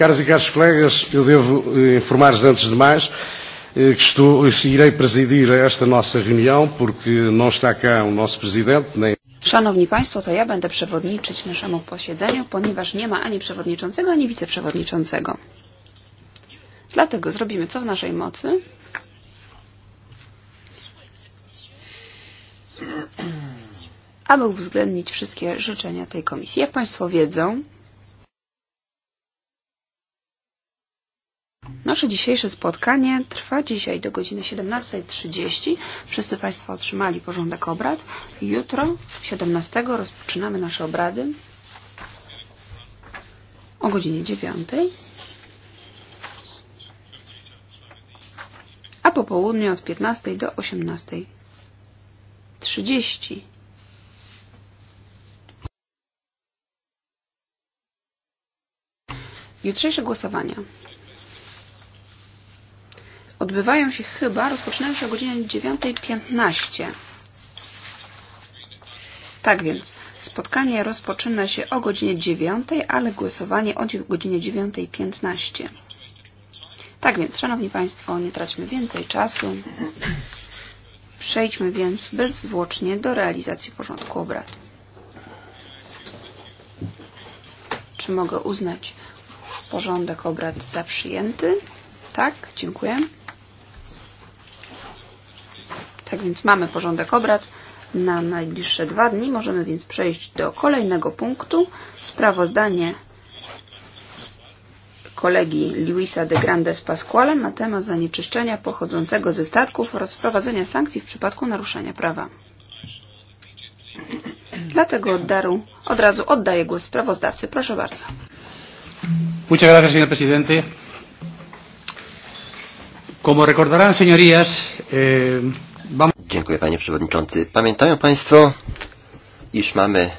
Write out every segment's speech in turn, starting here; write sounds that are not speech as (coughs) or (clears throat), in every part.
Caras e caros colegas, eu devo eh, informar-vos antes de mais eh, que estou, eh, irei presidir esta nossa reunião porque não está cá o nosso presidente, nem Szanowni Państwo, to ja będę przewodniczyć naszemu posiedzeniu, ponieważ nie ma ani przewodniczącego, ani wiceprzewodniczącego. Dlatego zrobimy co w naszej mocy. Aby uwzględnić wszystkie życzenia tej komisji. Jak Państwo wiedzą, Nasze dzisiejsze spotkanie trwa dzisiaj do godziny 17.30. Wszyscy Państwo otrzymali porządek obrad. Jutro, 17, rozpoczynamy nasze obrady o godzinie 9. A po południu od 15 do 18.30. Jutrzejsze głosowania odbywają się chyba, rozpoczynają się o godzinie 9.15. Tak więc spotkanie rozpoczyna się o godzinie 9, ale głosowanie o godzinie 9.15. Tak więc, Szanowni Państwo, nie traćmy więcej czasu. Przejdźmy więc bezzwłocznie do realizacji porządku obrad. Czy mogę uznać porządek obrad za przyjęty? Tak, dziękuję. Tak więc mamy porządek obrad na najbliższe dwa dni. Możemy więc przejść do kolejnego punktu. Sprawozdanie kolegi Luisa de Grandes Pasquale na temat zanieczyszczenia pochodzącego ze statków oraz wprowadzenia sankcji w przypadku naruszenia prawa. Dlatego oddaru, od razu oddaję głos sprawozdawcy. Proszę bardzo. Muchas gracias, señor presidente. Como recordarán, señorías, eh, Dziękuję panie przewodniczący. Pamiętają państwo, iż mamy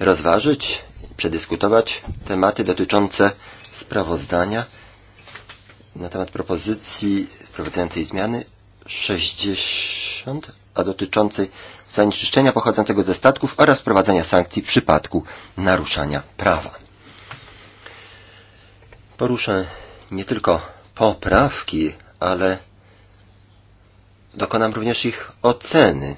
rozważyć, przedyskutować tematy dotyczące sprawozdania na temat propozycji wprowadzającej zmiany 60, a dotyczącej zanieczyszczenia pochodzącego ze statków oraz wprowadzenia sankcji w przypadku naruszania prawa. Poruszę nie tylko poprawki, ale dokonam również ich oceny.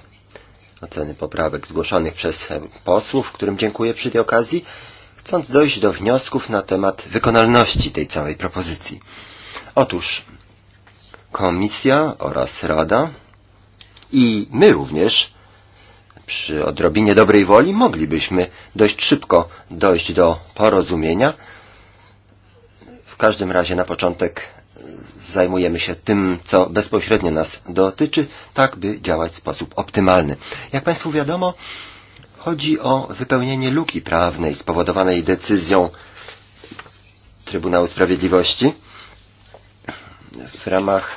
Oceny poprawek zgłoszonych przez posłów, którym dziękuję przy tej okazji, chcąc dojść do wniosków na temat wykonalności tej całej propozycji. Otóż Komisja oraz Rada i my również przy odrobinie dobrej woli moglibyśmy dość szybko dojść do porozumienia. W każdym razie na początek zajmujemy się tym, co bezpośrednio nas dotyczy, tak by działać w sposób optymalny. Jak Państwu wiadomo, chodzi o wypełnienie luki prawnej spowodowanej decyzją Trybunału Sprawiedliwości w ramach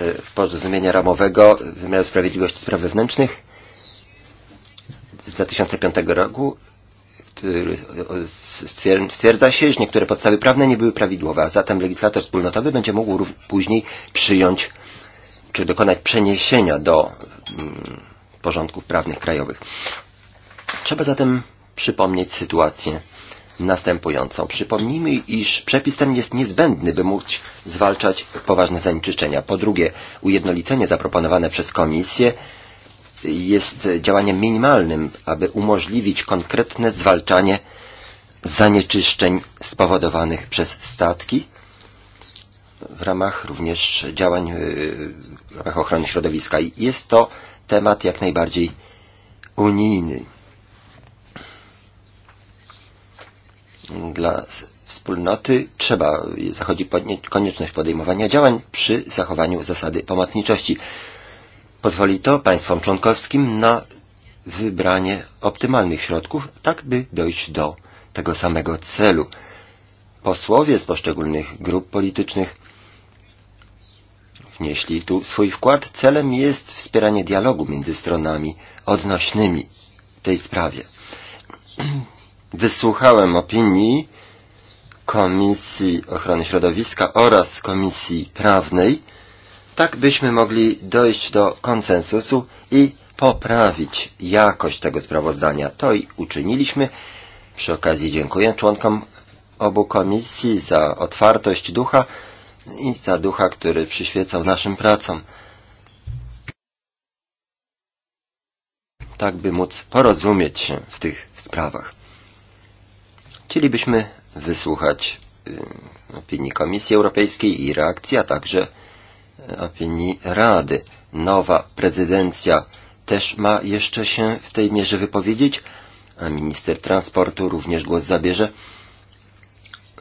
e, porozumienia ramowego wymiaru sprawiedliwości spraw wewnętrznych z 2005 roku stwierdza się, że niektóre podstawy prawne nie były prawidłowe, a zatem legislator wspólnotowy będzie mógł później przyjąć czy dokonać przeniesienia do mm, porządków prawnych krajowych. Trzeba zatem przypomnieć sytuację następującą. Przypomnijmy, iż przepis ten jest niezbędny, by móc zwalczać poważne zanieczyszczenia. Po drugie, ujednolicenie zaproponowane przez Komisję jest działaniem minimalnym, aby umożliwić konkretne zwalczanie zanieczyszczeń spowodowanych przez statki w ramach również działań w ramach ochrony środowiska. I jest to temat jak najbardziej unijny. Dla wspólnoty trzeba, zachodzi konieczność podejmowania działań przy zachowaniu zasady pomocniczości. Pozwoli to państwom członkowskim na wybranie optymalnych środków, tak by dojść do tego samego celu. Posłowie z poszczególnych grup politycznych wnieśli tu swój wkład. Celem jest wspieranie dialogu między stronami odnośnymi w tej sprawie. (clears throat) Wysłuchałem opinii Komisji Ochrony Środowiska oraz Komisji Prawnej Tak byśmy mogli dojść do konsensusu i poprawić jakość tego sprawozdania. To i uczyniliśmy. Przy okazji dziękuję członkom obu komisji za otwartość ducha i za ducha, który przyświecał naszym pracom. Tak by móc porozumieć się w tych sprawach. Chcielibyśmy wysłuchać opinii Komisji Europejskiej i reakcji, a także opinii Rady. Nowa prezydencja też ma jeszcze się w tej mierze wypowiedzieć, a minister transportu również głos zabierze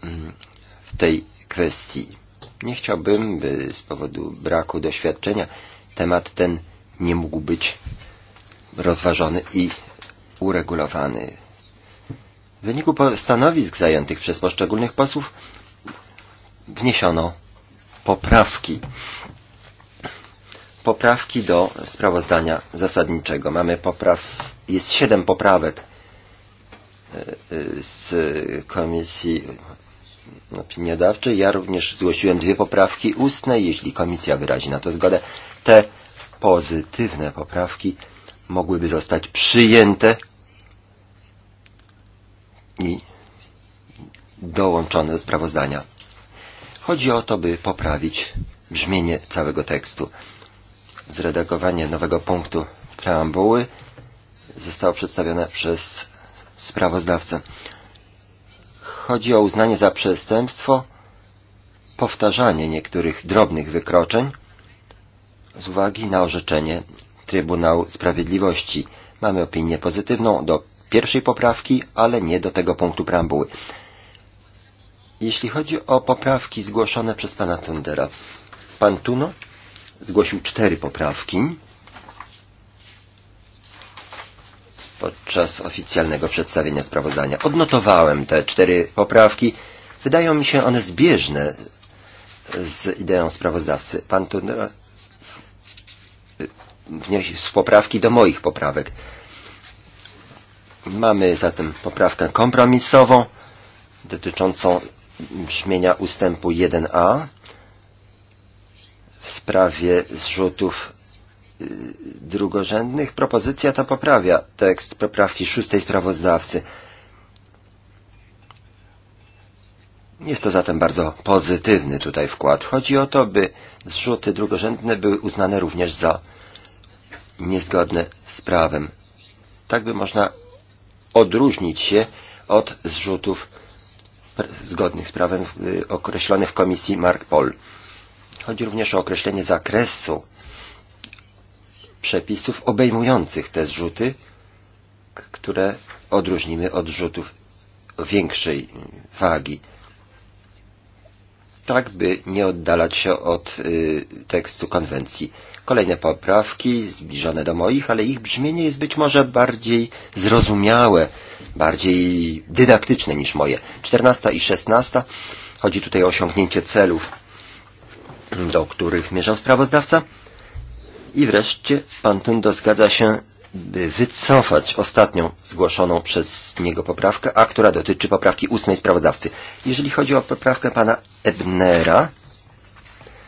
mm, w tej kwestii. Nie chciałbym, by z powodu braku doświadczenia temat ten nie mógł być rozważony i uregulowany. W wyniku stanowisk zajętych przez poszczególnych posłów wniesiono poprawki. Poprawki do sprawozdania zasadniczego. Mamy popraw, jest siedem poprawek e, e, z komisji opiniodawczej. Ja również zgłosiłem dwie poprawki ustne. Jeśli komisja wyrazi na to zgodę, te pozytywne poprawki mogłyby zostać przyjęte i dołączone do sprawozdania Chodzi o to, by poprawić brzmienie całego tekstu. Zredagowanie nowego punktu preambuły zostało przedstawione przez sprawozdawcę. Chodzi o uznanie za przestępstwo powtarzanie niektórych drobnych wykroczeń z uwagi na orzeczenie Trybunału Sprawiedliwości. Mamy opinię pozytywną do pierwszej poprawki, ale nie do tego punktu preambuły. Jeśli chodzi o poprawki zgłoszone przez pana Tundera, pan Tuno zgłosił cztery poprawki podczas oficjalnego przedstawienia sprawozdania. Odnotowałem te cztery poprawki. Wydają mi się one zbieżne z ideą sprawozdawcy. Pan Tuner wniósł poprawki do moich poprawek. Mamy zatem poprawkę kompromisową dotyczącą brzmienia ustępu 1a w sprawie zrzutów drugorzędnych. Propozycja ta poprawia tekst poprawki szóstej sprawozdawcy. Jest to zatem bardzo pozytywny tutaj wkład. Chodzi o to, by zrzuty drugorzędne były uznane również za niezgodne z prawem. Tak by można odróżnić się od zrzutów zgodny z prawem określony w komisji Mark Pol. Chodzi również o określenie zakresu przepisów obejmujących te zrzuty, które odróżnimy od rzutów większej wagi, tak by nie oddalać się od y, tekstu konwencji. Kolejne poprawki, zbliżone do moich, ale ich brzmienie jest być może bardziej zrozumiałe, bardziej dydaktyczne niż moje. 14 i 16. Chodzi tutaj o osiągnięcie celów, do których zmierzał sprawozdawca. I wreszcie pan Tundo zgadza się, by wycofać ostatnią zgłoszoną przez niego poprawkę, a która dotyczy poprawki ósmej sprawozdawcy. Jeżeli chodzi o poprawkę pana Ebnera,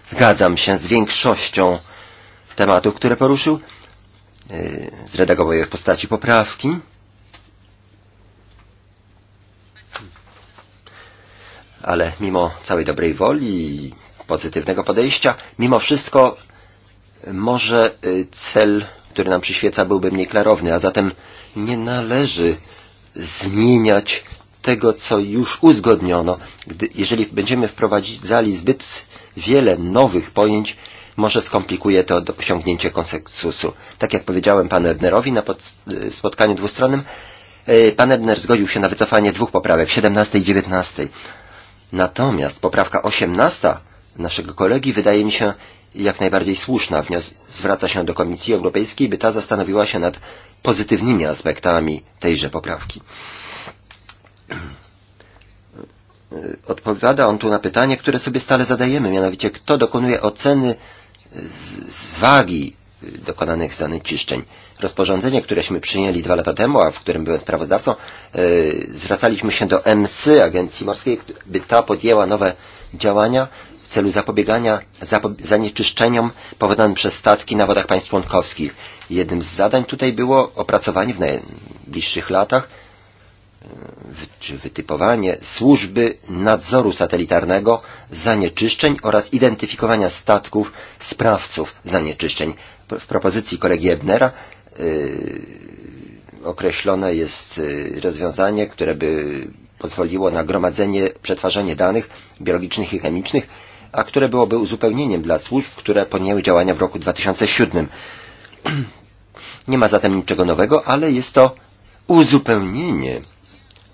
zgadzam się z większością tematów, które poruszył. E, zredagował je w postaci poprawki. Ale mimo całej dobrej woli i pozytywnego podejścia, mimo wszystko może e, cel, który nam przyświeca, byłby mniej klarowny, a zatem nie należy zmieniać tego, co już uzgodniono. Gdy, jeżeli będziemy wprowadzali zbyt wiele nowych pojęć, może skomplikuje to osiągnięcie konsensusu. Tak jak powiedziałem panu Ebnerowi na spotkaniu dwustronnym, e, pan Ebner zgodził się na wycofanie dwóch poprawek, 17 i 19. Natomiast poprawka 18 naszego kolegi wydaje mi się jak najbardziej słuszna. Wnios zwraca się do Komisji Europejskiej, by ta zastanowiła się nad pozytywnymi aspektami tejże poprawki. E, odpowiada on tu na pytanie, które sobie stale zadajemy, mianowicie kto dokonuje oceny z wagi dokonanych zanieczyszczeń. Rozporządzenie, któreśmy przyjęli dwa lata temu, a w którym byłem sprawozdawcą, yy, e, zwracaliśmy się do MC, Agencji Morskiej, by ta podjęła nowe działania w celu zapobiegania zapo zanieczyszczeniom powodowanym przez statki na wodach państw członkowskich. Jednym z zadań tutaj było opracowanie w najbliższych latach czy wytypowanie służby nadzoru satelitarnego zanieczyszczeń oraz identyfikowania statków sprawców zanieczyszczeń. W propozycji kolegi Ebnera yy, określone jest rozwiązanie, które by pozwoliło na gromadzenie, przetwarzanie danych biologicznych i chemicznych, a które byłoby uzupełnieniem dla służb, które podjęły działania w roku 2007. (clears throat) Nie ma zatem niczego nowego, ale jest to uzupełnienie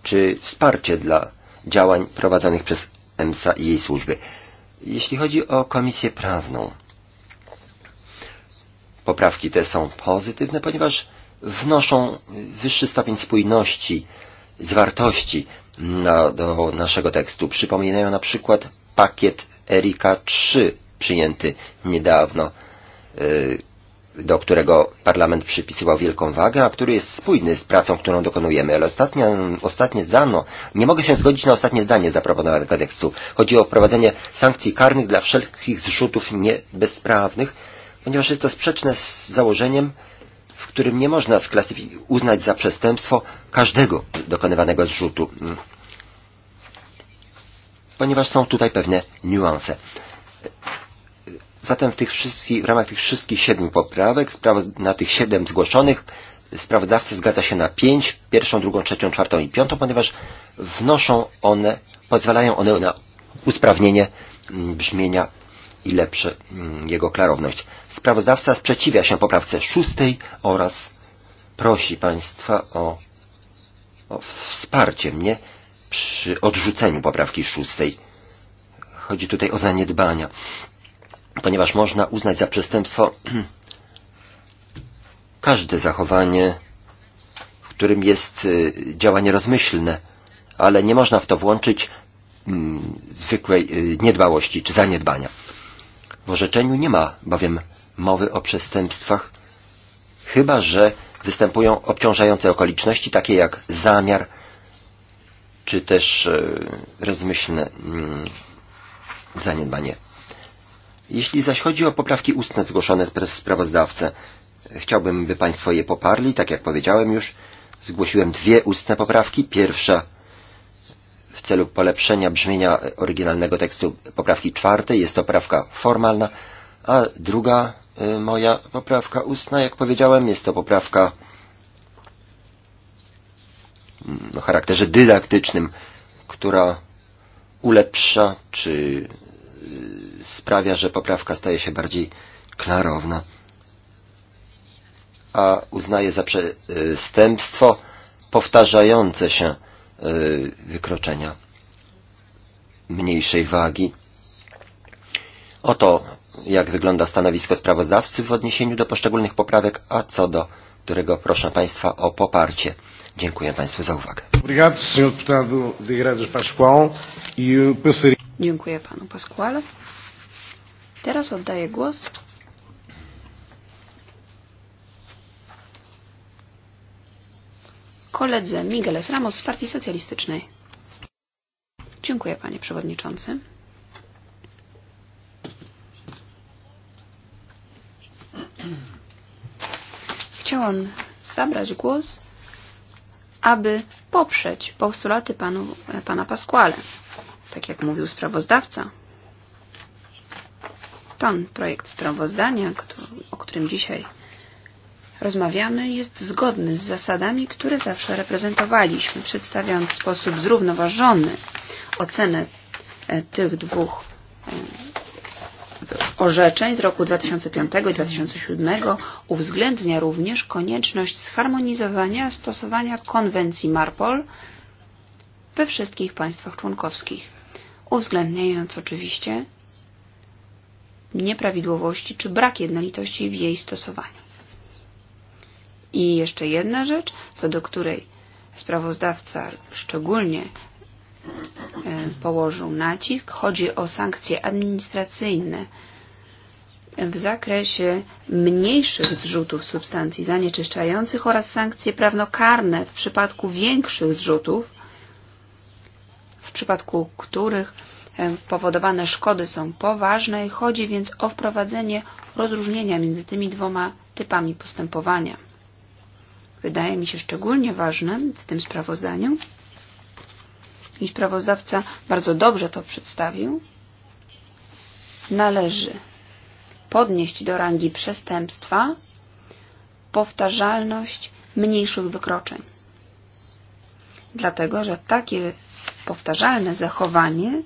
czy wsparcie dla działań prowadzonych przez EMSA i jej służby. Jeśli chodzi o komisję prawną, poprawki te są pozytywne, ponieważ wnoszą wyższy stopień spójności, zwartości na, do naszego tekstu. Przypominają na przykład pakiet Erika 3 przyjęty niedawno, do którego parlament przypisywał wielką wagę, a który jest spójny z pracą, którą dokonujemy. Ale ostatnie, ostatnie zdano, nie mogę się zgodzić na ostatnie zdanie zaproponowanego tekstu. Chodzi o wprowadzenie sankcji karnych dla wszelkich zrzutów niebezprawnych, ponieważ jest to sprzeczne z założeniem, w którym nie można uznać za przestępstwo każdego dokonywanego zrzutu, ponieważ są tutaj pewne niuanse. Zatem w, tych wszystkich, w ramach tych wszystkich siedmiu poprawek, na tych siedem zgłoszonych, sprawozdawca zgadza się na pięć, pierwszą, drugą, trzecią, czwartą i piątą, ponieważ wnoszą one, pozwalają one na usprawnienie mm, brzmienia i lepsze mm, jego klarowność. Sprawozdawca sprzeciwia się poprawce szóstej oraz prosi Państwa o, o wsparcie mnie przy odrzuceniu poprawki szóstej. Chodzi tutaj o zaniedbania ponieważ można uznać za przestępstwo (clears throat) każde zachowanie, w którym jest działanie rozmyślne, ale nie można w to włączyć mm, zwykłej niedbałości czy zaniedbania. W orzeczeniu nie ma bowiem mowy o przestępstwach, chyba że występują obciążające okoliczności, takie jak zamiar, czy też rozmyślne mm, zaniedbanie. Jeśli zaś chodzi o poprawki ustne zgłoszone przez sprawozdawcę, chciałbym, by Państwo je poparli. Tak jak powiedziałem już, zgłosiłem dwie ustne poprawki. Pierwsza w celu polepszenia brzmienia oryginalnego tekstu poprawki czwartej, jest to poprawka formalna, a druga moja poprawka ustna, jak powiedziałem, jest to poprawka mm, o charakterze dydaktycznym, która ulepsza czy sprawia, że poprawka staje się bardziej klarowna, a uznaje za przestępstwo powtarzające się e, wykroczenia mniejszej wagi. Oto jak wygląda stanowisko sprawozdawcy w odniesieniu do poszczególnych poprawek, a co do którego proszę Państwa o poparcie. Dziękuję Państwu za uwagę. Dziękuję panu Pasquale. Teraz oddaję głos koledze Migueles Ramos z Partii Socjalistycznej. Dziękuję panie przewodniczący. Chciałam zabrać głos, aby poprzeć postulaty panu, pana Pasquale tak jak mówił sprawozdawca. Ten projekt sprawozdania, o którym dzisiaj rozmawiamy, jest zgodny z zasadami, które zawsze reprezentowaliśmy, przedstawiając w sposób zrównoważony ocenę e, tych dwóch e, orzeczeń z roku 2005 i 2007 uwzględnia również konieczność zharmonizowania stosowania konwencji MARPOL we wszystkich państwach członkowskich uwzględniając oczywiście nieprawidłowości czy brak jednolitości w jej stosowaniu. I jeszcze jedna rzecz, co do której sprawozdawca szczególnie e, położył nacisk. Chodzi o sankcje administracyjne w zakresie mniejszych zrzutów substancji zanieczyszczających oraz sankcje prawnokarne w przypadku większych zrzutów przypadku których e, powodowane szkody są poważne i chodzi więc o wprowadzenie rozróżnienia między tymi dwoma typami postępowania. Wydaje mi się szczególnie ważnym w tym sprawozdaniu i sprawozdawca bardzo dobrze to przedstawił, należy podnieść do rangi przestępstwa powtarzalność mniejszych wykroczeń. Dlatego, że takie powtarzalne zachowanie,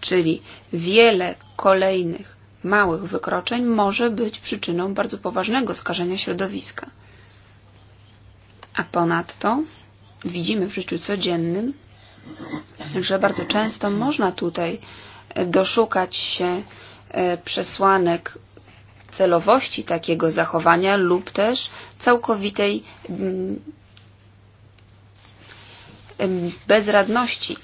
czyli wiele kolejnych małych wykroczeń może być przyczyną bardzo poważnego skażenia środowiska. A ponadto widzimy w życiu codziennym, że bardzo często można tutaj doszukać się e, przesłanek celowości takiego zachowania lub też całkowitej mm, bezradności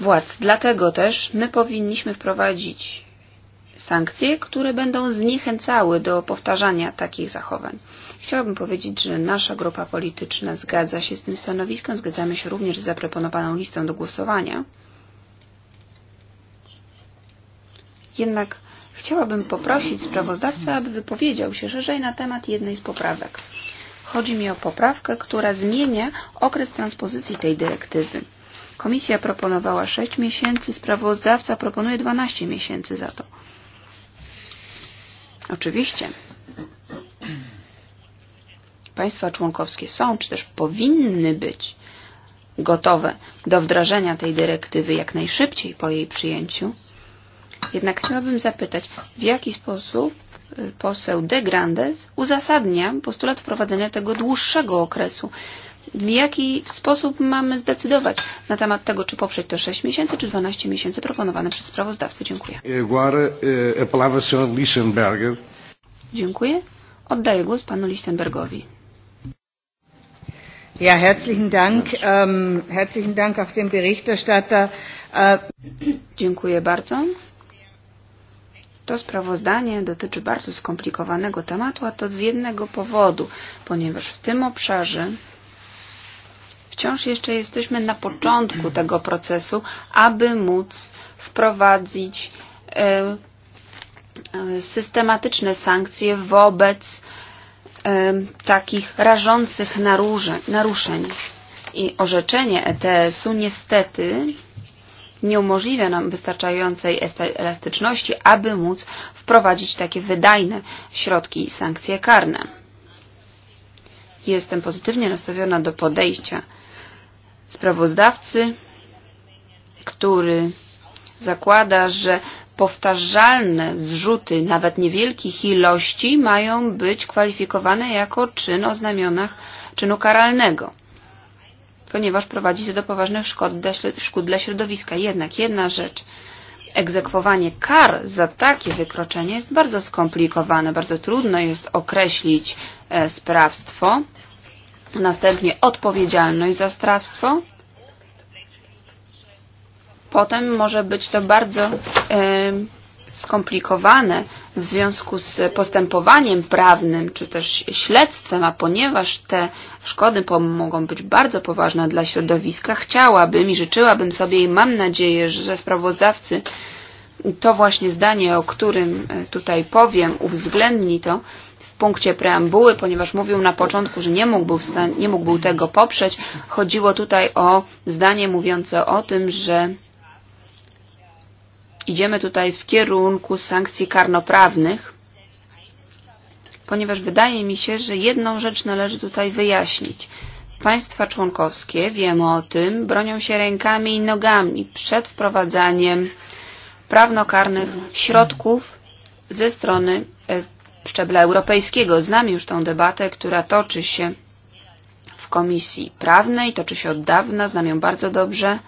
władz. Dlatego też my powinniśmy wprowadzić sankcje, które będą zniechęcały do powtarzania takich zachowań. Chciałabym powiedzieć, że nasza grupa polityczna zgadza się z tym stanowiskiem, zgadzamy się również z zaproponowaną listą do głosowania. Jednak chciałabym poprosić sprawozdawcę, aby wypowiedział się szerzej na temat jednej z poprawek. Chodzi mi o poprawkę, która zmienia okres transpozycji tej dyrektywy. Komisja proponowała 6 miesięcy, sprawozdawca proponuje 12 miesięcy za to. Oczywiście państwa członkowskie są, czy też powinny być gotowe do wdrażania tej dyrektywy jak najszybciej po jej przyjęciu. Jednak chciałabym zapytać, w jaki sposób poseł De Grandes uzasadnia postulat wprowadzenia tego dłuższego okresu. W jaki sposób mamy zdecydować na temat tego, czy poprzeć to 6 miesięcy, czy 12 miesięcy proponowane przez sprawozdawcę? Dziękuję. Agora, e, a palavra senhor Lichtenberger. Dziękuję. Oddaję głos panu Lichtenbergowi. Ja, herzlichen Dank. Um, herzlichen Dank auf den Berichterstatter. Uh... Dziękuję bardzo. To sprawozdanie dotyczy bardzo skomplikowanego tematu, a to z jednego powodu, ponieważ w tym obszarze wciąż jeszcze jesteśmy na początku tego procesu, aby móc wprowadzić e, systematyczne sankcje wobec e, takich rażących naruszeń. I orzeczenie ETS-u niestety nie umożliwia nam wystarczającej elastyczności, aby móc wprowadzić takie wydajne środki i sankcje karne. Jestem pozytywnie nastawiona do podejścia sprawozdawcy, który zakłada, że powtarzalne zrzuty nawet niewielkich ilości mają być kwalifikowane jako czyn o znamionach czynu karalnego ponieważ prowadzi to do poważnych szkod dla, szkód dla środowiska. Jednak jedna rzecz, egzekwowanie kar za takie wykroczenie jest bardzo skomplikowane, bardzo trudno jest określić e, sprawstwo, następnie odpowiedzialność za sprawstwo. Potem może być to bardzo e, skomplikowane w związku z postępowaniem prawnym czy też śledztwem, a ponieważ te szkody mogą być bardzo poważne dla środowiska, chciałabym i życzyłabym sobie i mam nadzieję, że sprawozdawcy to właśnie zdanie, o którym e, tutaj powiem, uwzględni to w punkcie preambuły, ponieważ mówił na początku, że nie mógł, nie mógł tego poprzeć. Chodziło tutaj o zdanie mówiące o tym, że idziemy tutaj w kierunku sankcji karnoprawnych, ponieważ wydaje mi się, że jedną rzecz należy tutaj wyjaśnić. Państwa członkowskie, wiemy o tym, bronią się rękami i nogami przed wprowadzaniem prawnokarnych środków ze strony e, szczebla europejskiego. Znam już tą debatę, która toczy się w Komisji Prawnej, toczy się od dawna, znam ją bardzo dobrze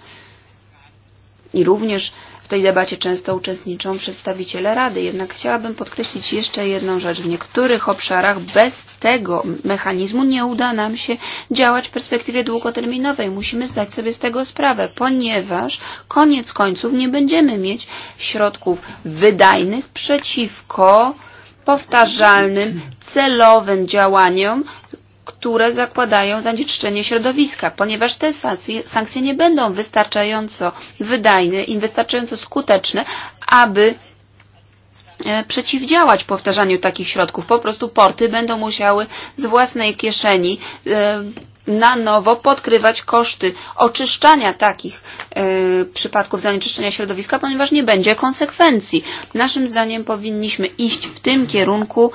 i również W tej debacie często uczestniczą przedstawiciele Rady, jednak chciałabym podkreślić jeszcze jedną rzecz. W niektórych obszarach bez tego mechanizmu nie uda nam się działać w perspektywie długoterminowej. Musimy zdać sobie z tego sprawę, ponieważ koniec końców nie będziemy mieć środków wydajnych przeciwko powtarzalnym, celowym działaniom, które zakładają zanieczyszczenie środowiska, ponieważ te sankcje, sankcje nie będą wystarczająco wydajne i wystarczająco skuteczne, aby e, przeciwdziałać powtarzaniu takich środków. Po prostu porty będą musiały z własnej kieszeni e, na nowo podkrywać koszty oczyszczania takich y, e, przypadków zanieczyszczenia środowiska, ponieważ nie będzie konsekwencji. Naszym zdaniem powinniśmy iść w tym kierunku.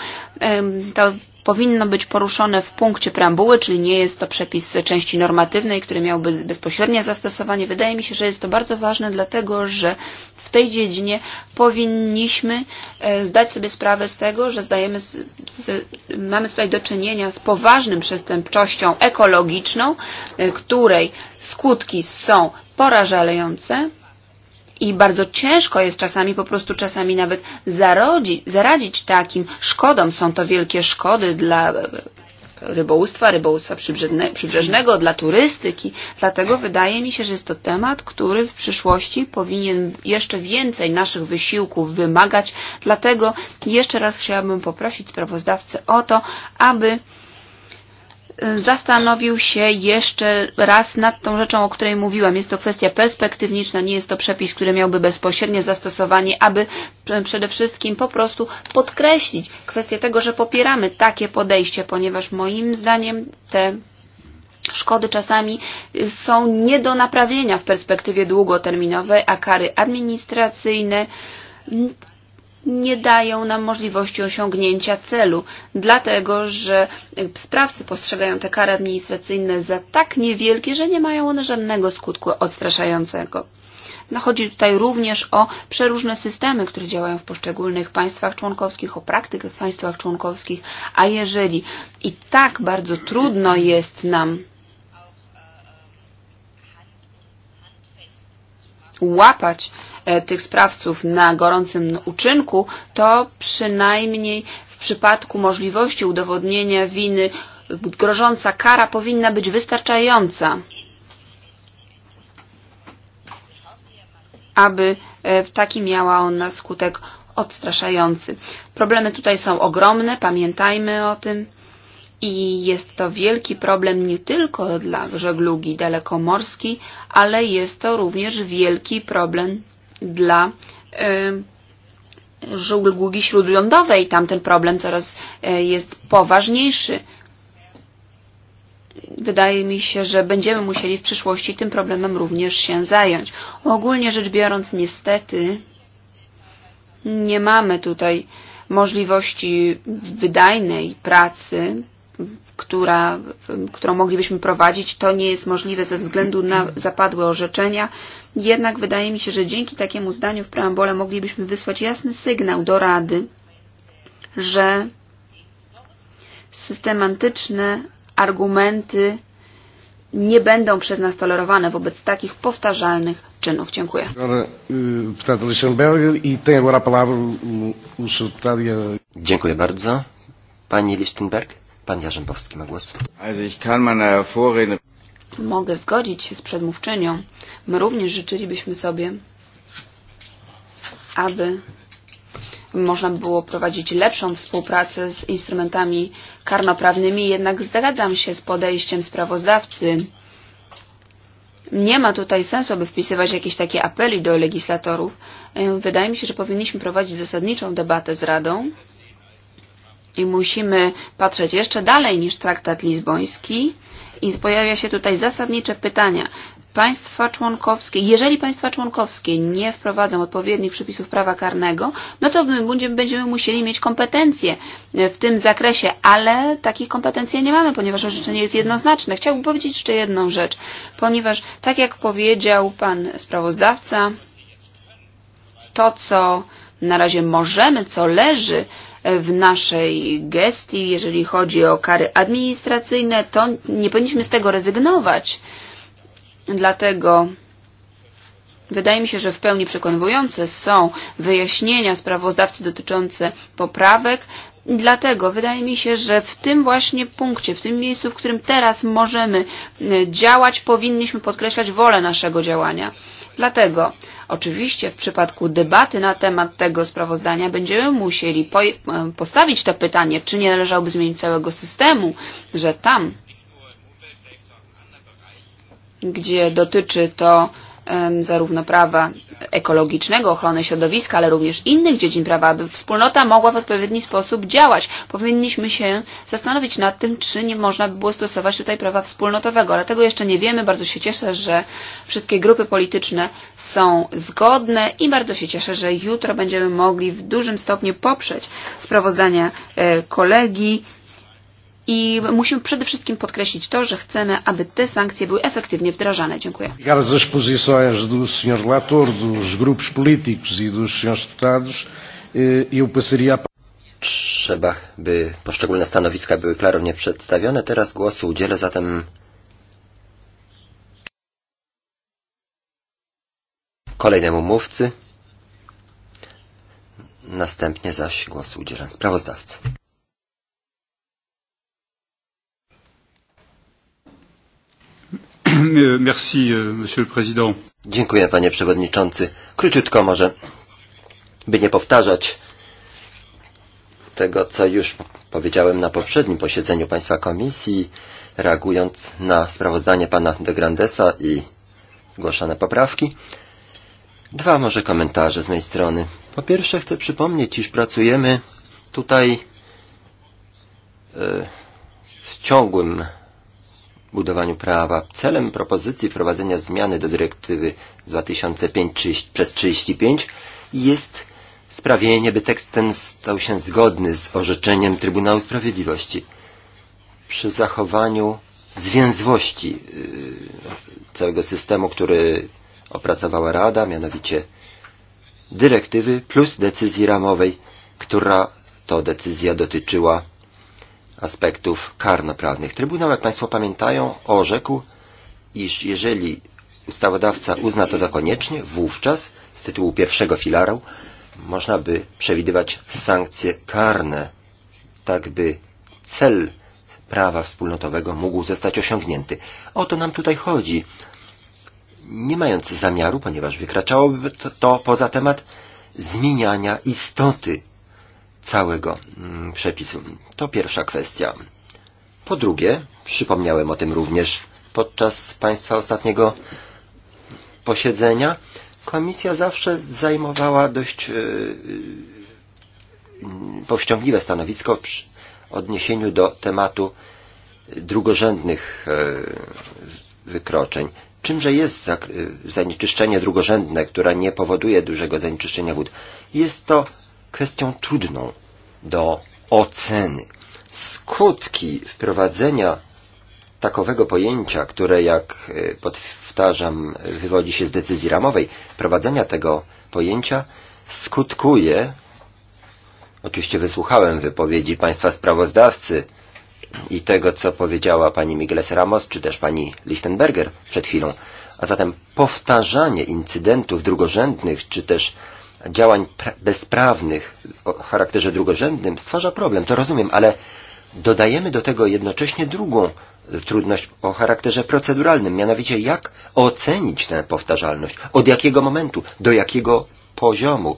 Y, to powinno być poruszone w punkcie preambuły, czyli nie jest to przepis części normatywnej, który miałby bezpośrednie zastosowanie. Wydaje mi się, że jest to bardzo ważne, dlatego że w tej dziedzinie powinniśmy e, zdać sobie sprawę z tego, że zdajemy, z, z, mamy tutaj do czynienia z poważnym przestępczością ekologiczną, e, której skutki są porażające i bardzo ciężko jest czasami, po prostu czasami nawet zarodzi, zaradzić takim szkodom. Są to wielkie szkody dla e, rybołówstwa, rybołówstwa przybrzeżnego, dla turystyki. Dlatego wydaje mi się, że jest to temat, który w przyszłości powinien jeszcze więcej naszych wysiłków wymagać. Dlatego jeszcze raz chciałabym poprosić sprawozdawcę o to, aby zastanowił się jeszcze raz nad tą rzeczą, o której mówiłem. Jest to kwestia perspektywniczna, nie jest to przepis, który miałby bezpośrednie zastosowanie, aby przede wszystkim po prostu podkreślić kwestię tego, że popieramy takie podejście, ponieważ moim zdaniem te szkody czasami są nie do naprawienia w perspektywie długoterminowej, a kary administracyjne nie dają nam możliwości osiągnięcia celu, dlatego że sprawcy postrzegają te kary administracyjne za tak niewielkie, że nie mają one żadnego skutku odstraszającego. No, chodzi tutaj również o przeróżne systemy, które działają w poszczególnych państwach członkowskich, o praktykę w państwach członkowskich, a jeżeli i tak bardzo trudno jest nam łapać e, tych sprawców na gorącym uczynku, to przynajmniej w przypadku możliwości udowodnienia winy grożąca kara powinna być wystarczająca, aby e, taki miała ona skutek odstraszający. Problemy tutaj są ogromne, pamiętajmy o tym. I jest to wielki problem nie tylko dla żeglugi dalekomorskiej, ale jest to również wielki problem dla y, żeglugi śródlądowej. Tam ten problem coraz y, jest poważniejszy. Wydaje mi się, że będziemy musieli w przyszłości tym problemem również się zająć. Ogólnie rzecz biorąc, niestety nie mamy tutaj możliwości wydajnej pracy która, którą moglibyśmy prowadzić. To nie jest możliwe ze względu na zapadłe orzeczenia. Jednak wydaje mi się, że dzięki takiemu zdaniu w preambole moglibyśmy wysłać jasny sygnał do Rady, że systematyczne argumenty nie będą przez nas tolerowane wobec takich powtarzalnych czynów. Dziękuję. Dziękuję bardzo. Pani Lichtenberg. Pan Jarzębowski ma głos. Mogę zgodzić się z przedmówczynią. My również życzylibyśmy sobie, aby można było prowadzić lepszą współpracę z instrumentami karnoprawnymi, jednak zgadzam się z podejściem sprawozdawcy. Nie ma tutaj sensu, aby wpisywać jakieś takie apeli do legislatorów. Wydaje mi się, że powinniśmy prowadzić zasadniczą debatę z Radą I musimy patrzeć jeszcze dalej niż traktat lizboński i pojawia się tutaj zasadnicze pytania. Państwa członkowskie, jeżeli państwa członkowskie nie wprowadzą odpowiednich przepisów prawa karnego, no to będziemy musieli mieć kompetencje e, w tym zakresie, ale takich kompetencji nie mamy, ponieważ orzeczenie jest jednoznaczne. Chciałbym powiedzieć jeszcze jedną rzecz, ponieważ tak jak powiedział pan sprawozdawca, to co na razie możemy, co leży w naszej gestii, jeżeli chodzi o kary administracyjne, to nie powinniśmy z tego rezygnować. Dlatego Wydaje mi się, że w pełni przekonujące są wyjaśnienia sprawozdawcy dotyczące poprawek. Dlatego wydaje mi się, że w tym właśnie punkcie, w tym miejscu, w którym teraz możemy działać, powinniśmy podkreślać wolę naszego działania. Dlatego Oczywiście w przypadku debaty na temat tego sprawozdania będziemy musieli po, e, postawić to pytanie, czy nie należałoby zmienić całego systemu, że tam, gdzie dotyczy to zarówno prawa ekologicznego, ochrony środowiska, ale również innych dziedzin prawa, aby wspólnota mogła w odpowiedni sposób działać. Powinniśmy się zastanowić nad tym, czy nie można by było stosować tutaj prawa wspólnotowego, ale tego jeszcze nie wiemy. Bardzo się cieszę, że wszystkie grupy polityczne są zgodne i bardzo się cieszę, że jutro będziemy mogli w dużym stopniu poprzeć sprawozdania e, kolegi I musimy przede wszystkim podkreślić to, że chcemy, aby te sankcje były efektywnie wdrażane. Dziękuję. Obrigado às posições do Sr. Relator, dos grupos políticos e dos Srs. Deputados. Eh, eu passaria a... Trzeba, by poszczególne stanowiska były klarownie przedstawione. Teraz głosu udzielę zatem kolejnemu mówcy. Następnie zaś głosu udzielam sprawozdawcy. (coughs) Merci, euh, monsieur le président. Dziękuję, panie przewodniczący. Króciutko może, by nie powtarzać tego, co już powiedziałem na poprzednim posiedzeniu Państwa Komisji, reagując na sprawozdanie pana de Grandesa i zgłaszane poprawki. Dwa może komentarze z mojej strony. Po pierwsze chcę przypomnieć, iż pracujemy tutaj e, w ciągłym budowaniu prawa. Celem propozycji wprowadzenia zmiany do dyrektywy 2005 przez 35 jest sprawienie, by tekst ten stał się zgodny z orzeczeniem Trybunału Sprawiedliwości przy zachowaniu zwięzłości całego systemu, który opracowała Rada, mianowicie dyrektywy plus decyzji ramowej, która to decyzja dotyczyła aspektów karnoprawnych. Trybunał, jak Państwo pamiętają, orzekł, iż jeżeli ustawodawca uzna to za koniecznie, wówczas z tytułu pierwszego filaru można by przewidywać sankcje karne, tak by cel prawa wspólnotowego mógł zostać osiągnięty. O to nam tutaj chodzi. Nie mając zamiaru, ponieważ wykraczałoby to, to poza temat zmieniania istoty całego mm, przepisu. To pierwsza kwestia. Po drugie, przypomniałem o tym również podczas Państwa ostatniego posiedzenia, komisja zawsze zajmowała dość e, e, powściągliwe stanowisko przy odniesieniu do tematu drugorzędnych e, wykroczeń. Czymże jest zanieczyszczenie drugorzędne, które nie powoduje dużego zanieczyszczenia wód? Jest to kwestią trudną do oceny. Skutki wprowadzenia takowego pojęcia, które jak e, powtarzam, wywodzi się z decyzji ramowej, prowadzenia tego pojęcia skutkuje, oczywiście wysłuchałem wypowiedzi Państwa sprawozdawcy i tego, co powiedziała Pani Migueles Ramos, czy też Pani Lichtenberger przed chwilą, a zatem powtarzanie incydentów drugorzędnych, czy też działań bezprawnych o charakterze drugorzędnym stwarza problem, to rozumiem, ale dodajemy do tego jednocześnie drugą trudność o charakterze proceduralnym, mianowicie jak ocenić tę powtarzalność, od jakiego momentu, do jakiego poziomu.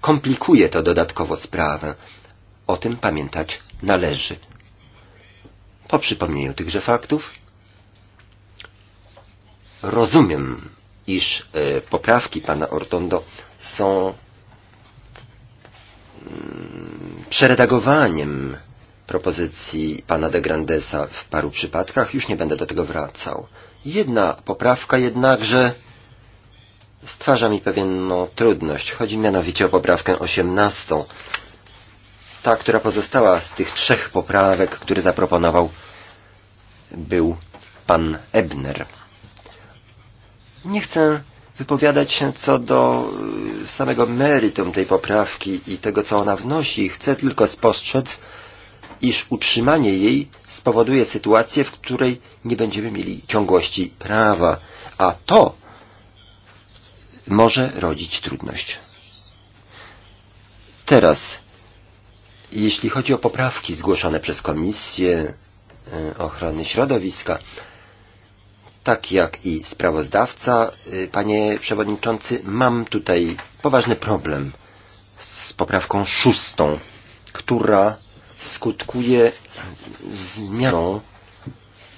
Komplikuje to dodatkowo sprawę. O tym pamiętać należy. Po przypomnieniu tychże faktów rozumiem iż e, poprawki pana Ortondo są mm, przeredagowaniem propozycji pana de Grandesa w paru przypadkach. Już nie będę do tego wracał. Jedna poprawka jednakże stwarza mi pewną trudność. Chodzi mianowicie o poprawkę 18. Ta, która pozostała z tych trzech poprawek, które zaproponował był pan Ebner. Nie chcę wypowiadać się co do samego meritum tej poprawki i tego, co ona wnosi. Chcę tylko spostrzec, iż utrzymanie jej spowoduje sytuację, w której nie będziemy mieli ciągłości prawa, a to może rodzić trudność. Teraz, jeśli chodzi o poprawki zgłoszone przez Komisję Ochrony Środowiska, Tak jak i sprawozdawca, panie przewodniczący, mam tutaj poważny problem z poprawką szóstą, która skutkuje zmianą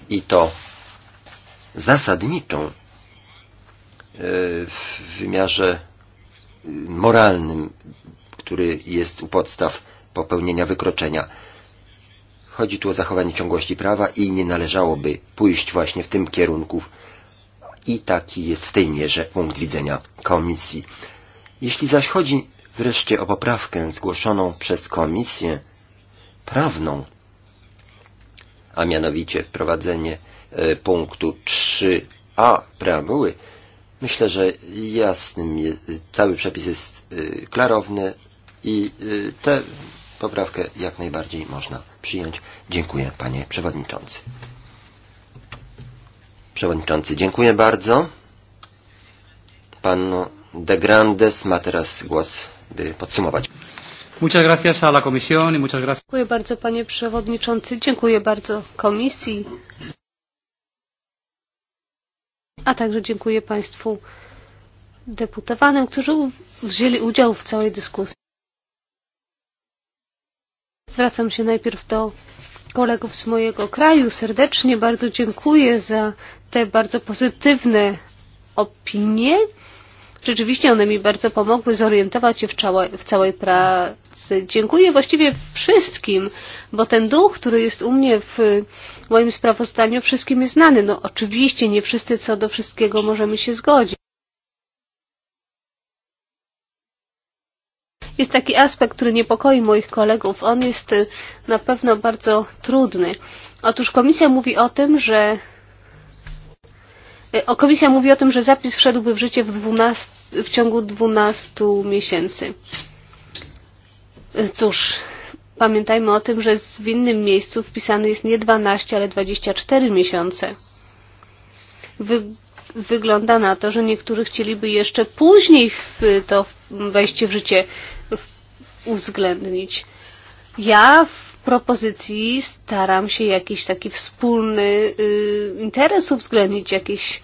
i to zasadniczą w wymiarze moralnym, który jest u podstaw popełnienia wykroczenia. Chodzi tu o zachowanie ciągłości prawa i nie należałoby pójść właśnie w tym kierunku. I taki jest w tej mierze punkt widzenia komisji. Jeśli zaś chodzi wreszcie o poprawkę zgłoszoną przez komisję prawną, a mianowicie wprowadzenie e, punktu 3a preambuły, myślę, że jasnym jest, cały przepis jest e, klarowny i e, te poprawkę jak najbardziej można przyjąć. Dziękuję, panie przewodniczący. Przewodniczący, dziękuję bardzo. Pan De Grandes ma teraz głos, by podsumować. Muchas gracias a la comisión y muchas gracias. Dziękuję bardzo, panie przewodniczący. Dziękuję bardzo komisji. A także dziękuję państwu deputowanym, którzy wzięli udział w całej dyskusji. Zwracam się najpierw do kolegów z mojego kraju. Serdecznie bardzo dziękuję za te bardzo pozytywne opinie. Rzeczywiście one mi bardzo pomogły zorientować się w, czoła, w całej pracy. Dziękuję właściwie wszystkim, bo ten duch, który jest u mnie w moim sprawozdaniu, wszystkim jest znany. No oczywiście nie wszyscy co do wszystkiego możemy się zgodzić. Jest taki aspekt, który niepokoi moich kolegów. On jest na pewno bardzo trudny. Otóż komisja mówi o tym, że o, komisja mówi o tym, że zapis wszedłby w życie w, 12, w ciągu 12 miesięcy. Cóż, pamiętajmy o tym, że w innym miejscu wpisany jest nie 12, ale 24 miesiące. Wy, wygląda na to, że niektórzy chcieliby jeszcze później w to wejście w życie uwzględnić. Ja w propozycji staram się jakiś taki wspólny y, interes uwzględnić, jakiś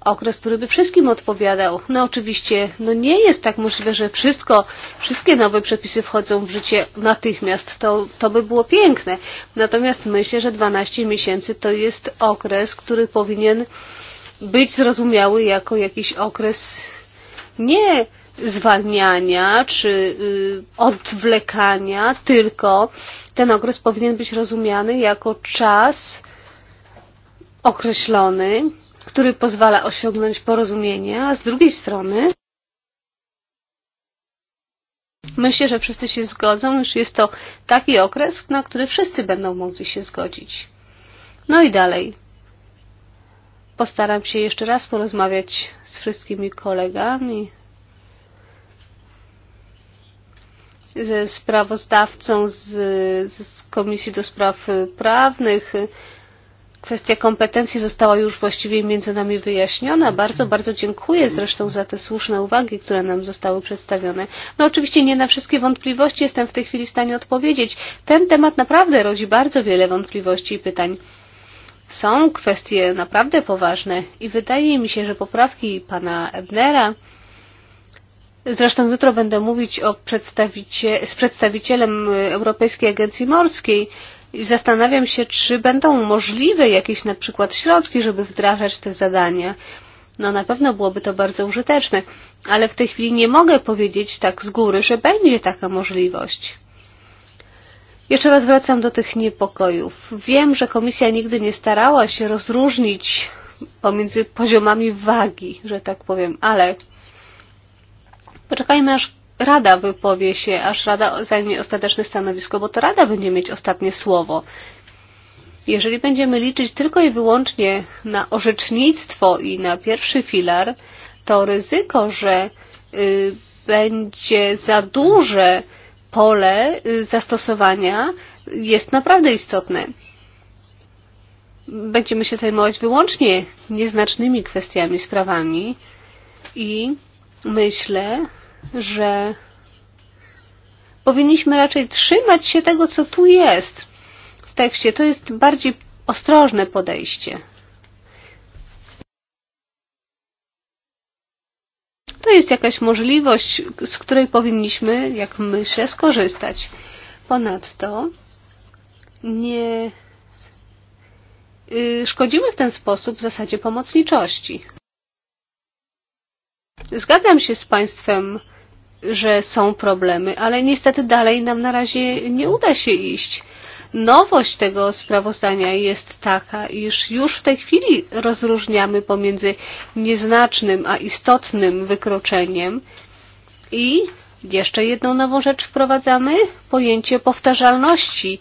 okres, który by wszystkim odpowiadał. No oczywiście, no nie jest tak możliwe, że wszystko, wszystkie nowe przepisy wchodzą w życie natychmiast. To, to by było piękne. Natomiast myślę, że 12 miesięcy to jest okres, który powinien y, być zrozumiały jako jakiś okres nie zwalniania czy odwlekania, tylko ten okres powinien być rozumiany jako czas określony, który pozwala osiągnąć porozumienie, a z drugiej strony myślę, że wszyscy się zgodzą, że jest to taki okres, na który wszyscy będą mogli się zgodzić. No i dalej. Postaram się jeszcze raz porozmawiać z wszystkimi kolegami, ze sprawozdawcą z, z Komisji do Spraw Prawnych. Kwestia kompetencji została już właściwie między nami wyjaśniona. Bardzo, bardzo dziękuję zresztą za te słuszne uwagi, które nam zostały przedstawione. No oczywiście nie na wszystkie wątpliwości jestem w tej chwili w stanie odpowiedzieć. Ten temat naprawdę rodzi bardzo wiele wątpliwości i pytań są kwestie naprawdę poważne i wydaje mi się, że poprawki pana Ebnera Zresztą jutro będę mówić o przedstawicie, z przedstawicielem Europejskiej Agencji Morskiej i zastanawiam się, czy będą możliwe jakieś na przykład środki, żeby wdrażać te zadania. No na pewno byłoby to bardzo użyteczne, ale w tej chwili nie mogę powiedzieć tak z góry, że będzie taka możliwość. Jeszcze raz wracam do tych niepokojów. Wiem, że komisja nigdy nie starała się rozróżnić pomiędzy poziomami wagi, że tak powiem, ale poczekajmy aż Rada wypowie się, aż Rada zajmie ostateczne stanowisko, bo to Rada będzie mieć ostatnie słowo. Jeżeli będziemy liczyć tylko i wyłącznie na orzecznictwo i na pierwszy filar, to ryzyko, że y, będzie za duże y, pole zastosowania jest naprawdę istotne. Będziemy się zajmować wyłącznie nieznacznymi kwestiami, sprawami i myślę, że powinniśmy raczej trzymać się tego, co tu jest w tekście. To jest bardziej ostrożne podejście. To jest jakaś możliwość, z której powinniśmy, jak myślę, skorzystać. Ponadto nie szkodzimy w ten sposób w zasadzie pomocniczości. Zgadzam się z Państwem, że są problemy, ale niestety dalej nam na razie nie uda się iść. Nowość tego sprawozdania jest taka, iż już w tej chwili rozróżniamy pomiędzy nieznacznym a istotnym wykroczeniem i jeszcze jedną nową rzecz wprowadzamy, pojęcie powtarzalności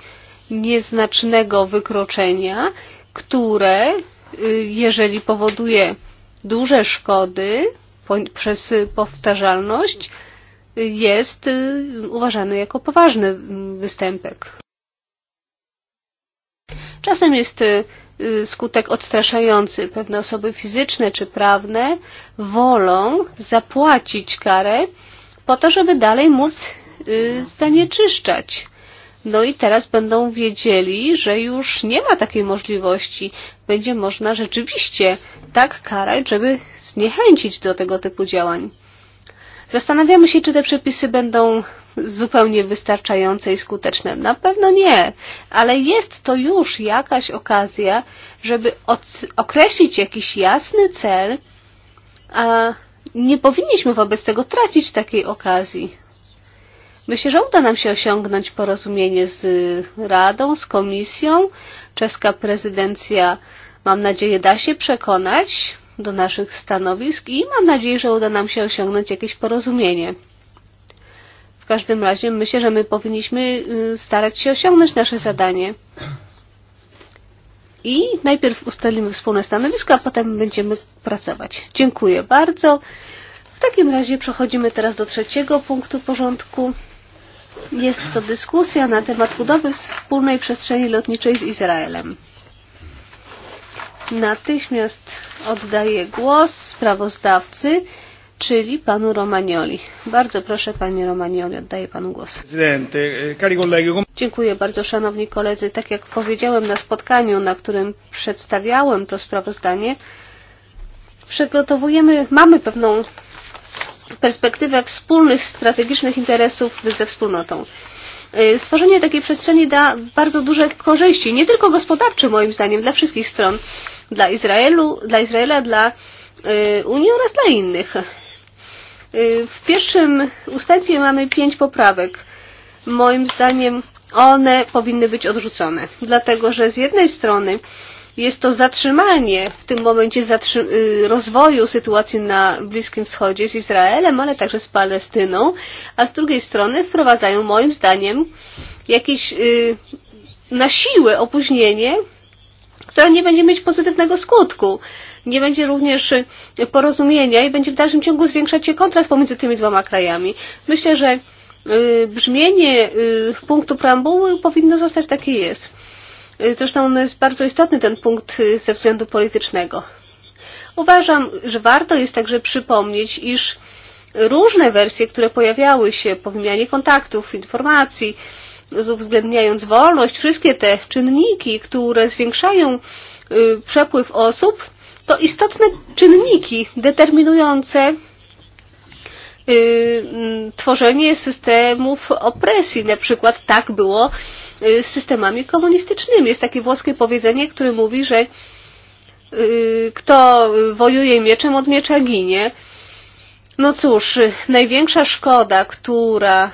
nieznacznego wykroczenia, które jeżeli powoduje duże szkody przez powtarzalność, jest uważany jako poważny mm, występek. Czasem jest skutek odstraszający. Pewne osoby fizyczne czy prawne wolą zapłacić karę po to, żeby dalej móc zanieczyszczać. No i teraz będą wiedzieli, że już nie ma takiej możliwości. Będzie można rzeczywiście tak karać, żeby zniechęcić do tego typu działań. Zastanawiamy się, czy te przepisy będą zupełnie wystarczające i skuteczne. Na pewno nie, ale jest to już jakaś okazja, żeby określić jakiś jasny cel, a nie powinniśmy wobec tego tracić takiej okazji. Myślę, że uda nam się osiągnąć porozumienie z Radą, z Komisją. Czeska prezydencja, mam nadzieję, da się przekonać do naszych stanowisk i mam nadzieję, że uda nam się osiągnąć jakieś porozumienie. W każdym razie myślę, że my powinniśmy starać się osiągnąć nasze zadanie. I najpierw ustalimy wspólne stanowisko, a potem będziemy pracować. Dziękuję bardzo. W takim razie przechodzimy teraz do trzeciego punktu porządku. Jest to dyskusja na temat budowy wspólnej przestrzeni lotniczej z Izraelem. Natychmiast oddaję głos sprawozdawcy, czyli panu Romagnoli. Bardzo proszę, panie Romagnoli, oddaję panu głos. Eh, Dziękuję bardzo, szanowni koledzy. Tak jak powiedziałem na spotkaniu, na którym przedstawiałem to sprawozdanie, przygotowujemy, mamy pewną perspektywę wspólnych strategicznych interesów ze wspólnotą. Stworzenie takiej przestrzeni da bardzo duże korzyści, nie tylko gospodarcze moim zdaniem, dla wszystkich stron dla Izraelu, dla Izraela, dla e, Unii oraz dla innych. E, w pierwszym ustępie mamy pięć poprawek. Moim zdaniem one powinny być odrzucone, dlatego że z jednej strony jest to zatrzymanie w tym momencie zatrzy rozwoju sytuacji na Bliskim Wschodzie z Izraelem, ale także z Palestyną, a z drugiej strony wprowadzają moim zdaniem jakieś y, na siłę opóźnienie która nie będzie mieć pozytywnego skutku. Nie będzie również porozumienia i będzie w dalszym ciągu zwiększać się kontrast pomiędzy tymi dwoma krajami. Myślę, że brzmienie punktu preambuły powinno zostać takie jest. Zresztą on jest bardzo istotny, ten punkt ze względu politycznego. Uważam, że warto jest także przypomnieć, iż różne wersje, które pojawiały się po wymianie kontaktów, informacji, yy, uwzględniając wolność, wszystkie te czynniki, które zwiększają przepływ osób, to istotne czynniki determinujące mm, tworzenie systemów opresji. Na przykład tak było z systemami komunistycznymi. Jest takie włoskie powiedzenie, które mówi, że kto wojuje mieczem, od miecza ginie. No cóż, największa szkoda, która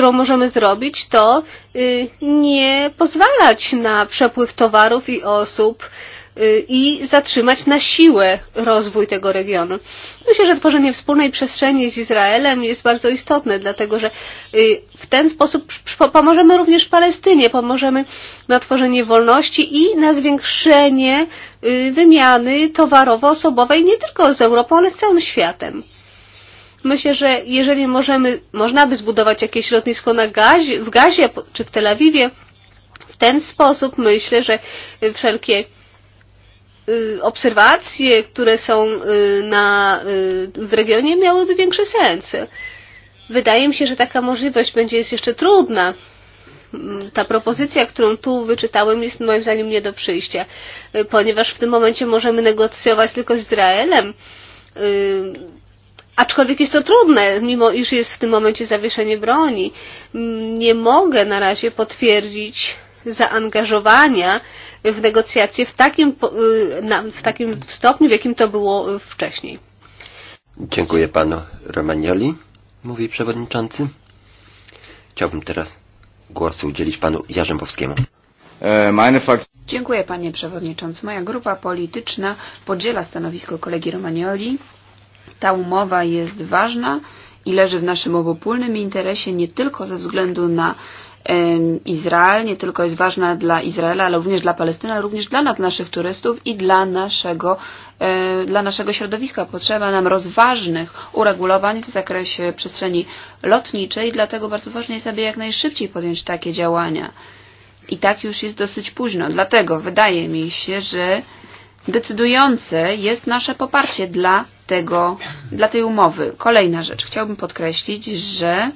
którą możemy zrobić, to nie pozwalać na przepływ towarów i osób i zatrzymać na siłę rozwój tego regionu. Myślę, że tworzenie wspólnej przestrzeni z Izraelem jest bardzo istotne, dlatego że w ten sposób pomożemy również Palestynie, pomożemy na tworzenie wolności i na zwiększenie wymiany towarowo-osobowej nie tylko z Europą, ale z całym światem. Myślę, że jeżeli możemy, można by zbudować jakieś lotnisko na gazie, w Gazie czy w Tel Awiwie, w ten sposób myślę, że wszelkie obserwacje, które są na, w regionie miałyby większy sens. Wydaje mi się, że taka możliwość będzie jest jeszcze trudna. Ta propozycja, którą tu wyczytałem, jest moim zdaniem nie do przyjścia, ponieważ w tym momencie możemy negocjować tylko z Izraelem Aczkolwiek jest to trudne, mimo iż jest w tym momencie zawieszenie broni. Nie mogę na razie potwierdzić zaangażowania w negocjacje w takim, w takim stopniu, w jakim to było wcześniej. Dziękuję panu Romagnoli, mówi przewodniczący. Chciałbym teraz głosu udzielić panu Jarzębowskiemu. E, Dziękuję panie przewodniczący. Moja grupa polityczna podziela stanowisko kolegi Romagnoli Ta umowa jest ważna i leży w naszym obopólnym interesie nie tylko ze względu na Izrael, nie tylko jest ważna dla Izraela, ale również dla Palestyny, ale również dla nas, naszych turystów i dla naszego, e, dla naszego środowiska. Potrzeba nam rozważnych uregulowań w zakresie przestrzeni lotniczej, dlatego bardzo ważne jest, aby jak najszybciej podjąć takie działania. I tak już jest dosyć późno. Dlatego wydaje mi się, że decydujące jest nasze poparcie dla tego, dla tej umowy. Kolejna rzecz. Chciałbym podkreślić, że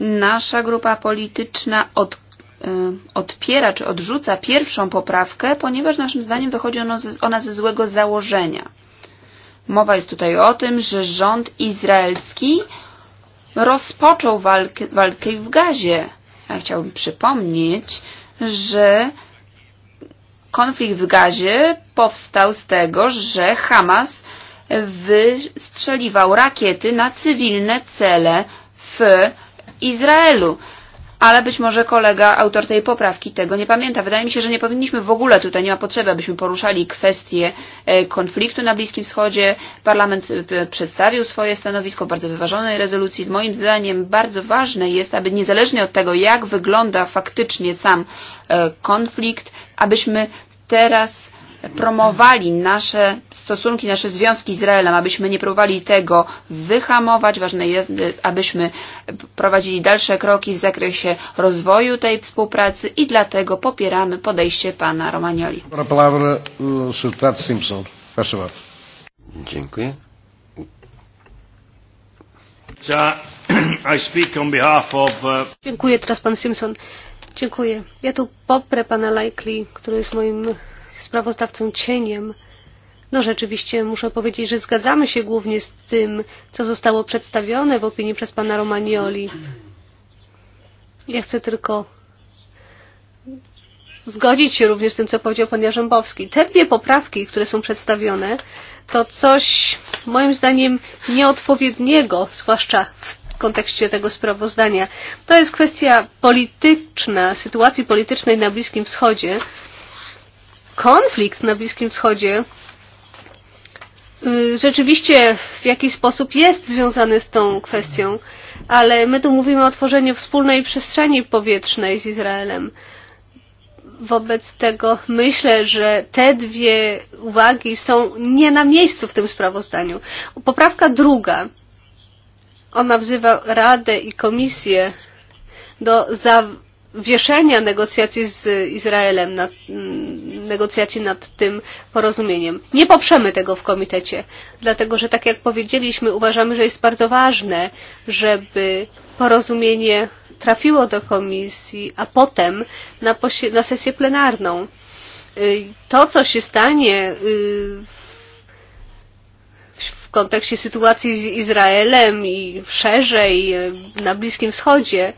nasza grupa polityczna od, y, odpiera czy odrzuca pierwszą poprawkę, ponieważ naszym zdaniem wychodzi ona ze, ona ze złego założenia. Mowa jest tutaj o tym, że rząd izraelski rozpoczął walkę, walkę w gazie. Ja chciałbym przypomnieć, że konflikt w gazie powstał z tego, że Hamas wystrzeliwał rakiety na cywilne cele w Izraelu. Ale być może kolega, autor tej poprawki tego nie pamięta. Wydaje mi się, że nie powinniśmy w ogóle tutaj, nie ma potrzeby, abyśmy poruszali kwestie e, konfliktu na Bliskim Wschodzie. Parlament e, przedstawił swoje stanowisko w bardzo wyważonej rezolucji. Moim zdaniem bardzo ważne jest, aby niezależnie od tego, jak wygląda faktycznie sam e, konflikt, abyśmy teraz promowali nasze stosunki, nasze związki z Izraelem, abyśmy nie próbowali tego wyhamować. Ważne jest, abyśmy prowadzili dalsze kroki w zakresie rozwoju tej współpracy i dlatego popieramy podejście pana Romagnoli. E, Dziękuję. (clears throat) I speak on behalf of, uh... Dziękuję teraz pan Simpson. Dziękuję. Ja tu poprę pana Likely, który jest moim sprawozdawcą cieniem. No rzeczywiście muszę powiedzieć, że zgadzamy się głównie z tym, co zostało przedstawione w opinii przez pana Romanioli. Ja chcę tylko zgodzić się również z tym, co powiedział pan Jarzębowski. Te dwie poprawki, które są przedstawione, to coś moim zdaniem nieodpowiedniego, zwłaszcza w kontekście tego sprawozdania. To jest kwestia polityczna, sytuacji politycznej na Bliskim Wschodzie konflikt na Bliskim Wschodzie rzeczywiście w jakiś sposób jest związany z tą kwestią, ale my tu mówimy o tworzeniu wspólnej przestrzeni powietrznej z Izraelem. Wobec tego myślę, że te dwie uwagi są nie na miejscu w tym sprawozdaniu. Poprawka druga. Ona wzywa Radę i Komisję do zawarcia wieszenia negocjacji z Izraelem, nad, negocjacji nad tym porozumieniem. Nie poprzemy tego w komitecie, dlatego że tak jak powiedzieliśmy, uważamy, że jest bardzo ważne, żeby porozumienie trafiło do komisji, a potem na, na sesję plenarną. To, co się stanie w kontekście sytuacji z Izraelem i szerzej na Bliskim Wschodzie,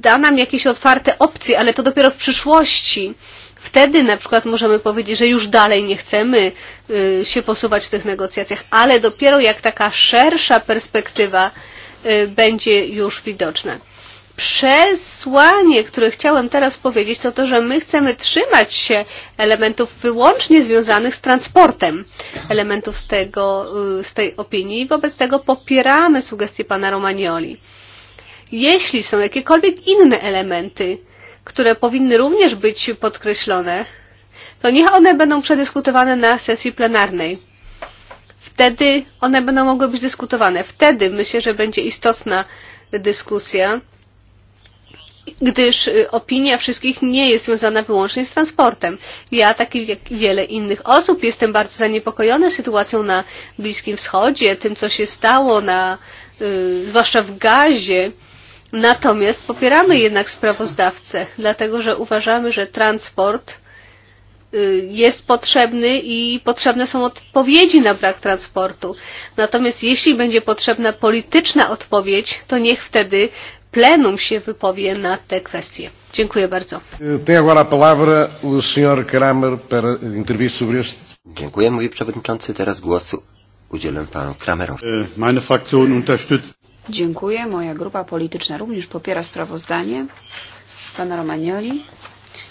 da nam jakieś otwarte opcje, ale to dopiero w przyszłości. Wtedy na przykład możemy powiedzieć, że już dalej nie chcemy y, się posuwać w tych negocjacjach, ale dopiero jak taka szersza perspektywa y, będzie już widoczna. Przesłanie, które chciałem teraz powiedzieć, to to, że my chcemy trzymać się elementów wyłącznie związanych z transportem, elementów z, tego, y, z tej opinii i wobec tego popieramy sugestie pana Romagnoli jeśli są jakiekolwiek inne elementy, które powinny również być podkreślone, to niech one będą przedyskutowane na sesji plenarnej. Wtedy one będą mogły być dyskutowane. Wtedy myślę, że będzie istotna dyskusja, gdyż opinia wszystkich nie jest związana wyłącznie z transportem. Ja, tak jak wiele innych osób, jestem bardzo zaniepokojona sytuacją na Bliskim Wschodzie, tym, co się stało, na, y, zwłaszcza w Gazie Natomiast popieramy jednak sprawozdawcę, dlatego że uważamy, że transport jest potrzebny i potrzebne są odpowiedzi na brak transportu. Natomiast jeśli będzie potrzebna polityczna odpowiedź, to niech wtedy plenum się wypowie na te kwestie. Dziękuję bardzo. Dziękuję, mój przewodniczący. Teraz głosu udzielę panu Kramerowi. Meine Fraktion unterstützt Dziękuję. Moja grupa polityczna również popiera sprawozdanie pana Romagnoli.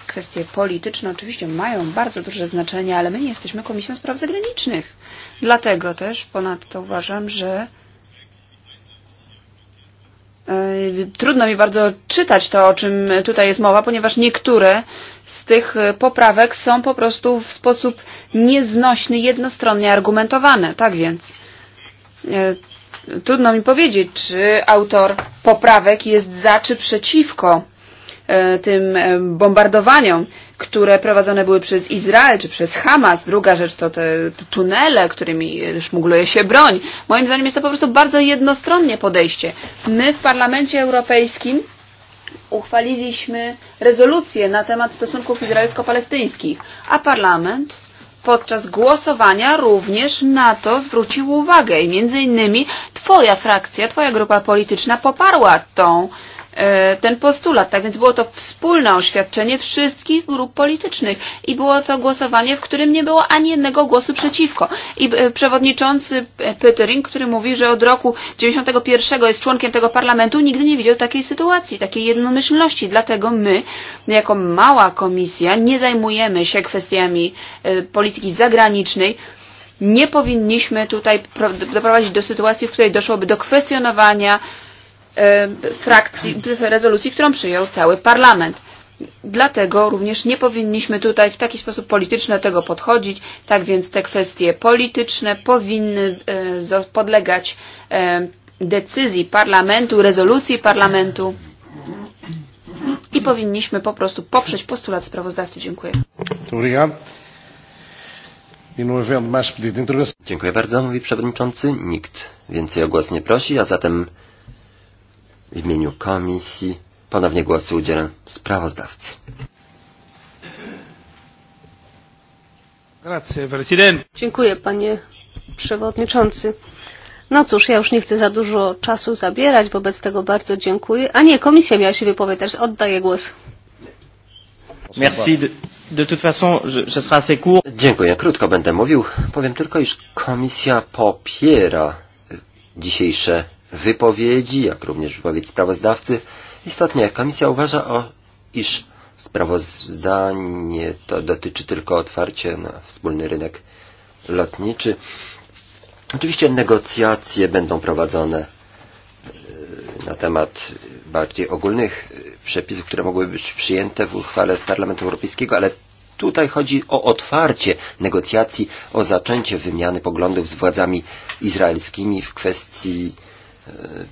Kwestie polityczne oczywiście mają bardzo duże znaczenie, ale my nie jesteśmy Komisją Spraw Zagranicznych. Dlatego też ponadto uważam, że e, Trudno mi bardzo czytać to, o czym tutaj jest mowa, ponieważ niektóre z tych poprawek są po prostu w sposób nieznośny, jednostronnie argumentowane. Tak więc e, Trudno mi powiedzieć, czy autor poprawek jest za czy przeciwko e, tym e, bombardowaniom, które prowadzone były przez Izrael czy przez Hamas. Druga rzecz to te, te tunele, którymi szmugluje się broń. Moim zdaniem jest to po prostu bardzo jednostronnie podejście. My w Parlamencie Europejskim uchwaliliśmy rezolucję na temat stosunków izraelsko-palestyńskich, a parlament podczas głosowania również na to zwrócił uwagę i między innymi twoja frakcja, twoja grupa polityczna poparła tą E, ten postulat. Tak więc było to wspólne oświadczenie wszystkich grup politycznych i było to głosowanie, w którym nie było ani jednego głosu przeciwko. I e, przewodniczący Pytering, który mówi, że od roku 91 jest członkiem tego parlamentu, nigdy nie widział takiej sytuacji, takiej jednomyślności. Dlatego my, jako mała komisja, nie zajmujemy się kwestiami e, polityki zagranicznej, nie powinniśmy tutaj doprowadzić do sytuacji, w której doszłoby do kwestionowania frakcji, rezolucji, którą przyjął cały parlament. Dlatego również nie powinniśmy tutaj w taki sposób polityczny do tego podchodzić, tak więc te kwestie polityczne powinny e, podlegać e, decyzji parlamentu, rezolucji parlamentu i powinniśmy po prostu poprzeć postulat sprawozdawcy. Dziękuję. E Dziękuję bardzo, mówi przewodniczący. Nikt więcej o głos nie prosi, a zatem W imieniu komisji ponownie głosu udzielę sprawozdawcy. Dziękuję panie przewodniczący. No cóż, ja już nie chcę za dużo czasu zabierać, wobec tego bardzo dziękuję. A nie, komisja miała się wypowiadać, oddaję głos. Merci. De, de toute façon, je, je sera assez court. Dziękuję, krótko będę mówił. Powiem tylko, iż komisja popiera dzisiejsze wypowiedzi, jak również wypowiedź sprawozdawcy. Istotnie komisja uważa, o, iż sprawozdanie to dotyczy tylko otwarcia na wspólny rynek lotniczy. Oczywiście negocjacje będą prowadzone e, na temat bardziej ogólnych e, przepisów, które mogłyby być przyjęte w uchwale z Parlamentu Europejskiego, ale tutaj chodzi o otwarcie negocjacji, o zaczęcie wymiany poglądów z władzami izraelskimi w kwestii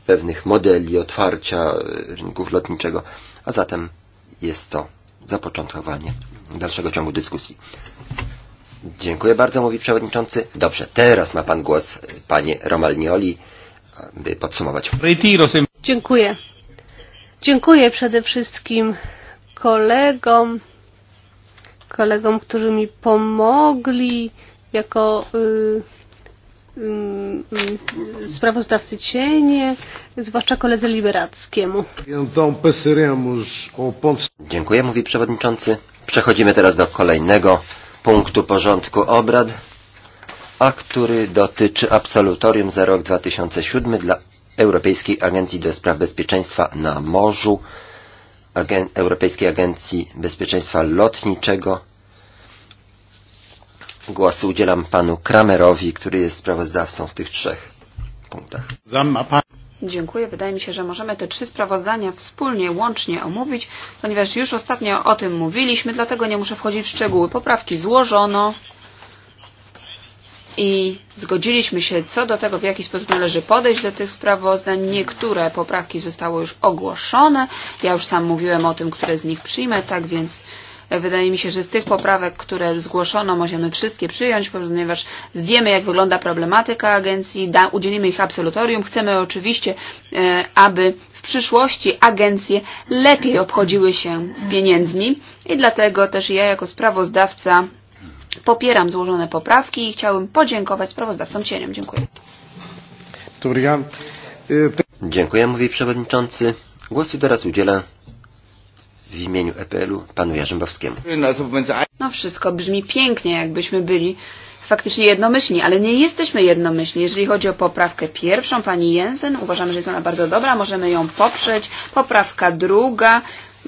pewnych modeli otwarcia rynków lotniczego, a zatem jest to zapoczątkowanie dalszego ciągu dyskusji. Dziękuję bardzo, mówi przewodniczący. Dobrze, teraz ma pan głos, panie Romalnioli, by podsumować. Dziękuję. Dziękuję przede wszystkim kolegom, kolegom, którzy mi pomogli jako y, Mm, sprawozdawcy cienie, zwłaszcza koledze Liberackiemu. Dziękuję, mówi przewodniczący. Przechodzimy teraz do kolejnego punktu porządku obrad, a który dotyczy absolutorium za rok 2007 dla Europejskiej Agencji do Spraw Bezpieczeństwa na Morzu, Agen Europejskiej Agencji Bezpieczeństwa Lotniczego głosu udzielam panu Kramerowi, który jest sprawozdawcą w tych trzech punktach. Dziękuję. Wydaje mi się, że możemy te trzy sprawozdania wspólnie, łącznie omówić, ponieważ już ostatnio o tym mówiliśmy, dlatego nie muszę wchodzić w szczegóły. Poprawki złożono i zgodziliśmy się co do tego, w jaki sposób należy podejść do tych sprawozdań. Niektóre poprawki zostały już ogłoszone. Ja już sam mówiłem o tym, które z nich przyjmę, tak więc Wydaje mi się, że z tych poprawek, które zgłoszono, możemy wszystkie przyjąć, ponieważ wiemy, jak wygląda problematyka agencji, da, udzielimy ich absolutorium. Chcemy oczywiście, e, aby w przyszłości agencje lepiej obchodziły się z pieniędzmi i dlatego też ja jako sprawozdawca popieram złożone poprawki i chciałbym podziękować sprawozdawcom cieniom. Dziękuję. Dziękuję, mówi przewodniczący. Głosu teraz udziela w imieniu EPL-u panu Jarzębowskiemu. No wszystko brzmi pięknie, jakbyśmy byli faktycznie jednomyślni, ale nie jesteśmy jednomyślni. Jeżeli chodzi o poprawkę pierwszą, pani Jensen, uważamy, że jest ona bardzo dobra, możemy ją poprzeć. Poprawka druga,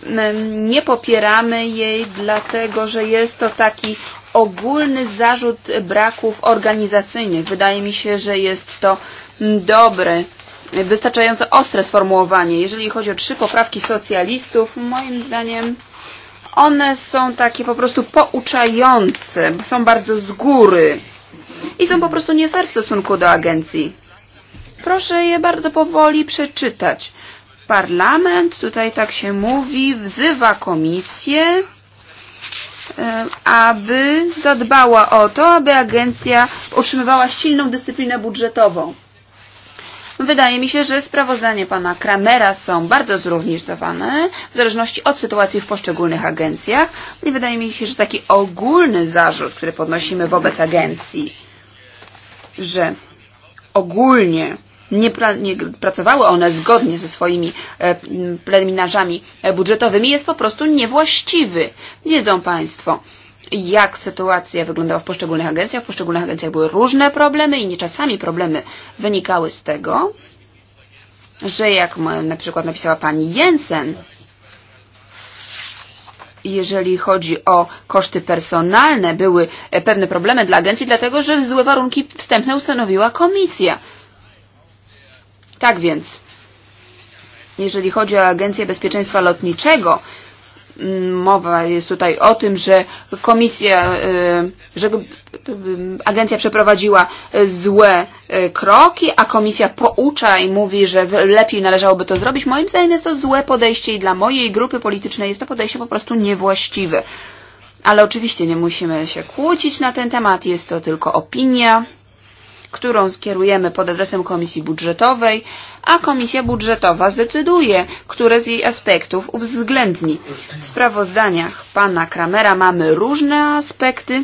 mm, nie popieramy jej, dlatego że jest to taki ogólny zarzut braków organizacyjnych. Wydaje mi się, że jest to mm, dobry wystarczająco ostre sformułowanie. Jeżeli chodzi o trzy poprawki socjalistów, moim zdaniem one są takie po prostu pouczające, są bardzo z góry i są po prostu nie fair w stosunku do agencji. Proszę je bardzo powoli przeczytać. Parlament, tutaj tak się mówi, wzywa komisję, e, aby zadbała o to, aby agencja otrzymywała silną dyscyplinę budżetową. Wydaje mi się, że sprawozdanie pana Kramera są bardzo zróżnicowane w zależności od sytuacji w poszczególnych agencjach i wydaje mi się, że taki ogólny zarzut, który podnosimy wobec agencji, że ogólnie nie, pra, nie pracowały one zgodnie ze swoimi e, preliminarzami budżetowymi jest po prostu niewłaściwy. Wiedzą Państwo, jak sytuacja wyglądała w poszczególnych agencjach. W poszczególnych agencjach były różne problemy i nie czasami problemy wynikały z tego, że jak na przykład napisała pani Jensen, jeżeli chodzi o koszty personalne, były e, pewne problemy dla agencji, dlatego że złe warunki wstępne ustanowiła komisja. Tak więc, jeżeli chodzi o Agencję Bezpieczeństwa Lotniczego, mowa jest tutaj o tym, że komisja, e, że agencja przeprowadziła e, złe e, kroki, a komisja poucza i mówi, że lepiej należałoby to zrobić. Moim zdaniem jest to złe podejście i dla mojej grupy politycznej jest to podejście po prostu niewłaściwe. Ale oczywiście nie musimy się kłócić na ten temat, jest to tylko opinia którą skierujemy pod adresem Komisji Budżetowej, a Komisja Budżetowa zdecyduje, które z jej aspektów uwzględni. W sprawozdaniach pana Kramera mamy różne aspekty.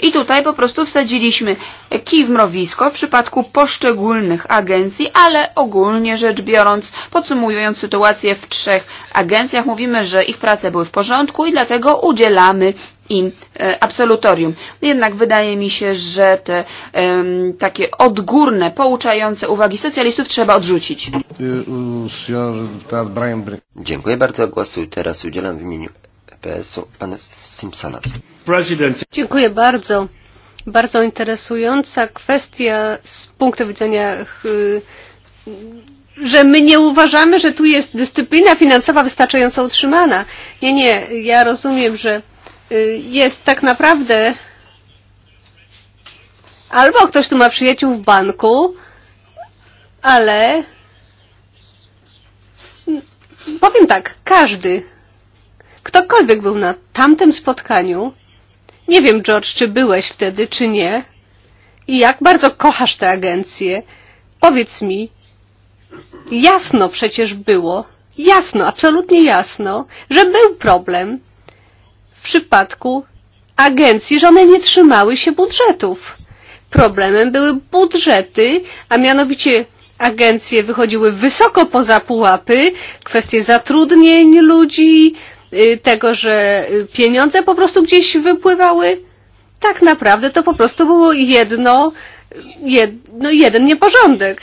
I tutaj po prostu wsadziliśmy kij w mrowisko w przypadku poszczególnych agencji, ale ogólnie rzecz biorąc, podsumowując sytuację w trzech agencjach, mówimy, że ich prace były w porządku i dlatego udzielamy i e, absolutorium. Jednak wydaje mi się, że te um, takie odgórne, pouczające uwagi socjalistów trzeba odrzucić. Dziękuję bardzo. Głosu teraz udzielam w imieniu e PSU pana Simpsonowi. President. Dziękuję bardzo. Bardzo interesująca kwestia z punktu widzenia że my nie uważamy, że tu jest dyscyplina finansowa wystarczająco utrzymana. Nie, nie, ja rozumiem, że jest tak naprawdę albo ktoś tu ma przyjaciół w banku, ale powiem tak, każdy, ktokolwiek był na tamtym spotkaniu, nie wiem George, czy byłeś wtedy, czy nie, i jak bardzo kochasz tę agencję, powiedz mi, jasno przecież było, jasno, absolutnie jasno, że był problem, w przypadku agencji, że one nie trzymały się budżetów. Problemem były budżety, a mianowicie agencje wychodziły wysoko poza pułapy, kwestie zatrudnień ludzi, tego, że pieniądze po prostu gdzieś wypływały. Tak naprawdę to po prostu było jedno, jed, no jeden nieporządek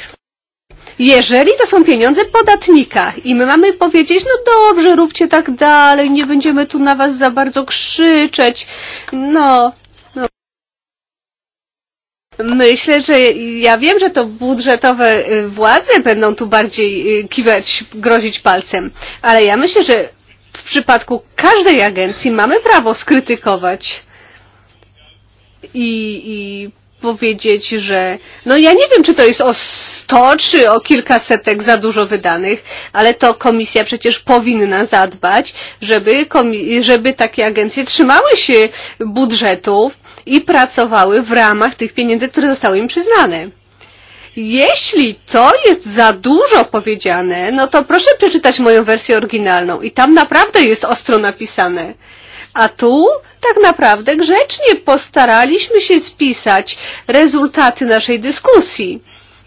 jeżeli to są pieniądze podatnika i my mamy powiedzieć, no dobrze, róbcie tak dalej, nie będziemy tu na was za bardzo krzyczeć, no... no. Myślę, że ja wiem, że to budżetowe władze będą tu bardziej kiwać, grozić palcem, ale ja myślę, że w przypadku każdej agencji mamy prawo skrytykować i, i powiedzieć, że no ja nie wiem, czy to jest o sto czy o kilka setek za dużo wydanych, ale to komisja przecież powinna zadbać, żeby, żeby takie agencje trzymały się budżetów i pracowały w ramach tych pieniędzy, które zostały im przyznane. Jeśli to jest za dużo powiedziane, no to proszę przeczytać moją wersję oryginalną i tam naprawdę jest ostro napisane. A tu tak naprawdę grzecznie postaraliśmy się spisać rezultaty naszej dyskusji.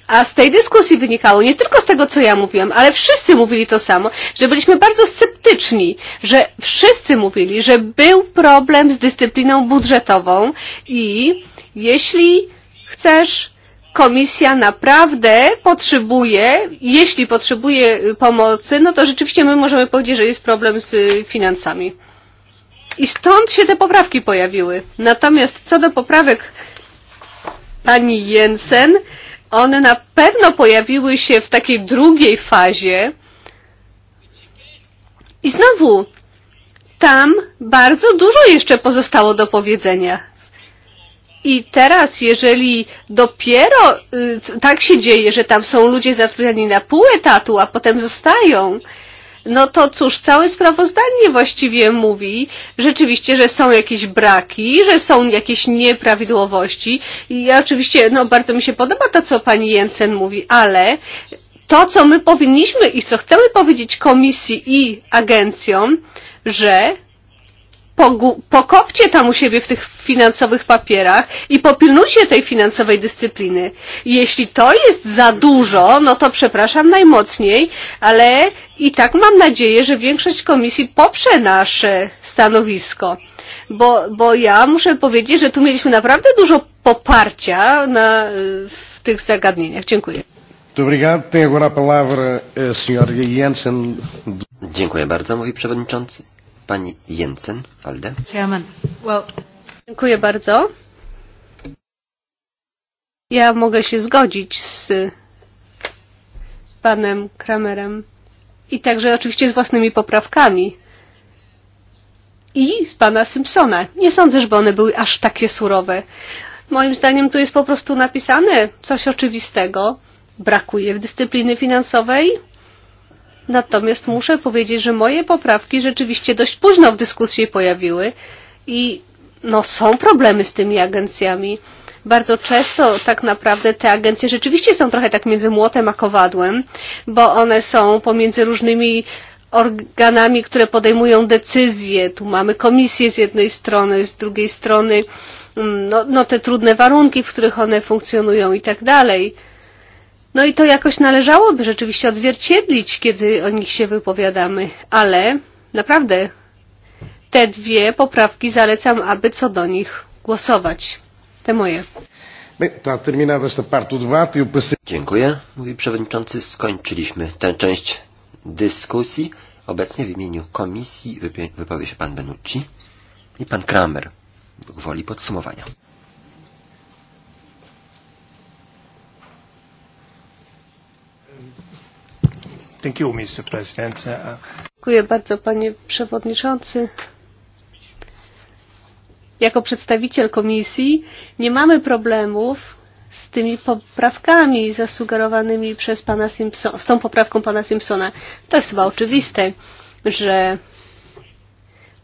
A z tej dyskusji wynikało nie tylko z tego, co ja mówiłam, ale wszyscy mówili to samo, że byliśmy bardzo sceptyczni, że wszyscy mówili, że był problem z dyscypliną budżetową i jeśli chcesz, komisja naprawdę potrzebuje, jeśli potrzebuje pomocy, no to rzeczywiście my możemy powiedzieć, że jest problem z finansami. I stąd się te poprawki pojawiły. Natomiast co do poprawek pani Jensen, one na pewno pojawiły się w takiej drugiej fazie. I znowu, tam bardzo dużo jeszcze pozostało do powiedzenia. I teraz, jeżeli dopiero y, tak się dzieje, że tam są ludzie zatrudniani na pół etatu, a potem zostają, y, no to cóż, całe sprawozdanie właściwie mówi rzeczywiście, że są jakieś braki, że są jakieś nieprawidłowości i ja oczywiście, no bardzo mi się podoba to, co pani Jensen mówi, ale to, co my powinniśmy i co chcemy powiedzieć komisji i agencjom, że pokopcie tam u siebie w tych finansowych papierach i popilnujcie tej finansowej dyscypliny. Jeśli to jest za dużo, no to przepraszam najmocniej, ale i tak mam nadzieję, że większość komisji poprze nasze stanowisko. Bo, bo ja muszę powiedzieć, że tu mieliśmy naprawdę dużo poparcia na, w tych zagadnieniach. Dziękuję. Muito obrigado. Tem agora a palavra a senhora Jensen. Dziękuję bardzo, mój przewodniczący. Pani Jensen, Alde. Chairman, well... Dziękuję bardzo. Ja mogę się zgodzić z panem Kramerem i także oczywiście z własnymi poprawkami i z pana Simpsona. Nie sądzę, żeby one były aż takie surowe. Moim zdaniem tu jest po prostu napisane coś oczywistego. Brakuje w dyscypliny finansowej, Natomiast muszę powiedzieć, że moje poprawki rzeczywiście dość późno w dyskusji pojawiły i no, są problemy z tymi agencjami. Bardzo często tak naprawdę te agencje rzeczywiście są trochę tak między młotem a kowadłem, bo one są pomiędzy różnymi organami, które podejmują decyzje. Tu mamy komisję z jednej strony, z drugiej strony mm, no, no te trudne warunki, w których one funkcjonują i tak dalej. No i to jakoś należałoby rzeczywiście odzwierciedlić, kiedy o nich się wypowiadamy, ale naprawdę te dwie poprawki zalecam, aby co do nich głosować. Te moje. Dziękuję, mówi przewodniczący. Skończyliśmy tę część dyskusji. Obecnie w imieniu komisji wypowie się pan Benucci i pan Kramer gwoli podsumowania. Thank you, Mr. President. Uh, Dziękuję bardzo, panie przewodniczący. Jako przedstawiciel komisji nie mamy problemów z tymi poprawkami zasugerowanymi przez pana Simpsona, z tą poprawką pana Simpsona. To jest chyba oczywiste, że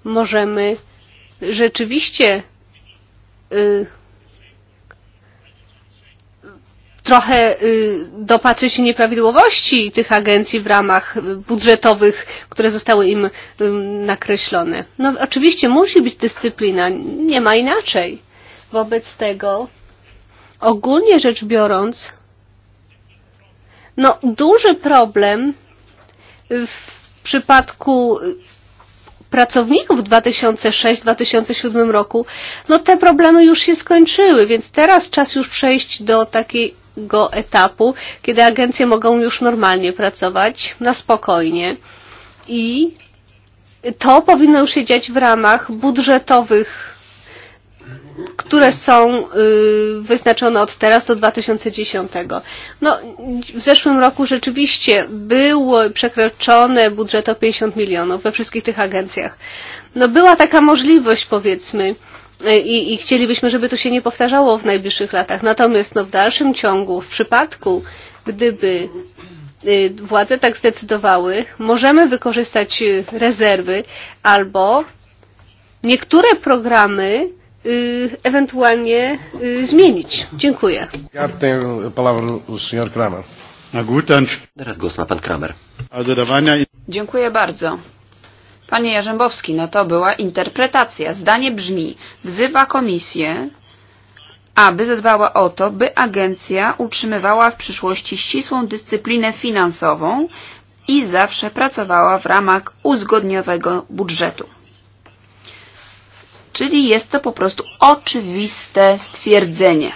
możemy rzeczywiście y, trochę dopatrzy się nieprawidłowości tych agencji w ramach budżetowych, które zostały im nakreślone. No oczywiście musi być dyscyplina, nie ma inaczej. Wobec tego ogólnie rzecz biorąc, no duży problem w przypadku pracowników w 2006-2007 roku, no te problemy już się skończyły, więc teraz czas już przejść do takiej takiego etapu, kiedy agencje mogą już normalnie pracować, na spokojnie. I to powinno już się dziać w ramach budżetowych, które są wyznaczone od teraz do 2010. No, w zeszłym roku rzeczywiście było przekroczone budżet o 50 milionów we wszystkich tych agencjach. No, była taka możliwość, powiedzmy, E, i, i chcielibyśmy, żeby to się nie powtarzało w najbliższych latach. Natomiast no, w dalszym ciągu, w przypadku, gdyby e, władze tak zdecydowały, możemy wykorzystać e, rezerwy albo niektóre programy ewentualnie zmienić. Dziękuję. Teraz głos ma pan Kramer. Dziękuję bardzo. Panie Jarzębowski, no to była interpretacja. Zdanie brzmi, wzywa komisję, aby zadbała o to, by agencja utrzymywała w przyszłości ścisłą dyscyplinę finansową i zawsze pracowała w ramach uzgodniowego budżetu. Czyli jest to po prostu oczywiste stwierdzenie.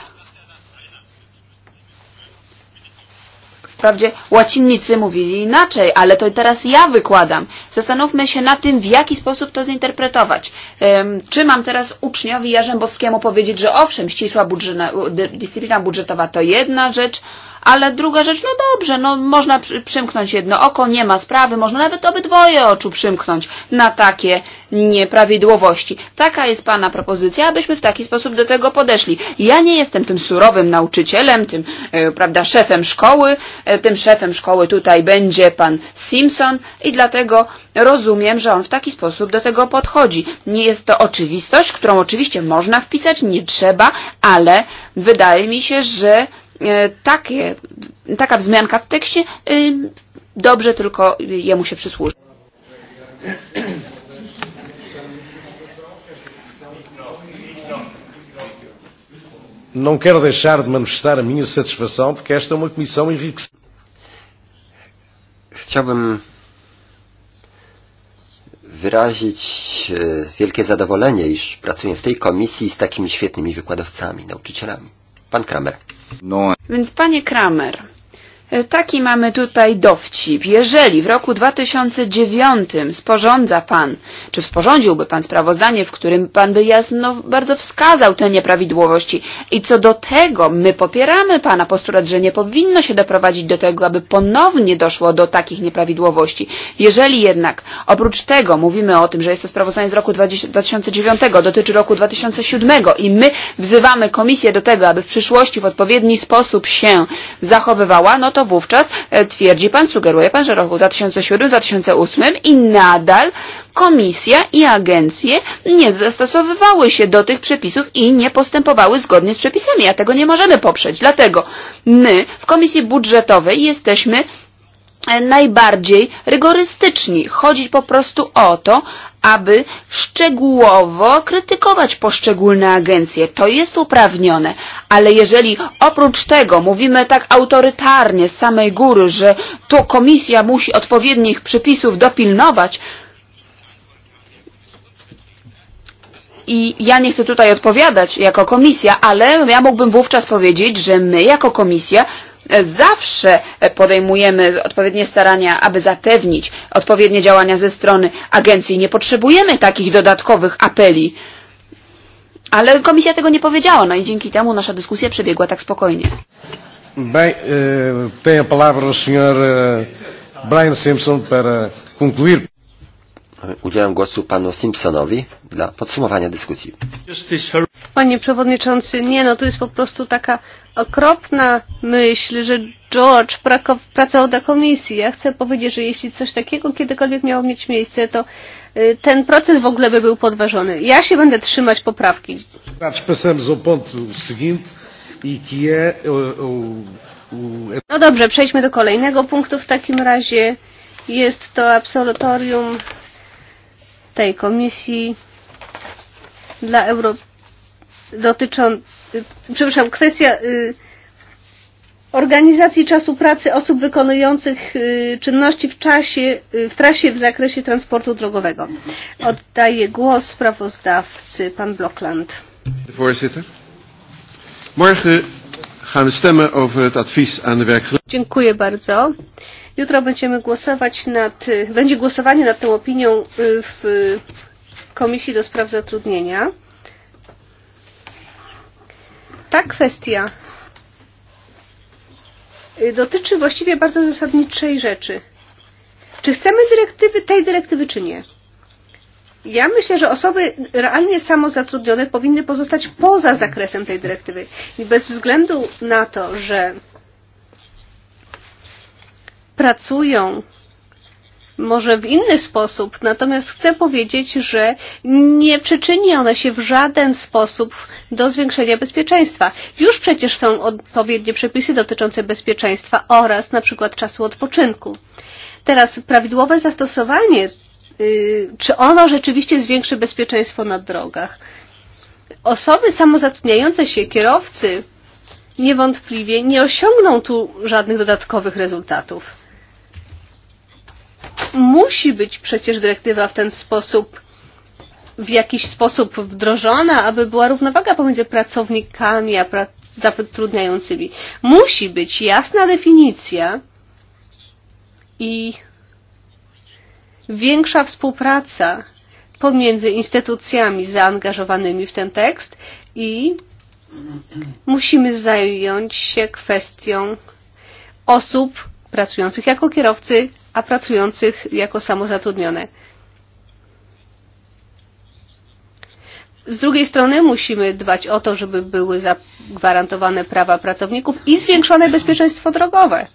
Wprawdzie łacinnicy mówili inaczej, ale to teraz ja wykładam. Zastanówmy się na tym, w jaki sposób to zinterpretować. Um, czy mam teraz uczniowi Jarzębowskiemu powiedzieć, że owszem, ścisła budżyna, dyscyplina budżetowa to jedna rzecz, ale druga rzecz, no dobrze, no można przymknąć jedno oko, nie ma sprawy, można nawet obydwoje oczu przymknąć na takie nieprawidłowości. Taka jest Pana propozycja, abyśmy w taki sposób do tego podeszli. Ja nie jestem tym surowym nauczycielem, tym, e, prawda, szefem szkoły, e, tym szefem szkoły tutaj będzie Pan Simpson i dlatego rozumiem, że on w taki sposób do tego podchodzi. Nie jest to oczywistość, którą oczywiście można wpisać, nie trzeba, ale wydaje mi się, że E, takie, taka wzmianka w tekście e, dobrze tylko jemu się przysłuży. Não quero deixar de manifestar a minha satisfação porque esta é uma comissão enriquecida. Chciałbym wyrazić e, wielkie zadowolenie, iż pracuję w tej komisji z takimi świetnymi wykładowcami, nauczycielami. Pan Kramer. No. Więc panie Kramer, E, taki mamy tutaj dowcip. Jeżeli w roku 2009 sporządza Pan, czy sporządziłby Pan sprawozdanie, w którym Pan by jasno bardzo wskazał te nieprawidłowości i co do tego my popieramy Pana postulat, że nie powinno się doprowadzić do tego, aby ponownie doszło do takich nieprawidłowości. Jeżeli jednak oprócz tego mówimy o tym, że jest to sprawozdanie z roku 20, 2009, dotyczy roku 2007 i my wzywamy Komisję do tego, aby w przyszłości w odpowiedni sposób się zachowywała, no to to wówczas e, twierdzi pan, sugeruje pan, że w roku 2007-2008 i nadal komisja i agencje nie zastosowywały się do tych przepisów i nie postępowały zgodnie z przepisami, a tego nie możemy poprzeć. Dlatego my w Komisji Budżetowej jesteśmy e, najbardziej rygorystyczni. Chodzi po prostu o to, aby szczegółowo krytykować poszczególne agencje. To jest uprawnione, ale jeżeli oprócz tego mówimy tak autorytarnie z samej góry, że to komisja musi odpowiednich przepisów dopilnować, I ja nie chcę tutaj odpowiadać jako komisja, ale ja mógłbym wówczas powiedzieć, że my jako komisja Zawsze podejmujemy odpowiednie starania, aby zapewnić odpowiednie działania ze strony agencji. Nie potrzebujemy takich dodatkowych apeli. Ale komisja tego nie powiedziała, no i dzięki temu nasza dyskusja przebiegła tak spokojnie. Bem, eh, tem a palavra o Sr. Eh, Brian Simpson para concluir udzielam głosu panu Simpsonowi dla podsumowania dyskusji. Panie przewodniczący, nie no, to jest po prostu taka okropna myśl, że George pracował dla komisji. Ja chcę powiedzieć, że jeśli coś takiego kiedykolwiek miało mieć miejsce, to y, ten proces w ogóle by był podważony. Ja się będę trzymać poprawki. No dobrze, przejdźmy do kolejnego punktu w takim razie. Jest to absolutorium tej komisji dla Euro... dotyczą... przepraszam, kwestia y, organizacji czasu pracy osób wykonujących y, czynności w czasie, y, w trasie w zakresie transportu drogowego. Oddaję głos sprawozdawcy, pan Blokland. Voorzitter. Morgen gaan we stemmen over het advies aan de werkgelegenheid. Dziękuję bardzo. Jutro będziemy głosować nad, będzie głosowanie nad tą opinią w Komisji do Spraw Zatrudnienia. Ta kwestia dotyczy właściwie bardzo zasadniczej rzeczy. Czy chcemy dyrektywy, tej dyrektywy, czy nie? Ja myślę, że osoby realnie samozatrudnione powinny pozostać poza zakresem tej dyrektywy. I bez względu na to, że pracują może w inny sposób. Natomiast chcę powiedzieć, że nie przyczyni ona się w żaden sposób do zwiększenia bezpieczeństwa. Już przecież są odpowiednie przepisy dotyczące bezpieczeństwa oraz na przykład czasu odpoczynku. Teraz prawidłowe zastosowanie, yy, czy ono rzeczywiście zwiększy bezpieczeństwo na drogach? Osoby samozatrudniające się, kierowcy niewątpliwie nie osiągną tu żadnych dodatkowych rezultatów musi być przecież dyrektywa w ten sposób w jakiś sposób wdrożona, aby była równowaga pomiędzy pracownikami a pra zatrudniającymi. Musi być jasna definicja i większa współpraca pomiędzy instytucjami zaangażowanymi w ten tekst i musimy zająć się kwestią osób pracujących jako kierowcy a pracujących jako samozatrudnione. Z drugiej strony musimy dbać o to, żeby były zagwarantowane prawa pracowników i zwiększone bezpieczeństwo drogowe.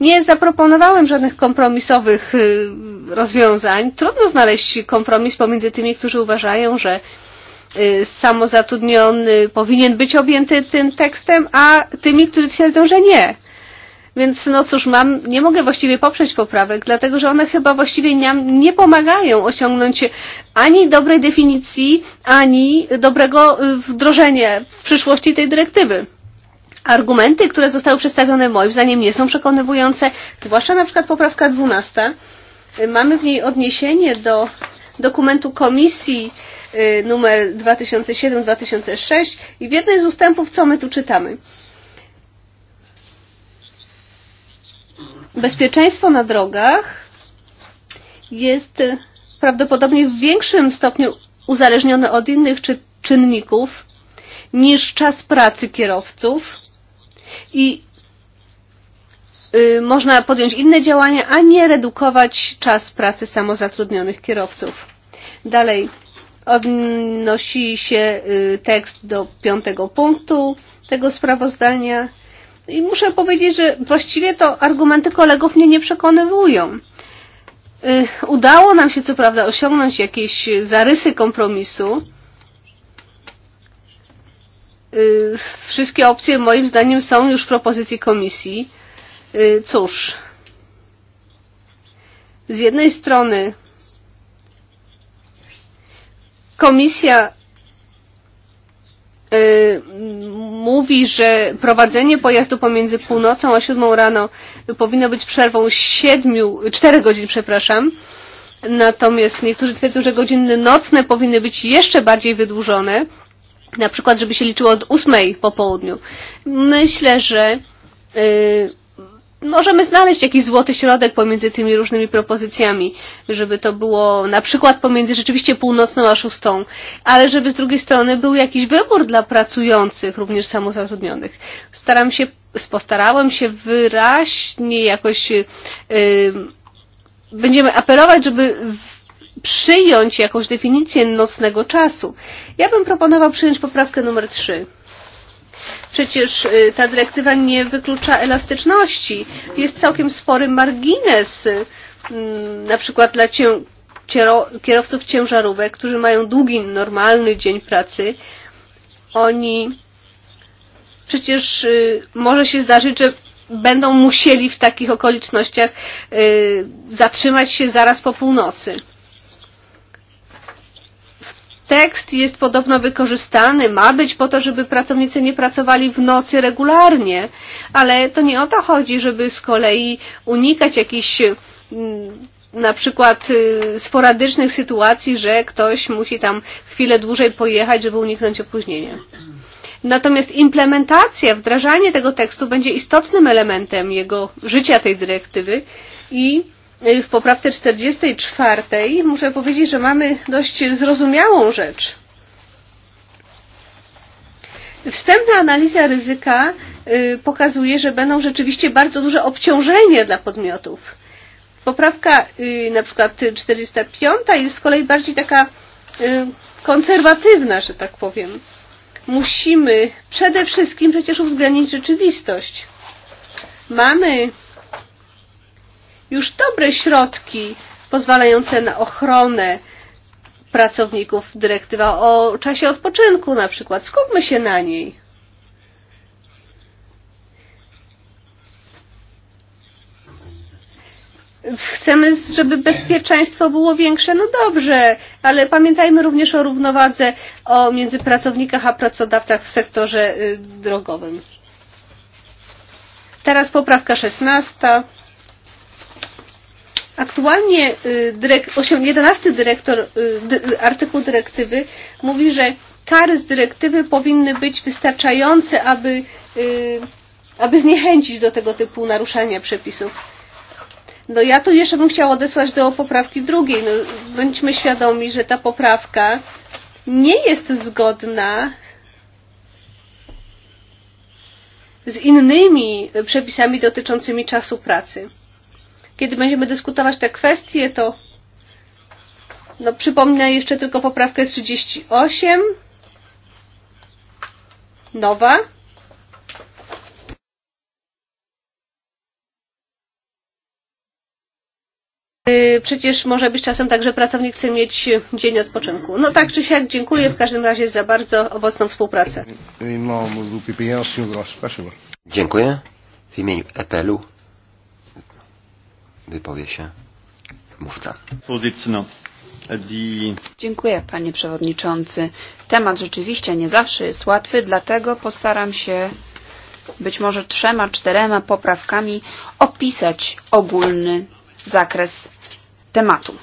Nie zaproponowałem żadnych kompromisowych rozwiązań. Trudno znaleźć kompromis pomiędzy tymi, którzy uważają, że samozatrudniony powinien być objęty tym tekstem, a tymi, którzy twierdzą, że nie. Więc no cóż, mam, nie mogę właściwie poprzeć poprawek, dlatego że one chyba właściwie nam nie pomagają osiągnąć ani dobrej definicji, ani dobrego wdrożenia w przyszłości tej dyrektywy. Argumenty, które zostały przedstawione moim zdaniem nie są przekonywujące, zwłaszcza na przykład poprawka 12. Mamy w niej odniesienie do dokumentu komisji numer 2007-2006 i w jednej z ustępów co my tu czytamy? bezpieczeństwo na drogach jest e, prawdopodobnie w większym stopniu uzależnione od innych czy czynników niż czas pracy kierowców i y, można podjąć inne działania, a nie redukować czas pracy samozatrudnionych kierowców. Dalej odnosi się y, tekst do piątego punktu tego sprawozdania I muszę powiedzieć, że właściwie to argumenty kolegów mnie nie przekonywują. Udało nam się co prawda osiągnąć jakieś zarysy kompromisu. Wszystkie opcje moim zdaniem są już w propozycji komisji. Cóż, z jednej strony komisja mówi, że prowadzenie pojazdu pomiędzy północą a siódmą rano powinno być przerwą siedmiu, czterech godzin, przepraszam. Natomiast niektórzy twierdzą, że godziny nocne powinny być jeszcze bardziej wydłużone, na przykład, żeby się liczyło od ósmej po południu. Myślę, że yy, możemy znaleźć jakiś złoty środek pomiędzy tymi różnymi propozycjami, żeby to było na przykład pomiędzy rzeczywiście północną a szóstą, ale żeby z drugiej strony był jakiś wybór dla pracujących, również samozatrudnionych. Staram się, postarałem się wyraźnie jakoś, yy, będziemy apelować, żeby przyjąć jakąś definicję nocnego czasu. Ja bym proponował przyjąć poprawkę numer 3. Przecież ta dyrektywa nie wyklucza elastyczności. Jest całkiem spory margines, mm, na przykład dla kierowców ciężarówek, którzy mają długi, normalny dzień pracy. Oni przecież może się zdarzyć, że będą musieli w takich okolicznościach zatrzymać się zaraz po północy tekst jest podobno wykorzystany, ma być po to, żeby pracownicy nie pracowali w nocy regularnie, ale to nie o to chodzi, żeby z kolei unikać jakichś mm, na przykład sporadycznych sytuacji, że ktoś musi tam chwilę dłużej pojechać, żeby uniknąć opóźnienia. Natomiast implementacja, wdrażanie tego tekstu będzie istotnym elementem jego życia tej dyrektywy i w poprawce 44 muszę powiedzieć, że mamy dość zrozumiałą rzecz. Wstępna analiza ryzyka pokazuje, że będą rzeczywiście bardzo duże obciążenia dla podmiotów. Poprawka na przykład 45 jest z kolei bardziej taka konserwatywna, że tak powiem. Musimy przede wszystkim przecież uwzględnić rzeczywistość. Mamy już dobre środki pozwalające na ochronę pracowników. Dyrektywa o czasie odpoczynku na przykład. Skupmy się na niej. chcemy, żeby bezpieczeństwo było większe, no dobrze, ale pamiętajmy również o równowadze o, między pracownikach a pracodawcach w sektorze y, drogowym. Teraz poprawka 16. Aktualnie dyrek, 8, 11 dyrektor, dy, artykuł dyrektywy mówi, że kary z dyrektywy powinny być wystarczające, aby, aby zniechęcić do tego typu naruszania przepisów. No ja tu jeszcze bym chciała odesłać do poprawki drugiej. No, bądźmy świadomi, że ta poprawka nie jest zgodna z innymi przepisami dotyczącymi czasu pracy kiedy będziemy dyskutować te kwestie, to no, przypomnę jeszcze tylko poprawkę 38. Nowa. Przecież może być czasem tak, że pracownik chce mieć dzień odpoczynku. No tak czy siak, dziękuję w każdym razie za bardzo owocną współpracę. Dziękuję. W imieniu EPL-u wypowie się mówca. Dziękuję, panie przewodniczący. Temat rzeczywiście nie zawsze jest łatwy, dlatego postaram się być może trzema, czterema poprawkami opisać ogólny zakres tematu.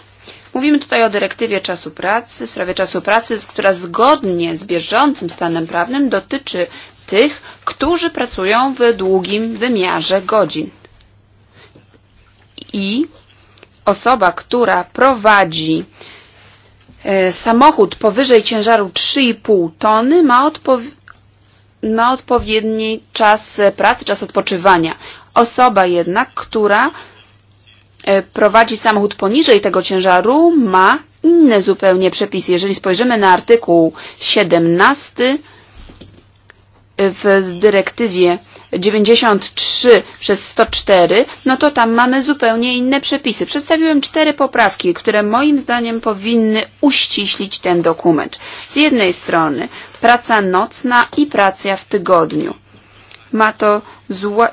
Mówimy tutaj o dyrektywie czasu pracy, w sprawie czasu pracy, która zgodnie z bieżącym stanem prawnym dotyczy tych, którzy pracują w długim wymiarze godzin i osoba, która prowadzi e, samochód powyżej ciężaru 3,5 tony ma, odpow ma odpowiedni czas e, pracy, czas odpoczywania. Osoba jednak, która e, prowadzi samochód poniżej tego ciężaru ma inne zupełnie przepisy. Jeżeli spojrzymy na artykuł 17 w dyrektywie 93 przez 104, no to tam mamy zupełnie inne przepisy. Przedstawiłem cztery poprawki, które moim zdaniem powinny uściślić ten dokument. Z jednej strony praca nocna i praca w tygodniu. Ma to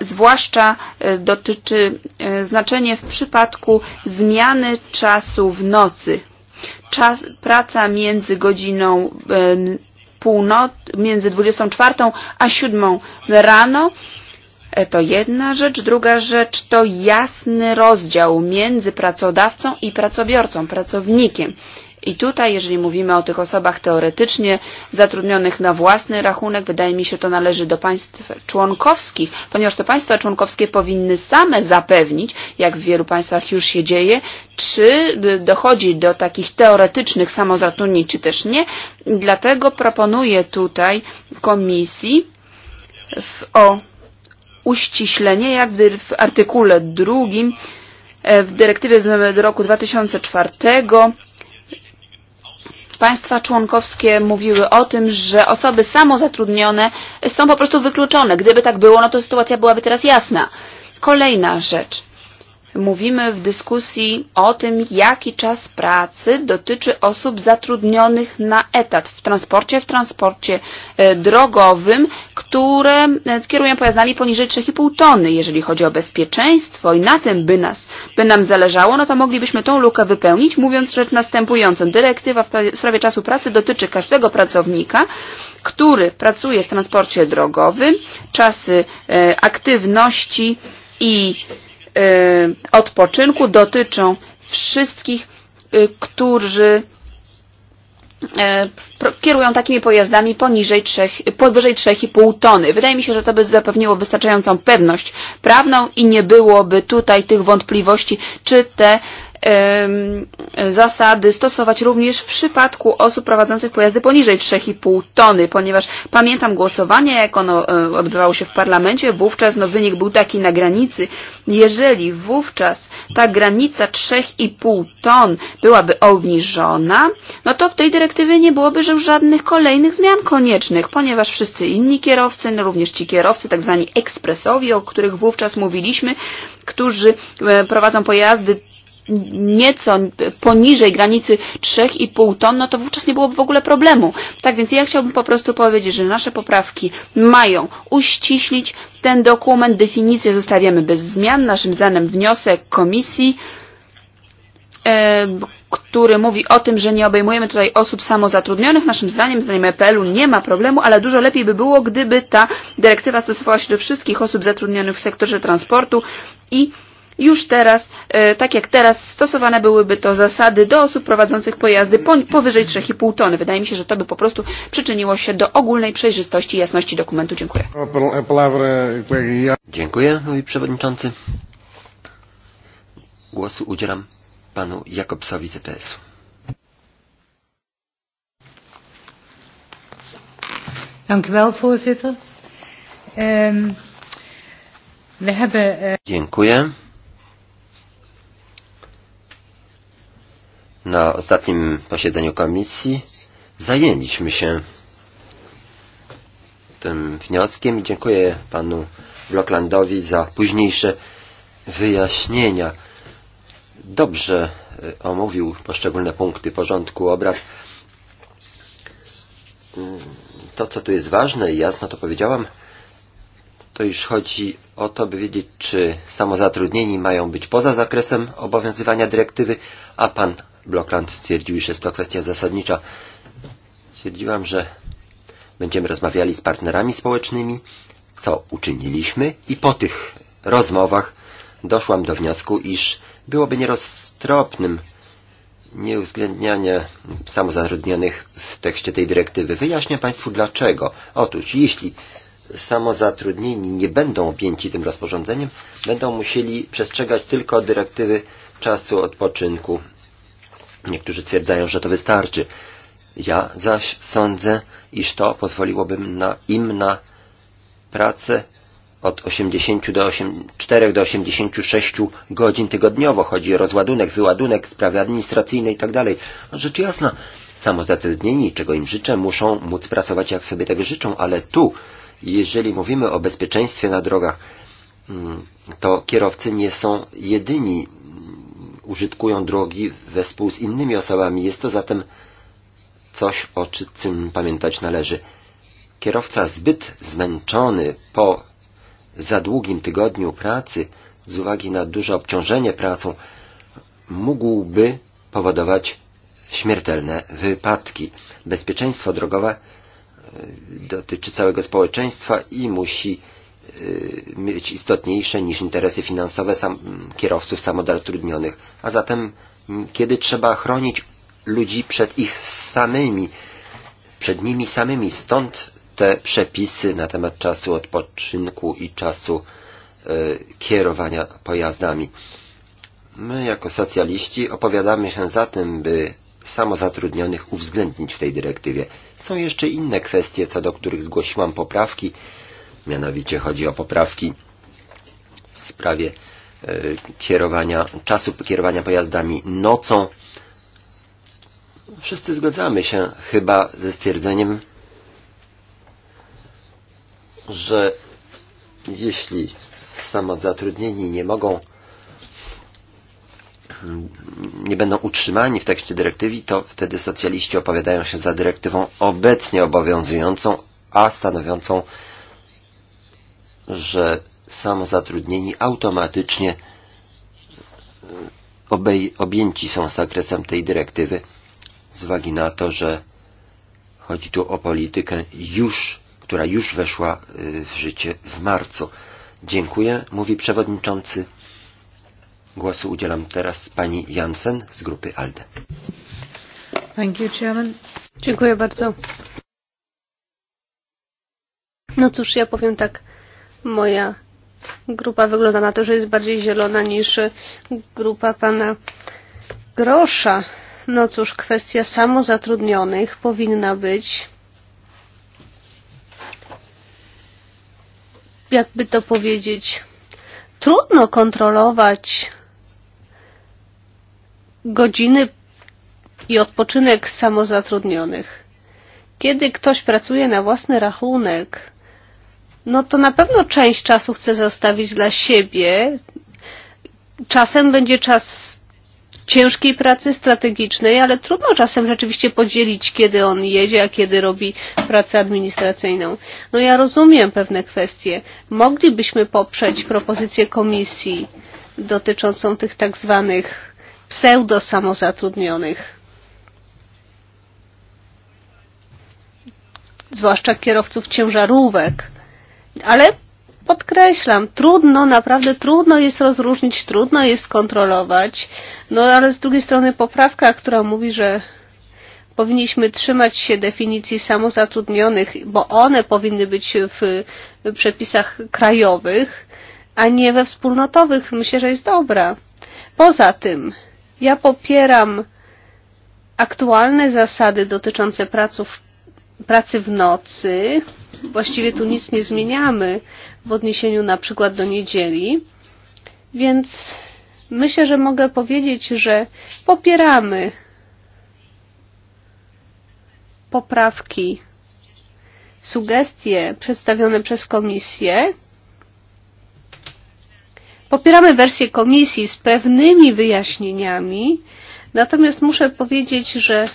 zwłaszcza e, dotyczy e, znaczenie w przypadku zmiany czasu w nocy. Czas, praca między godziną e, północ, między 24 a 7 rano To jedna rzecz. Druga rzecz to jasny rozdział między pracodawcą i pracobiorcą, pracownikiem. I tutaj, jeżeli mówimy o tych osobach teoretycznie zatrudnionych na własny rachunek, wydaje mi się, to należy do państw członkowskich, ponieważ to państwa członkowskie powinny same zapewnić, jak w wielu państwach już się dzieje, czy dochodzi do takich teoretycznych samozatrudnień, czy też nie. Dlatego proponuję tutaj komisji w, o uściślenie, jak w artykule drugim e, w dyrektywie z roku 2004 państwa członkowskie mówiły o tym, że osoby samozatrudnione są po prostu wykluczone. Gdyby tak było, no to sytuacja byłaby teraz jasna. Kolejna rzecz. Mówimy w dyskusji o tym, jaki czas pracy dotyczy osób zatrudnionych na etat w transporcie, w transporcie e, drogowym, które e, kierują pojazdami poniżej 3,5 tony. Jeżeli chodzi o bezpieczeństwo i na tym by, nas, by nam zależało, no to moglibyśmy tą lukę wypełnić, mówiąc rzecz następującą. Dyrektywa w sprawie czasu pracy dotyczy każdego pracownika, który pracuje w transporcie drogowym, czasy e, aktywności i E, odpoczynku dotyczą wszystkich, e, którzy e, kierują takimi pojazdami poniżej 3, powyżej 3,5 tony. Wydaje mi się, że to by zapewniło wystarczającą pewność prawną i nie byłoby tutaj tych wątpliwości, czy te zasady stosować również w przypadku osób prowadzących pojazdy poniżej 3,5 tony, ponieważ pamiętam głosowanie, jak ono e, odbywało się w parlamencie, wówczas no, wynik był taki na granicy. Jeżeli wówczas ta granica 3,5 ton byłaby obniżona, no to w tej dyrektywie nie byłoby już żadnych kolejnych zmian koniecznych, ponieważ wszyscy inni kierowcy, no również ci kierowcy, tak zwani ekspresowi, o których wówczas mówiliśmy, którzy e, prowadzą pojazdy nieco poniżej granicy 3,5 ton, no to wówczas nie byłoby w ogóle problemu. Tak więc ja chciałbym po prostu powiedzieć, że nasze poprawki mają uściślić ten dokument, definicję zostawiamy bez zmian. Naszym zdaniem wniosek komisji, yy, e, który mówi o tym, że nie obejmujemy tutaj osób samozatrudnionych, naszym zdaniem, zdaniem EPL-u nie ma problemu, ale dużo lepiej by było, gdyby ta dyrektywa stosowała się do wszystkich osób zatrudnionych w sektorze transportu i już teraz, e, tak jak teraz, stosowane byłyby to zasady do osób prowadzących pojazdy powyżej 3,5 tony. Wydaje mi się, że to by po prostu przyczyniło się do ogólnej przejrzystości i jasności dokumentu. Dziękuję. Dziękuję, mój przewodniczący. Głosu udzielam panu Jakobsowi z EPS-u. Dank u wel, voorzitter. Um, we hebben, uh... Dziękuję. na ostatnim posiedzeniu komisji zajęliśmy się tym wnioskiem i dziękuję panu Blocklandowi za późniejsze wyjaśnienia. Dobrze e, omówił poszczególne punkty porządku obrad. To, co tu jest ważne i jasno to powiedziałam, to już chodzi o to, by wiedzieć, czy samozatrudnieni mają być poza zakresem obowiązywania dyrektywy, a pan Blokland stwierdził, iż jest to kwestia zasadnicza. Stwierdziłam, że będziemy rozmawiali z partnerami społecznymi, co uczyniliśmy i po tych rozmowach doszłam do wniosku, iż byłoby nieroztropnym nieuwzględnianie samozatrudnionych w tekście tej dyrektywy. Wyjaśnię Państwu dlaczego. Otóż jeśli samozatrudnieni nie będą objęci tym rozporządzeniem, będą musieli przestrzegać tylko dyrektywy czasu odpoczynku Niektórzy twierdzają, że to wystarczy. Ja zaś sądzę, iż to pozwoliłoby na, im na pracę od 80 do 8, 4 do 86 godzin tygodniowo. Chodzi o rozładunek, wyładunek, sprawy administracyjne itd. Rzecz jasna, samozatrudnieni, czego im życzę, muszą móc pracować jak sobie tego życzą, ale tu, jeżeli mówimy o bezpieczeństwie na drogach, mm, to kierowcy nie są jedyni użytkują drogi wespół z innymi osobami. Jest to zatem coś, o czym pamiętać należy. Kierowca zbyt zmęczony po za długim tygodniu pracy, z uwagi na duże obciążenie pracą, mógłby powodować śmiertelne wypadki. Bezpieczeństwo drogowe e, dotyczy całego społeczeństwa i musi być e, istotniejsze niż interesy finansowe sam, kierowców samodotrudnionych. A zatem, kiedy trzeba chronić ludzi przed ich samymi, przed nimi samymi, stąd te przepisy na temat czasu odpoczynku i czasu y, e, kierowania pojazdami. My jako socjaliści opowiadamy się za tym, by samozatrudnionych uwzględnić w tej dyrektywie. Są jeszcze inne kwestie, co do których zgłosiłam poprawki, Mianowicie chodzi o poprawki w sprawie e, kierowania, czasu kierowania pojazdami nocą. Wszyscy zgadzamy się chyba ze stwierdzeniem, że jeśli samozatrudnieni nie mogą, nie będą utrzymani w tekście dyrektywy, to wtedy socjaliści opowiadają się za dyrektywą obecnie obowiązującą, a stanowiącą że samozatrudnieni automatycznie e, obej, objęci są zakresem tej dyrektywy z uwagi na to, że chodzi tu o politykę już, która już weszła w e, życie w marcu. Dziękuję, mówi przewodniczący. Głosu udzielam teraz pani Jansen z grupy ALDE. Thank you, Chairman. Dziękuję bardzo. No cóż, ja powiem tak. Moja grupa wygląda na to, że jest bardziej zielona niż grupa pana Grosza. No cóż, kwestia samozatrudnionych powinna być jakby to powiedzieć, trudno kontrolować godziny i odpoczynek samozatrudnionych. Kiedy ktoś pracuje na własny rachunek, no to na pewno część czasu chce zostawić dla siebie. Czasem będzie czas ciężkiej pracy strategicznej, ale trudno czasem rzeczywiście podzielić, kiedy on jedzie, a kiedy robi pracę administracyjną. No ja rozumiem pewne kwestie. Moglibyśmy poprzeć propozycję komisji dotyczącą tych tak zwanych pseudo-samozatrudnionych. Zwłaszcza kierowców ciężarówek ale podkreślam, trudno, naprawdę trudno jest rozróżnić, trudno jest skontrolować, no ale z drugiej strony poprawka, która mówi, że powinniśmy trzymać się definicji samozatrudnionych, bo one powinny być w przepisach krajowych, a nie we wspólnotowych, myślę, że jest dobra. Poza tym, ja popieram aktualne zasady dotyczące praców, pracy w nocy. Właściwie tu nic nie zmieniamy w odniesieniu na przykład do niedzieli. Więc myślę, że mogę powiedzieć, że popieramy poprawki, sugestie przedstawione przez komisję. Popieramy wersję komisji z pewnymi wyjaśnieniami, natomiast muszę powiedzieć, że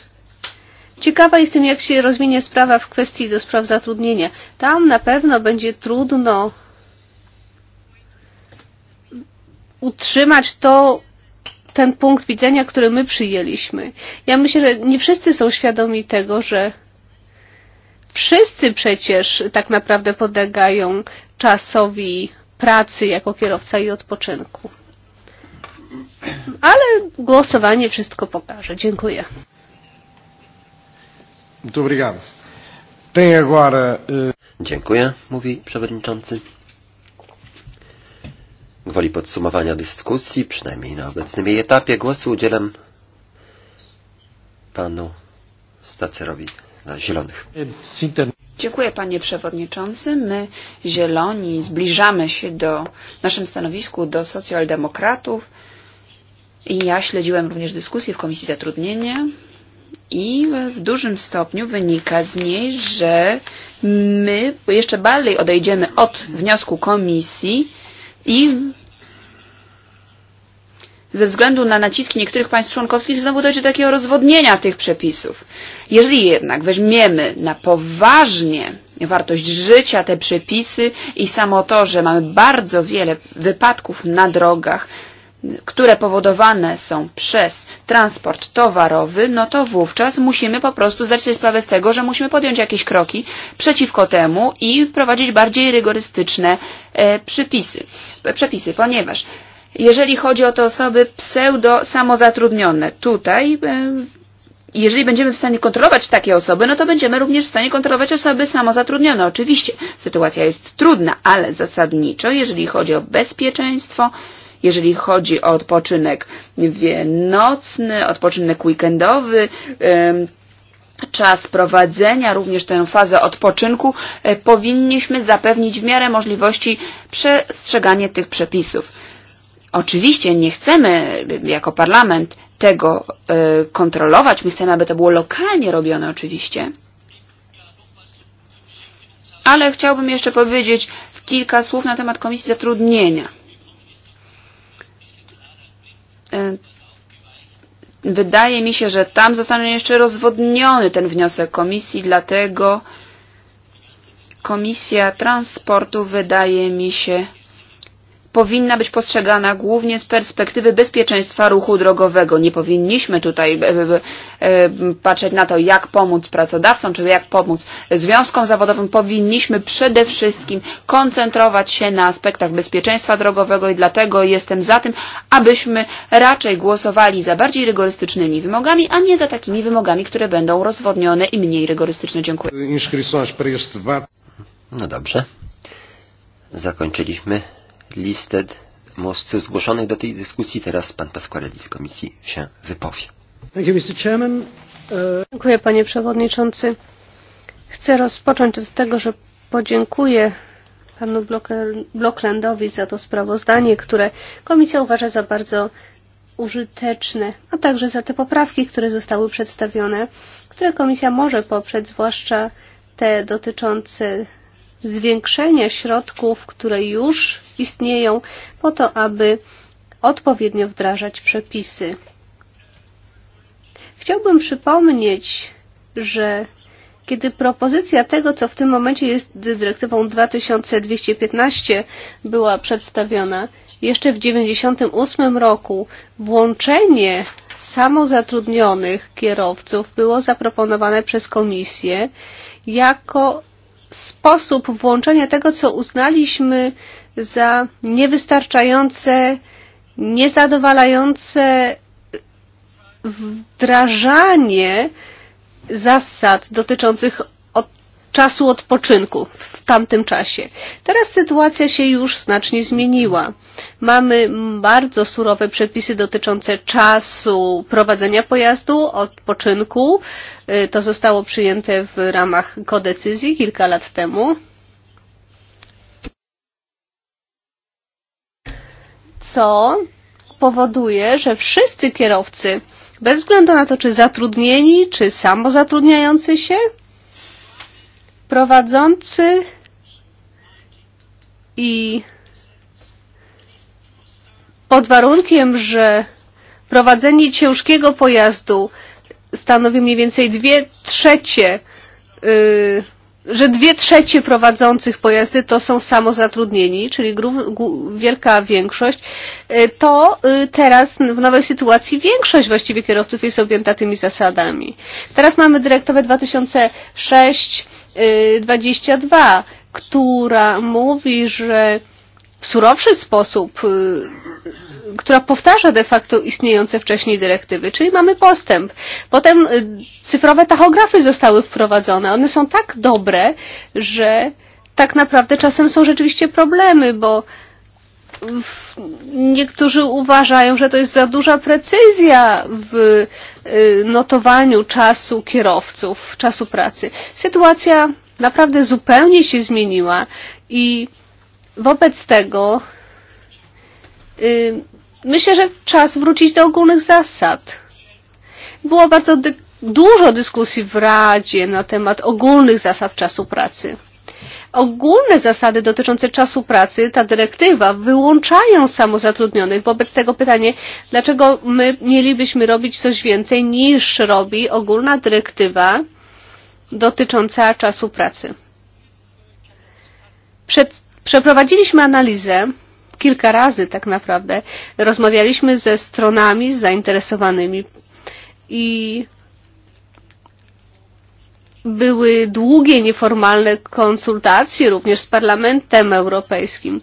Ciekawa jestem, jak się rozwinie sprawa w kwestii do spraw zatrudnienia. Tam na pewno będzie trudno utrzymać to, ten punkt widzenia, który my przyjęliśmy. Ja myślę, że nie wszyscy są świadomi tego, że wszyscy przecież tak naprawdę podlegają czasowi pracy jako kierowca i odpoczynku. Ale głosowanie wszystko pokaże. Dziękuję. Muito obrigado. Tem agora. Eh, Dziękuję, mówi przewodniczący. Gwoli podsumowania dyskusji, przynajmniej na obecnym jej etapie, głosu udzielam panu Stacerowi na Zielonych. Dziękuję panie przewodniczący. My, Zieloni, zbliżamy się do naszym stanowisku do socjaldemokratów i ja śledziłem również dyskusję w Komisji Zatrudnienia I w dużym stopniu wynika z niej, że my jeszcze bardziej odejdziemy od wniosku komisji i ze względu na naciski niektórych państw członkowskich znowu dojdzie do takiego rozwodnienia tych przepisów. Jeżeli jednak weźmiemy na poważnie wartość życia te przepisy i samo to, że mamy bardzo wiele wypadków na drogach, które powodowane są przez transport towarowy, no to wówczas musimy po prostu zdać sobie sprawę z tego, że musimy podjąć jakieś kroki przeciwko temu i wprowadzić bardziej rygorystyczne e, przypisy, e, przepisy, ponieważ jeżeli chodzi o te osoby pseudo-samozatrudnione, tutaj e, jeżeli będziemy w stanie kontrolować takie osoby, no to będziemy również w stanie kontrolować osoby samozatrudnione. Oczywiście sytuacja jest trudna, ale zasadniczo, jeżeli chodzi o bezpieczeństwo, jeżeli chodzi o odpoczynek nocny, odpoczynek weekendowy, czas prowadzenia, również tę fazę odpoczynku, e, powinniśmy zapewnić w miarę możliwości przestrzeganie tych przepisów. Oczywiście nie chcemy e, jako parlament tego e, kontrolować, my chcemy, aby to było lokalnie robione oczywiście. Ale chciałbym jeszcze powiedzieć kilka słów na temat Komisji Zatrudnienia. E, wydaje mi się, że tam zostanie jeszcze rozwodniony ten wniosek komisji, dlatego Komisja Transportu wydaje mi się powinna być postrzegana głównie z perspektywy bezpieczeństwa ruchu drogowego. Nie powinniśmy tutaj e, e, e, patrzeć na to, jak pomóc pracodawcom, czy jak pomóc związkom zawodowym. Powinniśmy przede wszystkim koncentrować się na aspektach bezpieczeństwa drogowego i dlatego jestem za tym, abyśmy raczej głosowali za bardziej rygorystycznymi wymogami, a nie za takimi wymogami, które będą rozwodnione i mniej rygorystyczne. Dziękuję. No dobrze. Zakończyliśmy listę mówców zgłoszonych do tej dyskusji. Teraz pan Pasquarelli z komisji się wypowie. E, Dziękuję panie przewodniczący. Chcę rozpocząć od tego, że podziękuję panu Blocklandowi za to sprawozdanie, które komisja uważa za bardzo użyteczne, a także za te poprawki, które zostały przedstawione, które komisja może poprzeć, zwłaszcza te dotyczące zwiększenie środków, które już istnieją, po to, aby odpowiednio wdrażać przepisy. Chciałbym przypomnieć, że kiedy propozycja tego, co w tym momencie jest dyrektywą 2215 była przedstawiona, jeszcze w 1998 roku włączenie samozatrudnionych kierowców było zaproponowane przez komisję jako sposób włączenia tego, co uznaliśmy za niewystarczające, niezadowalające wdrażanie zasad dotyczących od czasu odpoczynku w tamtym czasie. Teraz sytuacja się już znacznie zmieniła. Mamy bardzo surowe przepisy dotyczące czasu prowadzenia pojazdu, odpoczynku. To zostało przyjęte w ramach kodecyzji kilka lat temu. Co powoduje, że wszyscy kierowcy, bez względu na to, czy zatrudnieni, czy samozatrudniający się, prowadzący i pod warunkiem, że prowadzenie ciężkiego pojazdu stanowi mniej więcej dwie trzecie, yy, że dwie trzecie prowadzących pojazdy to są samozatrudnieni, czyli gru, gru, wielka większość, yy, to yy, teraz w nowej sytuacji większość właściwie kierowców jest objęta tymi zasadami. Teraz mamy dyrektywę 2006-22, która mówi, że w surowszy sposób, która powtarza de facto istniejące wcześniej dyrektywy, czyli mamy postęp. Potem cyfrowe tachografy zostały wprowadzone. One są tak dobre, że tak naprawdę czasem są rzeczywiście problemy, bo niektórzy uważają, że to jest za duża precyzja w notowaniu czasu kierowców, czasu pracy. Sytuacja naprawdę zupełnie się zmieniła i Wobec tego myślę, że czas wrócić do ogólnych zasad. Było bardzo dy dużo dyskusji w Radzie na temat ogólnych zasad czasu pracy. Ogólne zasady dotyczące czasu pracy, ta dyrektywa, wyłączają samozatrudnionych. Wobec tego pytanie, dlaczego my mielibyśmy robić coś więcej niż robi ogólna dyrektywa dotycząca czasu pracy? Przed Przeprowadziliśmy analizę kilka razy tak naprawdę. Rozmawialiśmy ze stronami zainteresowanymi i były długie, nieformalne konsultacje również z Parlamentem Europejskim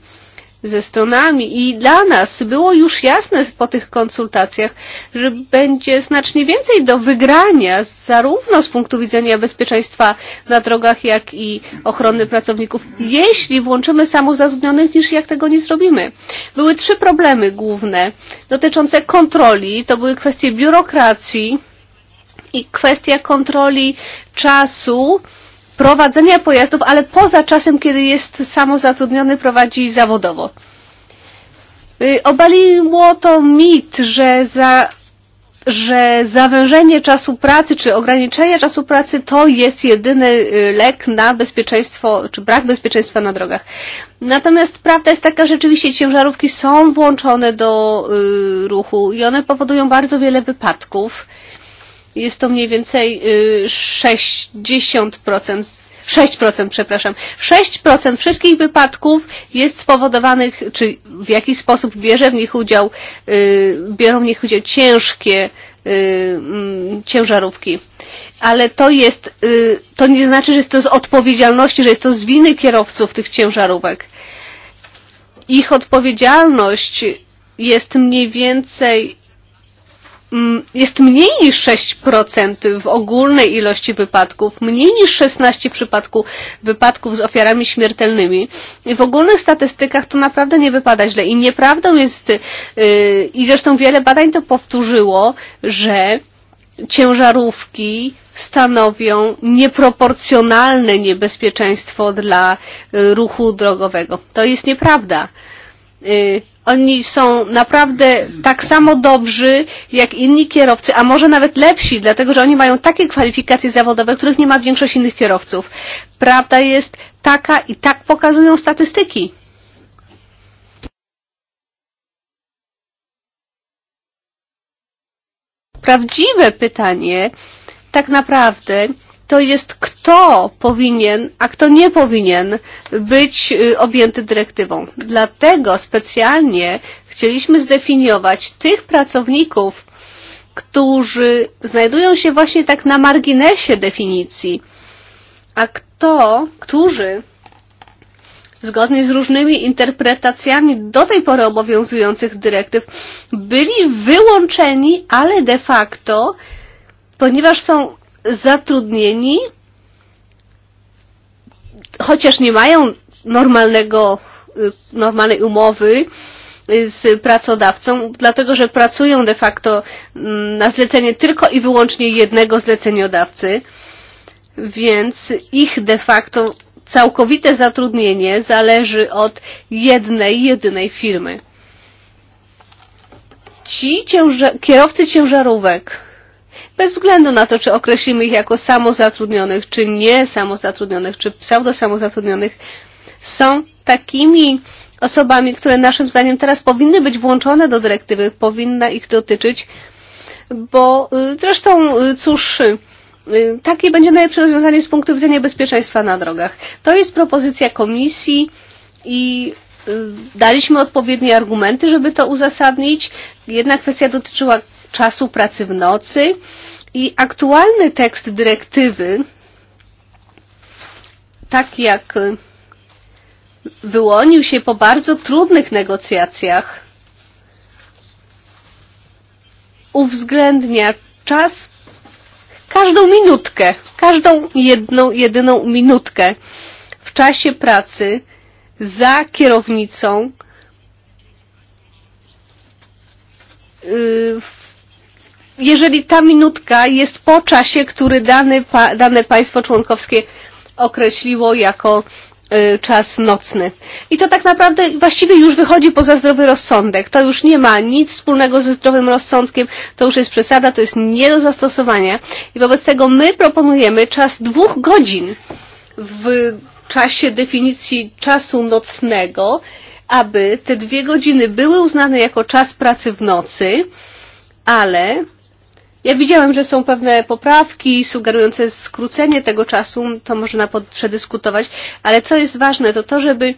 ze stronami i dla nas było już jasne po tych konsultacjach, że będzie znacznie więcej do wygrania zarówno z punktu widzenia bezpieczeństwa na drogach, jak i ochrony pracowników, jeśli włączymy samozatrudnionych, niż jak tego nie zrobimy. Były trzy problemy główne dotyczące kontroli. To były kwestie biurokracji i kwestia kontroli czasu prowadzenia pojazdów, ale poza czasem, kiedy jest samozatrudniony, prowadzi zawodowo. Obaliło to mit, że, za, że zawężenie czasu pracy czy ograniczenie czasu pracy to jest jedyny lek na bezpieczeństwo czy brak bezpieczeństwa na drogach. Natomiast prawda jest taka, że rzeczywiście ciężarówki są włączone do y, ruchu i one powodują bardzo wiele wypadków. Y, Jest to mniej więcej 60%, 6%, przepraszam, 6% wszystkich wypadków jest spowodowanych, czy w jakiś sposób bierze w nich udział, biorą w nich udział ciężkie mm, ciężarówki. Ale to jest, to nie znaczy, że jest to z odpowiedzialności, że jest to z winy kierowców tych ciężarówek. Ich odpowiedzialność jest mniej więcej Mm, jest mniej niż 6% w ogólnej ilości wypadków, mniej niż 16 przypadków wypadków z ofiarami śmiertelnymi. I w ogólnych statystykach to naprawdę nie wypada źle. I nieprawdą jest, yy, i zresztą wiele badań to powtórzyło, że ciężarówki stanowią nieproporcjonalne niebezpieczeństwo dla ruchu drogowego. To jest nieprawda. Yy, Oni są naprawdę tak samo dobrzy jak inni kierowcy, a może nawet lepsi, dlatego że oni mają takie kwalifikacje zawodowe, których nie ma większość innych kierowców. Prawda jest taka i tak pokazują statystyki. Prawdziwe pytanie tak naprawdę to jest kto powinien, a kto nie powinien być objęty dyrektywą. Dlatego specjalnie chcieliśmy zdefiniować tych pracowników, którzy znajdują się właśnie tak na marginesie definicji, a kto, którzy zgodnie z różnymi interpretacjami do tej pory obowiązujących dyrektyw, byli wyłączeni, ale de facto, ponieważ są zatrudnieni, chociaż nie mają normalnego, normalnej umowy z pracodawcą, dlatego że pracują de facto mm, na zlecenie tylko i wyłącznie jednego zleceniodawcy, więc ich de facto całkowite zatrudnienie zależy od jednej, jedynej firmy. Ci cięża kierowcy ciężarówek, bez względu na to, czy określimy ich jako samozatrudnionych, czy nie samozatrudnionych, czy pseudosamozatrudnionych, są takimi osobami, które naszym zdaniem teraz powinny być włączone do dyrektywy, powinna ich dotyczyć, bo zresztą cóż, takie będzie najlepsze rozwiązanie z punktu widzenia bezpieczeństwa na drogach. To jest propozycja komisji i daliśmy odpowiednie argumenty, żeby to uzasadnić. Jedna kwestia dotyczyła czasu pracy w nocy i aktualny tekst dyrektywy, tak jak wyłonił się po bardzo trudnych negocjacjach, uwzględnia czas każdą minutkę, każdą jedną, jedyną minutkę w czasie pracy za kierownicą w jeżeli ta minutka jest po czasie, który dane, pa, dane państwo członkowskie określiło jako y, czas nocny. I to tak naprawdę właściwie już wychodzi poza zdrowy rozsądek. To już nie ma nic wspólnego ze zdrowym rozsądkiem, to już jest przesada, to jest nie do zastosowania. I wobec tego my proponujemy czas dwóch godzin w czasie definicji czasu nocnego, aby te dwie godziny były uznane jako czas pracy w nocy, ale Ja widziałem, że są pewne poprawki sugerujące skrócenie tego czasu, to można przedyskutować, ale co jest ważne, to to, żeby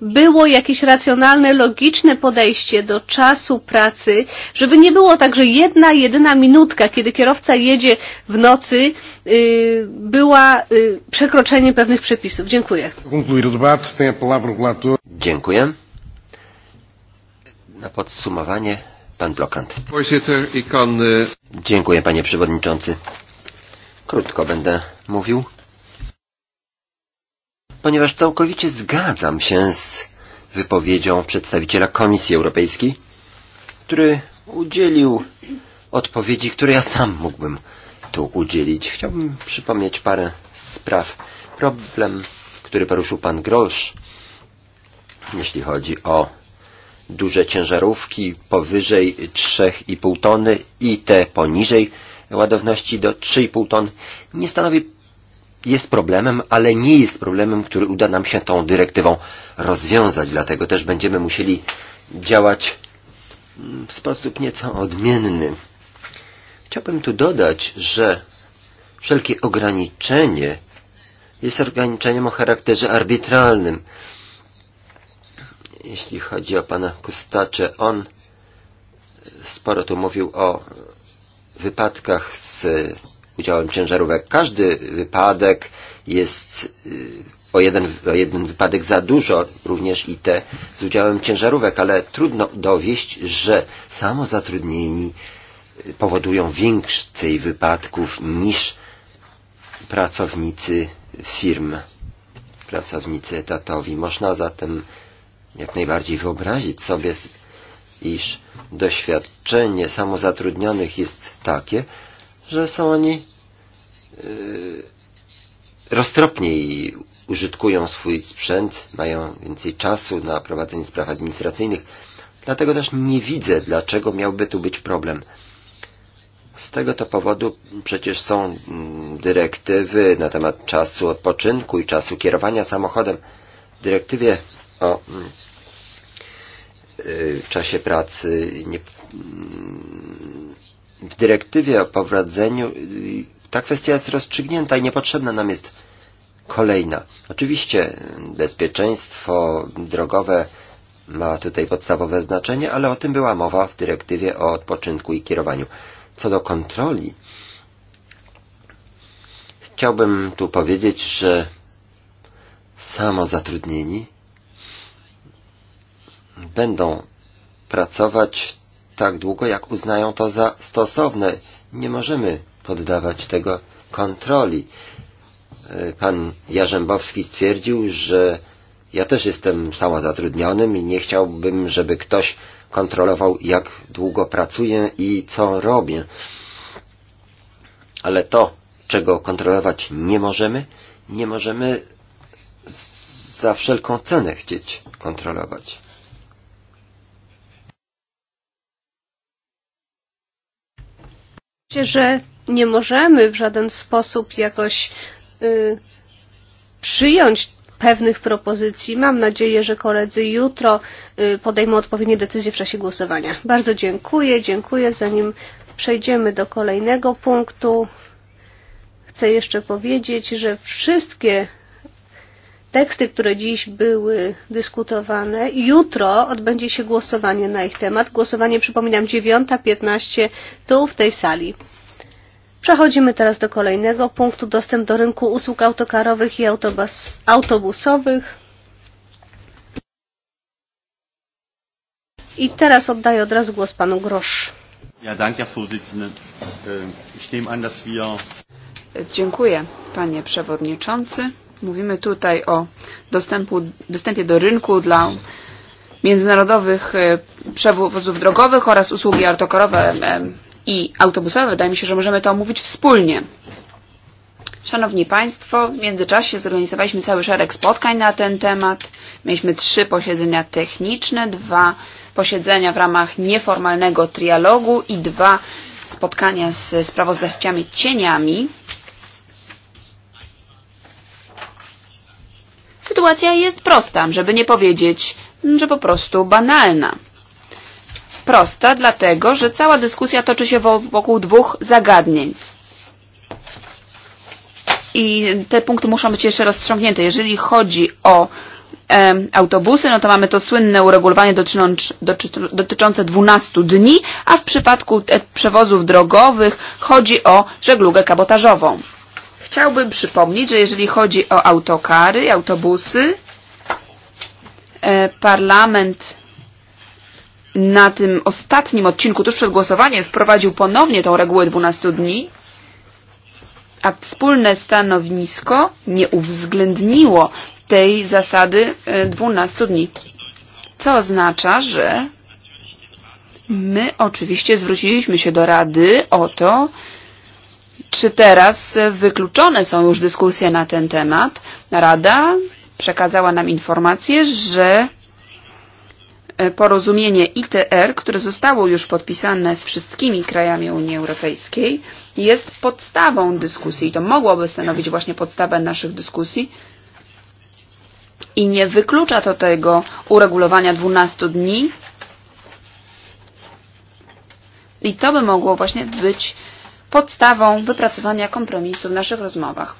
było jakieś racjonalne, logiczne podejście do czasu pracy, żeby nie było tak, że jedna, jedyna minutka, kiedy kierowca jedzie w nocy, yy, była yy, przekroczeniem pewnych przepisów. Dziękuję. Dziękuję. Na podsumowanie pan Blokant. Voorzitter, ik kan uh, Dziękuję, panie przewodniczący. Krótko będę mówił, ponieważ całkowicie zgadzam się z wypowiedzią przedstawiciela Komisji Europejskiej, który udzielił odpowiedzi, które ja sam mógłbym tu udzielić. Chciałbym przypomnieć parę spraw. Problem, który poruszył pan Grosz, jeśli chodzi o duże ciężarówki powyżej 3,5 tony i te poniżej ładowności do 3,5 ton nie stanowi jest problemem, ale nie jest problemem, który uda nam się tą dyrektywą rozwiązać. Dlatego też będziemy musieli działać mm, w sposób nieco odmienny. Chciałbym tu dodać, że wszelkie ograniczenie jest ograniczeniem o charakterze arbitralnym. Jeśli chodzi o pana Kustacze, on sporo tu mówił o wypadkach z udziałem ciężarówek. Każdy wypadek jest o jeden, o jeden wypadek za dużo, również i te z udziałem ciężarówek, ale trudno dowieść, że samozatrudnieni powodują więcej wypadków niż pracownicy firm, pracownicy etatowi. Można zatem jak najbardziej wyobrazić sobie, iż doświadczenie samozatrudnionych jest takie, że są oni yy, roztropniej użytkują swój sprzęt, mają więcej czasu na prowadzenie spraw administracyjnych. Dlatego też nie widzę, dlaczego miałby tu być problem. Z tego to powodu przecież są mm, dyrektywy na temat czasu odpoczynku i czasu kierowania samochodem. W dyrektywie o mm, e, czasie pracy, nie, mm, w dyrektywie o powrodzeniu ta kwestia jest rozstrzygnięta i niepotrzebna nam jest kolejna. Oczywiście bezpieczeństwo drogowe ma tutaj podstawowe znaczenie, ale o tym była mowa w dyrektywie o odpoczynku i kierowaniu. Co do kontroli, chciałbym tu powiedzieć, że samo zatrudnieni będą pracować tak długo, jak uznają to za stosowne. Nie możemy poddawać tego kontroli. E, pan Jarzębowski stwierdził, że ja też jestem samozatrudnionym i nie chciałbym, żeby ktoś kontrolował, jak długo pracuję i co robię. Ale to, czego kontrolować nie możemy, nie możemy za wszelką cenę chcieć kontrolować. że nie możemy w żaden sposób jakoś y, przyjąć pewnych propozycji. Mam nadzieję, że koledzy jutro y, podejmą odpowiednie decyzje w czasie głosowania. Bardzo dziękuję, dziękuję. Zanim przejdziemy do kolejnego punktu, chcę jeszcze powiedzieć, że wszystkie teksty, które dziś były dyskutowane. Jutro odbędzie się głosowanie na ich temat. Głosowanie, przypominam, 9.15 tu w tej sali. Przechodzimy teraz do kolejnego punktu. Dostęp do rynku usług autokarowych i autobus, autobusowych. I teraz oddaję od razu głos panu Grosz. Ja, danke, Herr Vorsitzende. Äh, ich nehme an, dass wir... Dziękuję, panie przewodniczący. Mówimy tutaj o dostępu, dostępie do rynku dla międzynarodowych e, przewozów drogowych oraz usługi autokarowe e, i autobusowe. Wydaje mi się, że możemy to omówić wspólnie. Szanowni Państwo, w międzyczasie zorganizowaliśmy cały szereg spotkań na ten temat. Mieliśmy trzy posiedzenia techniczne, dwa posiedzenia w ramach nieformalnego trialogu i dwa spotkania z sprawozdawcami cieniami. Sytuacja jest prosta, żeby nie powiedzieć, że po prostu banalna. Prosta dlatego, że cała dyskusja toczy się wokół dwóch zagadnień. I te punkty muszą być jeszcze rozstrzągnięte. Jeżeli chodzi o e, autobusy, no to mamy to słynne uregulowanie dotyczące 12 dni, a w przypadku e, przewozów drogowych chodzi o żeglugę kabotażową. Chciałbym przypomnieć, że jeżeli chodzi o autokary, autobusy, e, parlament na tym ostatnim odcinku, tuż przed głosowaniem, wprowadził ponownie tą regułę 12 dni, a wspólne stanowisko nie uwzględniło tej zasady 12 e, dni. Co oznacza, że my oczywiście zwróciliśmy się do Rady o to, Czy teraz wykluczone są już dyskusje na ten temat? Rada przekazała nam informację, że e, porozumienie ITR, które zostało już podpisane z wszystkimi krajami Unii Europejskiej, jest podstawą dyskusji i to mogłoby stanowić właśnie podstawę naszych dyskusji i nie wyklucza to tego uregulowania 12 dni i to by mogło właśnie być podstawą wypracowania kompromisu w naszych rozmowach.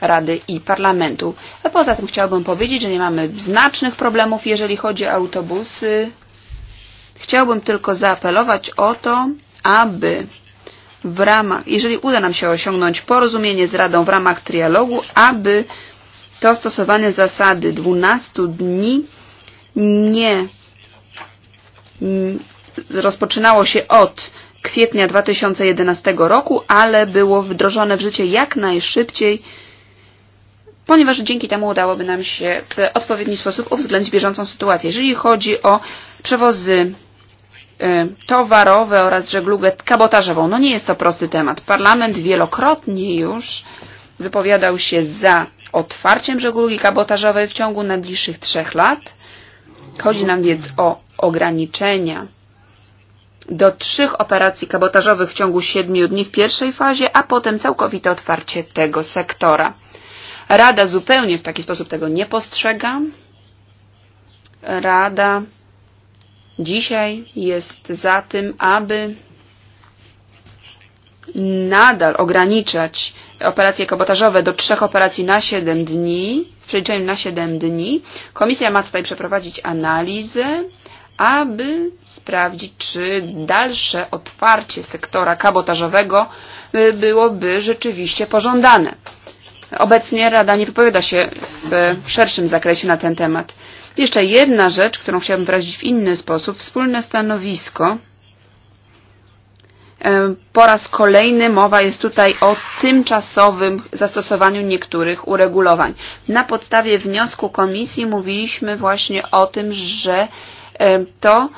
Rady i Parlamentu. A poza tym chciałbym powiedzieć, że nie mamy znacznych problemów, jeżeli chodzi o autobusy. Chciałbym tylko zaapelować o to, aby w ramach, jeżeli uda nam się osiągnąć porozumienie z Radą w ramach trialogu, aby to stosowanie zasady 12 dni nie mm, rozpoczynało się od kwietnia 2011 roku, ale było wdrożone w życie jak najszybciej, ponieważ dzięki temu udałoby nam się w odpowiedni sposób uwzględnić bieżącą sytuację. Jeżeli chodzi o przewozy e, towarowe oraz żeglugę kabotażową. No nie jest to prosty temat. Parlament wielokrotnie już wypowiadał się za otwarciem żeglugi kabotażowej w ciągu najbliższych trzech lat. Chodzi nam więc o ograniczenia do trzech operacji kabotażowych w ciągu siedmiu dni w pierwszej fazie, a potem całkowite otwarcie tego sektora. Rada zupełnie w taki sposób tego nie postrzega. Rada dzisiaj jest za tym, aby nadal ograniczać operacje kabotażowe do trzech operacji na 7 dni, w przeliczeniu na 7 dni. Komisja ma tutaj przeprowadzić analizę aby sprawdzić, czy dalsze otwarcie sektora kabotażowego byłoby rzeczywiście pożądane. Obecnie Rada nie wypowiada się w szerszym zakresie na ten temat. Jeszcze jedna rzecz, którą chciałabym wyrazić w inny sposób. Wspólne stanowisko. E, po raz kolejny mowa jest tutaj o tymczasowym zastosowaniu niektórych uregulowań. Na podstawie wniosku komisji mówiliśmy właśnie o tym, że E, to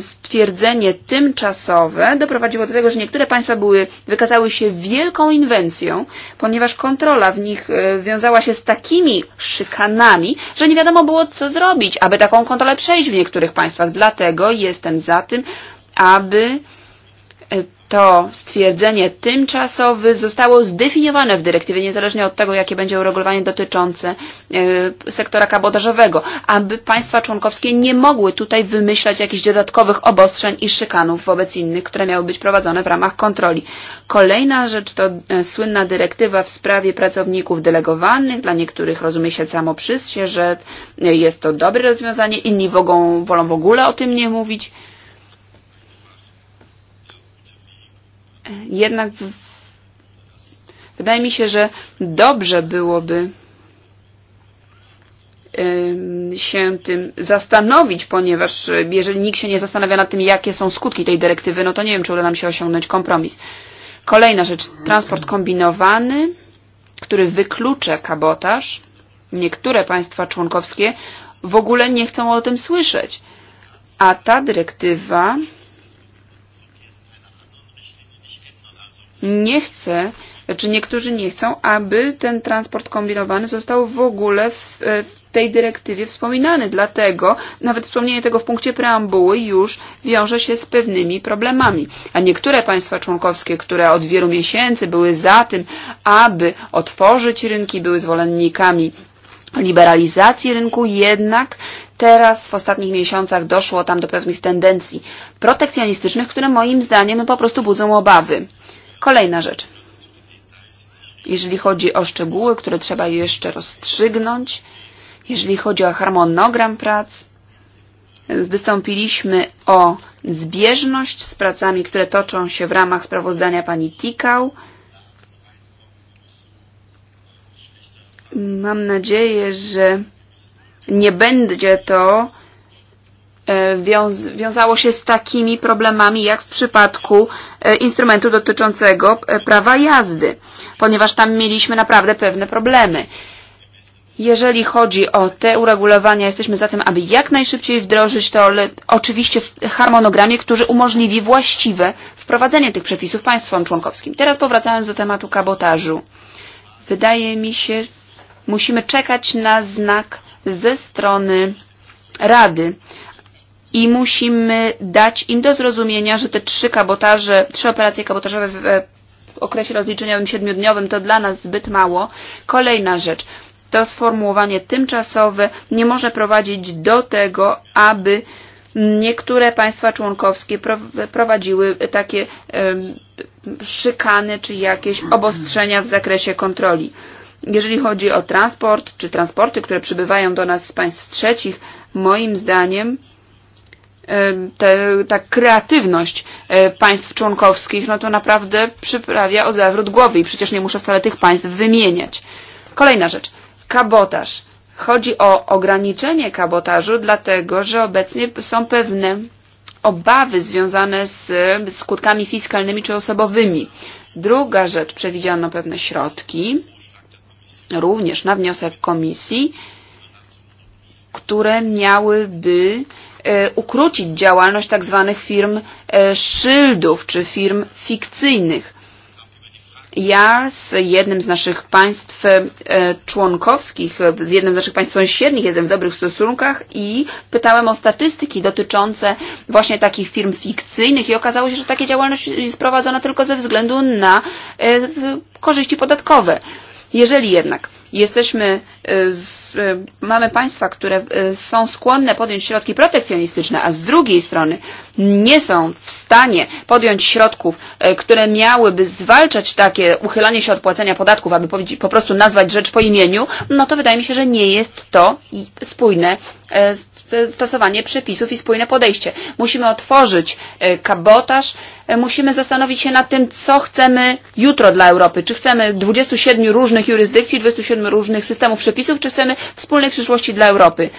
stwierdzenie tymczasowe doprowadziło do tego, że niektóre państwa były, wykazały się wielką inwencją, ponieważ kontrola w nich e, wiązała się z takimi szykanami, że nie wiadomo było co zrobić, aby taką kontrolę przejść w niektórych państwach. Dlatego jestem za tym, aby to stwierdzenie tymczasowy zostało zdefiniowane w dyrektywie, niezależnie od tego, jakie będzie uregulowanie dotyczące y, e, sektora kabotażowego, aby państwa członkowskie nie mogły tutaj wymyślać jakichś dodatkowych obostrzeń i szykanów wobec innych, które miały być prowadzone w ramach kontroli. Kolejna rzecz to y, e, słynna dyrektywa w sprawie pracowników delegowanych. Dla niektórych rozumie się samo przez się, że y, jest to dobre rozwiązanie, inni wogą, wolą w ogóle o tym nie mówić. Y, jednak wydaje mi się, że dobrze byłoby się tym zastanowić, ponieważ e, jeżeli nikt się nie zastanawia nad tym, jakie są skutki tej dyrektywy, no to nie wiem, czy uda nam się osiągnąć kompromis. Kolejna rzecz, transport kombinowany, który wyklucza kabotaż. Niektóre państwa członkowskie w ogóle nie chcą o tym słyszeć. A ta dyrektywa nie chce, czy niektórzy nie chcą, aby ten transport kombinowany został w ogóle w, e, w tej dyrektywie wspominany. Dlatego nawet wspomnienie tego w punkcie preambuły już wiąże się z pewnymi problemami. A niektóre państwa członkowskie, które od wielu miesięcy były za tym, aby otworzyć rynki, były zwolennikami liberalizacji rynku, jednak teraz w ostatnich miesiącach doszło tam do pewnych tendencji protekcjonistycznych, które moim zdaniem po prostu budzą obawy. Kolejna rzecz. Jeżeli chodzi o szczegóły, które trzeba jeszcze rozstrzygnąć, jeżeli chodzi o harmonogram prac, wystąpiliśmy o zbieżność z pracami, które toczą się w ramach sprawozdania pani Tikał. Mam nadzieję, że nie będzie to E, wiąz wiązało się z takimi problemami jak w przypadku e, instrumentu dotyczącego e, prawa jazdy, ponieważ tam mieliśmy naprawdę pewne problemy. Jeżeli chodzi o te uregulowania, jesteśmy za tym, aby jak najszybciej wdrożyć to, ale oczywiście w harmonogramie, który umożliwi właściwe wprowadzenie tych przepisów państwom członkowskim. Teraz powracając do tematu kabotażu. Wydaje mi się, musimy czekać na znak ze strony Rady i musimy dać im do zrozumienia, że te trzy kabotaże, trzy operacje kabotażowe w okresie rozliczeniowym siedmiodniowym to dla nas zbyt mało. Kolejna rzecz. To sformułowanie tymczasowe nie może prowadzić do tego, aby niektóre państwa członkowskie prowadziły takie szykany czy jakieś obostrzenia w zakresie kontroli. Jeżeli chodzi o transport czy transporty, które przybywają do nas z państw trzecich, moim zdaniem E, ta, kreatywność e, państw członkowskich, no to naprawdę przyprawia o zawrót głowy i przecież nie muszę wcale tych państw wymieniać. Kolejna rzecz. Kabotaż. Chodzi o ograniczenie kabotażu, dlatego że obecnie są pewne obawy związane z skutkami fiskalnymi czy osobowymi. Druga rzecz, przewidziano pewne środki, również na wniosek komisji, które miałyby E, ukrócić działalność tak zwanych firm e, szyldów czy firm fikcyjnych. Ja z jednym z naszych państw e, członkowskich, z jednym z naszych państw sąsiednich jestem w dobrych stosunkach i pytałem o statystyki dotyczące właśnie takich firm fikcyjnych i okazało się, że takie działalność jest prowadzona tylko ze względu na korzyści podatkowe. Jeżeli jednak jesteśmy, e, e, mamy państwa, które e, są skłonne podjąć środki protekcjonistyczne, a z drugiej strony nie są w stanie podjąć środków, które miałyby zwalczać takie uchylanie się od płacenia podatków, aby po prostu nazwać rzecz po imieniu, no to wydaje mi się, że nie jest to spójne E, stosowanie przepisów i spójne podejście. Musimy otworzyć e, kabotaż, e, musimy zastanowić się nad tym, co chcemy jutro dla Europy. Czy chcemy 27 różnych jurysdykcji, 27 różnych systemów przepisów, czy chcemy wspólnej przyszłości dla Europy.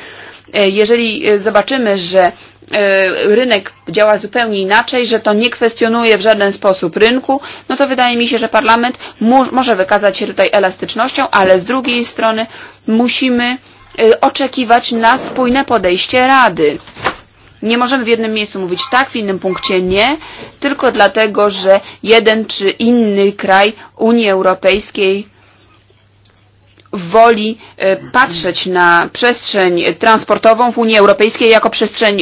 Jeżeli zobaczymy, że rynek działa zupełnie inaczej, że to nie kwestionuje w żaden sposób rynku, no to wydaje mi się, że parlament mu może wykazać się tutaj elastycznością, ale z drugiej strony musimy oczekiwać na spójne podejście Rady. Nie możemy w jednym miejscu mówić tak, w innym punkcie nie, tylko dlatego, że jeden czy inny kraj Unii Europejskiej woli patrzeć na przestrzeń transportową w Unii Europejskiej jako przestrzeń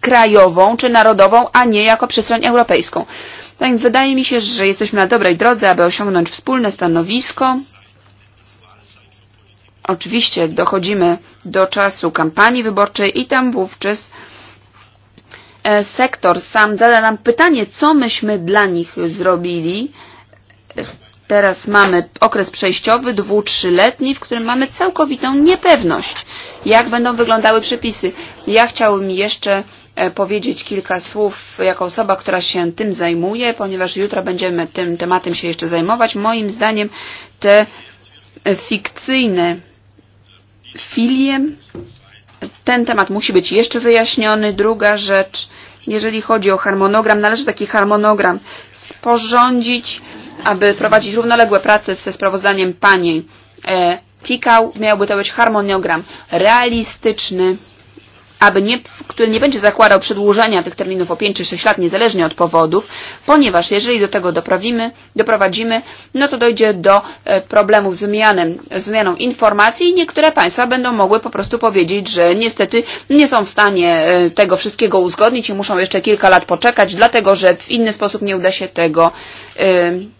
krajową czy narodową, a nie jako przestrzeń europejską. Tak wydaje mi się, że jesteśmy na dobrej drodze, aby osiągnąć wspólne stanowisko Oczywiście dochodzimy do czasu kampanii wyborczej i tam wówczas e, sektor sam zada nam pytanie, co myśmy dla nich zrobili. Teraz mamy okres przejściowy, dwu, trzyletni, w którym mamy całkowitą niepewność, jak będą wyglądały przepisy. Ja chciałbym jeszcze e, powiedzieć kilka słów jako osoba, która się tym zajmuje, ponieważ jutro będziemy tym tematem się jeszcze zajmować. Moim zdaniem te e, fikcyjne filie. Ten temat musi być jeszcze wyjaśniony. Druga rzecz, jeżeli chodzi o harmonogram, należy taki harmonogram sporządzić, aby prowadzić równoległe prace ze sprawozdaniem pani e, Tikał. Miałby to być harmonogram realistyczny, aby nie, który nie będzie zakładał przedłużania tych terminów o 5 czy 6 lat, niezależnie od powodów, ponieważ jeżeli do tego doprawimy, doprowadzimy, no to dojdzie do e, problemów z, zmianem, zmianą informacji i niektóre państwa będą mogły po prostu powiedzieć, że niestety nie są w stanie e, tego wszystkiego uzgodnić i muszą jeszcze kilka lat poczekać, dlatego że w inny sposób nie uda się tego um,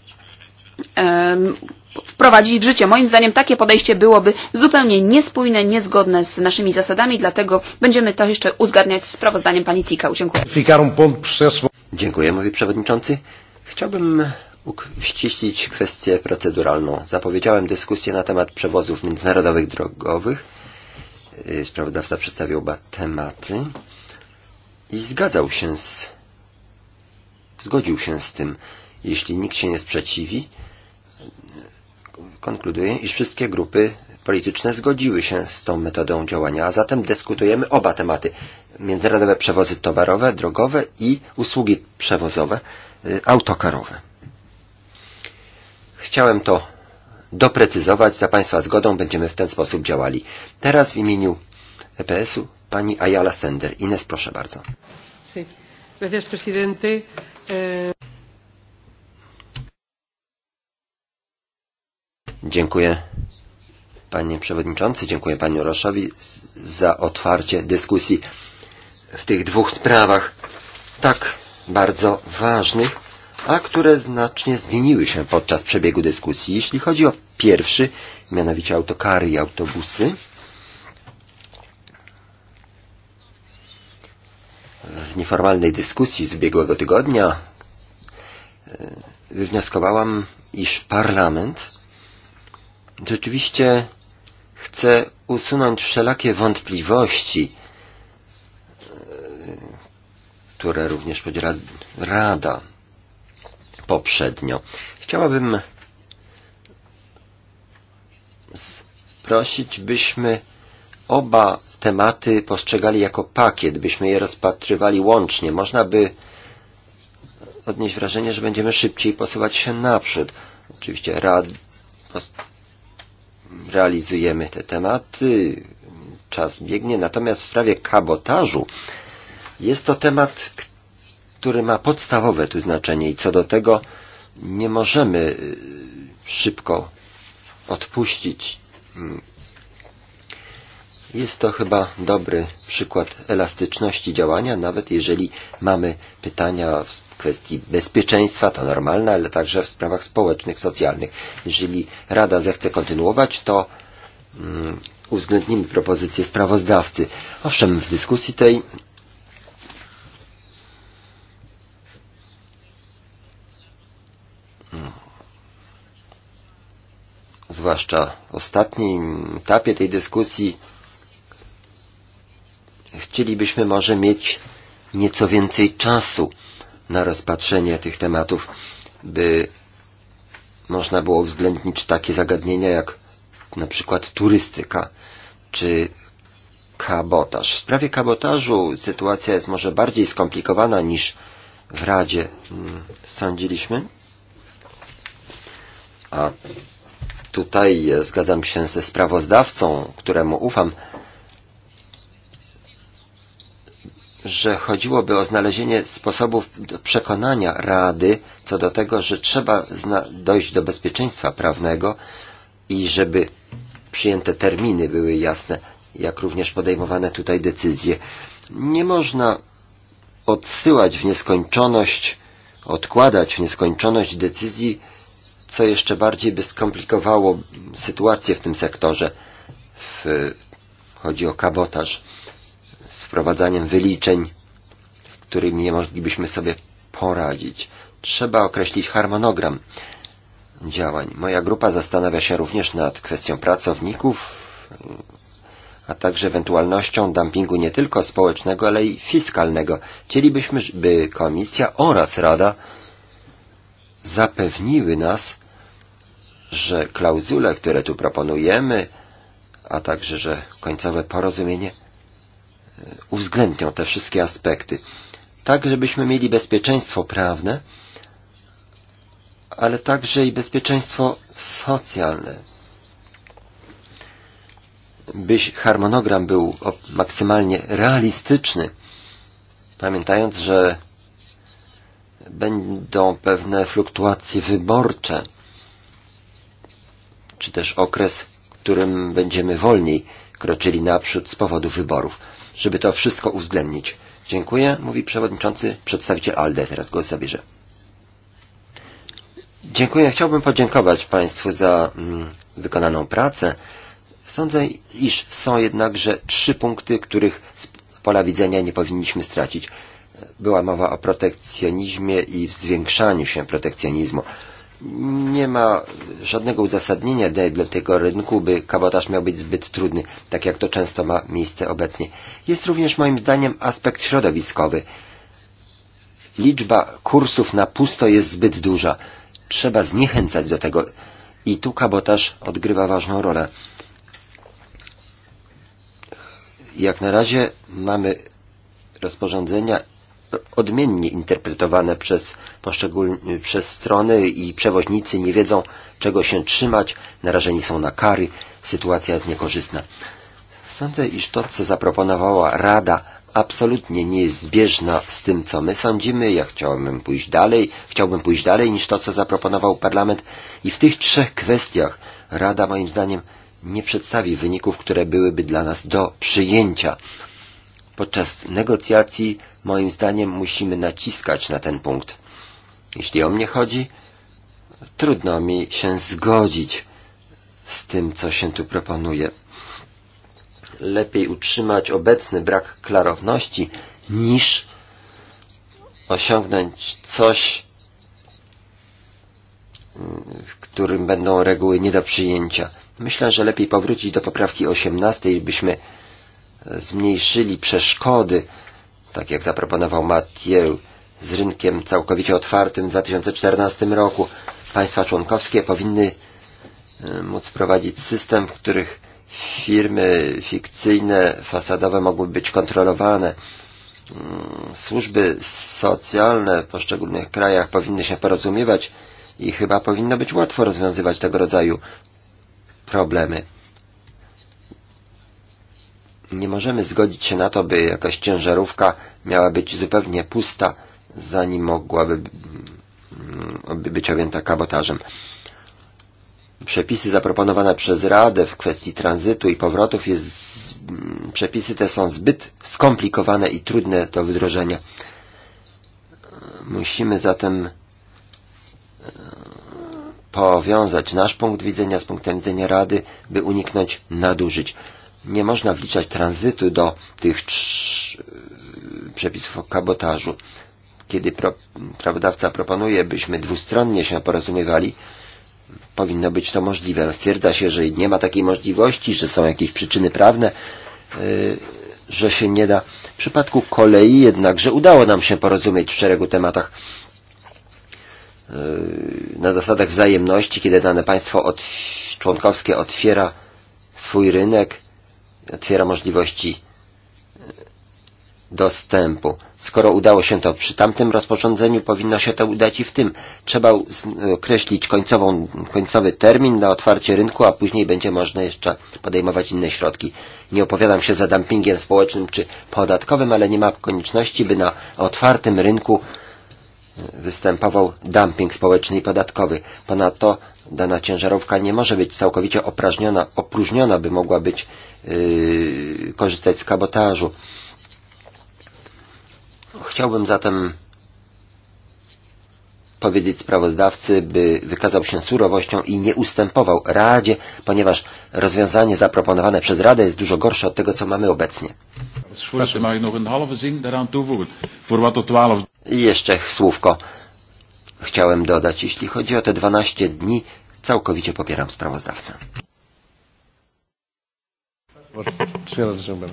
wprowadzić w życie. Moim zdaniem takie podejście byłoby zupełnie niespójne, niezgodne z naszymi zasadami, dlatego będziemy to jeszcze uzgadniać z sprawozdaniem pani Tikał. Dziękuję. Dziękuję, mówi przewodniczący. Chciałbym uściślić kwestię proceduralną. Zapowiedziałem dyskusję na temat przewozów międzynarodowych drogowych. Sprawozdawca przedstawił oba tematy i zgadzał się z... zgodził się z tym. Jeśli nikt się nie sprzeciwi, konkluduje, iż wszystkie grupy polityczne zgodziły się z tą metodą działania, a zatem dyskutujemy oba tematy. Międzynarodowe przewozy towarowe, drogowe i usługi przewozowe, autokarowe. Chciałem to doprecyzować. Za Państwa zgodą będziemy w ten sposób działali. Teraz w imieniu EPS-u pani Ayala Sender. Ines, proszę bardzo. Sí. Gracias, presidente. Eh... Dziękuję panie przewodniczący, dziękuję panu Roszowi za otwarcie dyskusji w tych dwóch sprawach, tak bardzo ważnych, a które znacznie zmieniły się podczas przebiegu dyskusji. Jeśli chodzi o pierwszy, mianowicie autokary i autobusy, w nieformalnej dyskusji z ubiegłego tygodnia e, wywnioskowałam, iż parlament rzeczywiście chcę usunąć wszelakie wątpliwości, e, które również podziela Rada poprzednio. Chciałabym prosić, byśmy oba tematy postrzegali jako pakiet, byśmy je rozpatrywali łącznie. Można by odnieść wrażenie, że będziemy szybciej posuwać się naprzód. Oczywiście rad, realizujemy te tematy, czas biegnie. Natomiast w sprawie kabotażu jest to temat, który ma podstawowe tu znaczenie i co do tego nie możemy szybko odpuścić mm. Jest to chyba dobry przykład elastyczności działania, nawet jeżeli mamy pytania w kwestii bezpieczeństwa, to normalne, ale także w sprawach społecznych, socjalnych. Jeżeli Rada zechce kontynuować, to mm, uwzględnimy propozycję sprawozdawcy. Owszem, w dyskusji tej zwłaszcza w ostatnim etapie tej dyskusji Chcielibyśmy może mieć nieco więcej czasu na rozpatrzenie tych tematów, by można było uwzględnić takie zagadnienia jak na przykład turystyka czy kabotaż. W sprawie kabotażu sytuacja jest może bardziej skomplikowana niż w Radzie mm, sądziliśmy. A tutaj e, zgadzam się ze sprawozdawcą, któremu ufam, że chodziłoby o znalezienie sposobów przekonania Rady co do tego, że trzeba dojść do bezpieczeństwa prawnego i żeby przyjęte terminy były jasne, jak również podejmowane tutaj decyzje. Nie można odsyłać w nieskończoność, odkładać w nieskończoność decyzji, co jeszcze bardziej by skomplikowało sytuację w tym sektorze. W, chodzi o kabotaż z wprowadzaniem wyliczeń, z którymi nie moglibyśmy sobie poradzić. Trzeba określić harmonogram działań. Moja grupa zastanawia się również nad kwestią pracowników, a także ewentualnością dumpingu nie tylko społecznego, ale i fiskalnego. Chcielibyśmy, by Komisja oraz Rada zapewniły nas, że klauzule, które tu proponujemy, a także, że końcowe porozumienie uwzględnią te wszystkie aspekty. Tak, żebyśmy mieli bezpieczeństwo prawne, ale także i bezpieczeństwo socjalne. Byś harmonogram był maksymalnie realistyczny, pamiętając, że będą pewne fluktuacje wyborcze, czy też okres, w którym będziemy wolniej kroczyli naprzód z powodu wyborów żeby to wszystko uwzględnić. Dziękuję, mówi przewodniczący, przedstawiciel ALDE. Teraz głos zabierze. Dziękuję. Chciałbym podziękować Państwu za mm, wykonaną pracę. Sądzę, iż są jednakże trzy punkty, których z pola widzenia nie powinniśmy stracić. Była mowa o protekcjonizmie i zwiększaniu się protekcjonizmu nie ma żadnego uzasadnienia dla tego rynku, by kabotaż miał być zbyt trudny, tak jak to często ma miejsce obecnie. Jest również moim zdaniem aspekt środowiskowy. Liczba kursów na pusto jest zbyt duża. Trzeba zniechęcać do tego i tu kabotaż odgrywa ważną rolę. Jak na razie mamy rozporządzenia odmiennie interpretowane przez, poszczególne, przez strony i przewoźnicy nie wiedzą, czego się trzymać, narażeni są na kary, sytuacja jest niekorzystna. Sądzę, iż to, co zaproponowała Rada, absolutnie nie jest zbieżna z tym, co my sądzimy. Ja chciałbym pójść dalej, chciałbym pójść dalej niż to, co zaproponował Parlament i w tych trzech kwestiach Rada moim zdaniem nie przedstawi wyników, które byłyby dla nas do przyjęcia. Podczas negocjacji, moim zdaniem, musimy naciskać na ten punkt. Jeśli o mnie chodzi, trudno mi się zgodzić z tym, co się tu proponuje. Lepiej utrzymać obecny brak klarowności, niż osiągnąć coś, w którym będą reguły nie do przyjęcia. Myślę, że lepiej powrócić do poprawki 18, byśmy zmniejszyli przeszkody, tak jak zaproponował Mathieu, z rynkiem całkowicie otwartym w 2014 roku. Państwa członkowskie powinny e, móc prowadzić system, w których firmy fikcyjne, fasadowe mogłyby być kontrolowane. Mm, służby socjalne w poszczególnych krajach powinny się porozumiewać i chyba powinno być łatwo rozwiązywać tego rodzaju problemy. Nie możemy zgodzić się na to, by jakaś ciężarówka miała być zupełnie pusta, zanim mogłaby mm, być objęta kabotażem. Przepisy zaproponowane przez Radę w kwestii tranzytu i powrotów jest, mm, przepisy te są zbyt skomplikowane i trudne do wdrożenia. Musimy zatem e, powiązać nasz punkt widzenia z punktem widzenia Rady, by uniknąć nadużyć nie można wliczać tranzytu do tych przepisów o kabotażu. Kiedy pro, prawodawca proponuje, byśmy dwustronnie się porozumiewali, powinno być to możliwe. Stwierdza się, że nie ma takiej możliwości, że są jakieś przyczyny prawne, yy, że się nie da. W przypadku kolei jednakże udało nam się porozumieć w szeregu tematach yy, na zasadach wzajemności, kiedy dane państwo od, członkowskie otwiera swój rynek, otwiera możliwości e, dostępu. Skoro udało się to przy tamtym rozporządzeniu, powinno się to udać i w tym. Trzeba określić końcową, końcowy termin na otwarcie rynku, a później będzie można jeszcze podejmować inne środki. Nie opowiadam się za dumpingiem społecznym czy podatkowym, ale nie ma konieczności, by na otwartym rynku e, występował dumping społeczny i podatkowy. Ponadto dana ciężarówka nie może być całkowicie opróżniona, opróżniona by mogła być E, korzystać z kabotażu. Chciałbym zatem powiedzieć sprawozdawcy, by wykazał się surowością i nie ustępował Radzie, ponieważ rozwiązanie zaproponowane przez Radę jest dużo gorsze od tego, co mamy obecnie. I jeszcze słówko chciałem dodać. Jeśli chodzi o te 12 dni, całkowicie popieram sprawozdawcę. Senhora Zumber.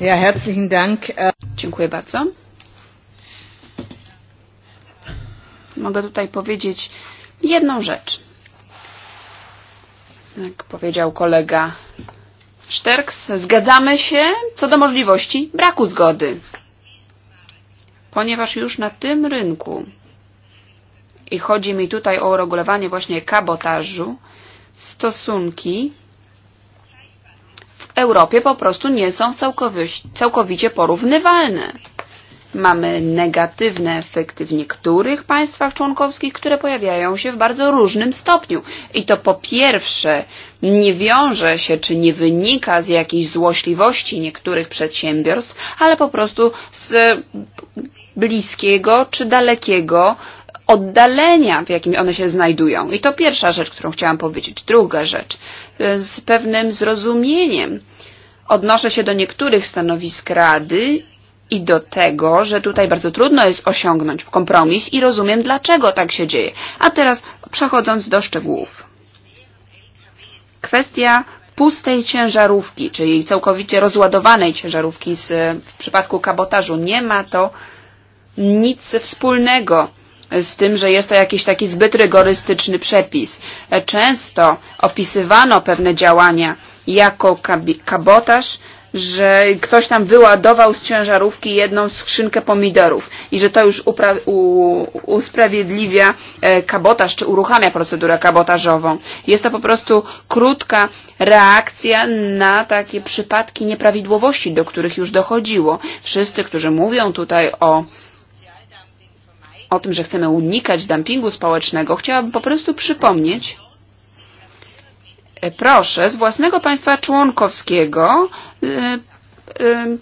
Ja, herzlichen Dank. Dziękuję bardzo. Mogę tutaj powiedzieć jedną rzecz. Jak powiedział kolega Szterks, zgadzamy się co do możliwości braku zgody, ponieważ już na tym rynku i chodzi mi tutaj o uregulowanie właśnie kabotażu, stosunki w Europie po prostu nie są całkowicie porównywalne. Mamy negatywne efekty w niektórych państwach członkowskich, które pojawiają się w bardzo różnym stopniu. I to po pierwsze nie wiąże się czy nie wynika z jakiejś złośliwości niektórych przedsiębiorstw, ale po prostu z bliskiego czy dalekiego oddalenia, w jakim one się znajdują. I to pierwsza rzecz, którą chciałam powiedzieć. Druga rzecz, e, z pewnym zrozumieniem odnoszę się do niektórych stanowisk Rady i do tego, że tutaj bardzo trudno jest osiągnąć kompromis i rozumiem, dlaczego tak się dzieje. A teraz przechodząc do szczegółów. Kwestia pustej ciężarówki, czyli całkowicie rozładowanej ciężarówki z, w przypadku kabotażu. Nie ma to nic wspólnego z tym, że jest to jakiś taki zbyt rygorystyczny przepis. E, Często opisywano pewne działania jako kabotaż, że ktoś tam wyładował z ciężarówki jedną skrzynkę pomidorów i że to już usprawiedliwia e, kabotaż, czy uruchamia procedurę kabotażową. Jest to po prostu krótka reakcja na takie przypadki nieprawidłowości, do których już dochodziło. Wszyscy, którzy mówią tutaj o o tym, że chcemy unikać dumpingu społecznego, chciałabym po prostu przypomnieć, e, proszę z własnego państwa członkowskiego e, e,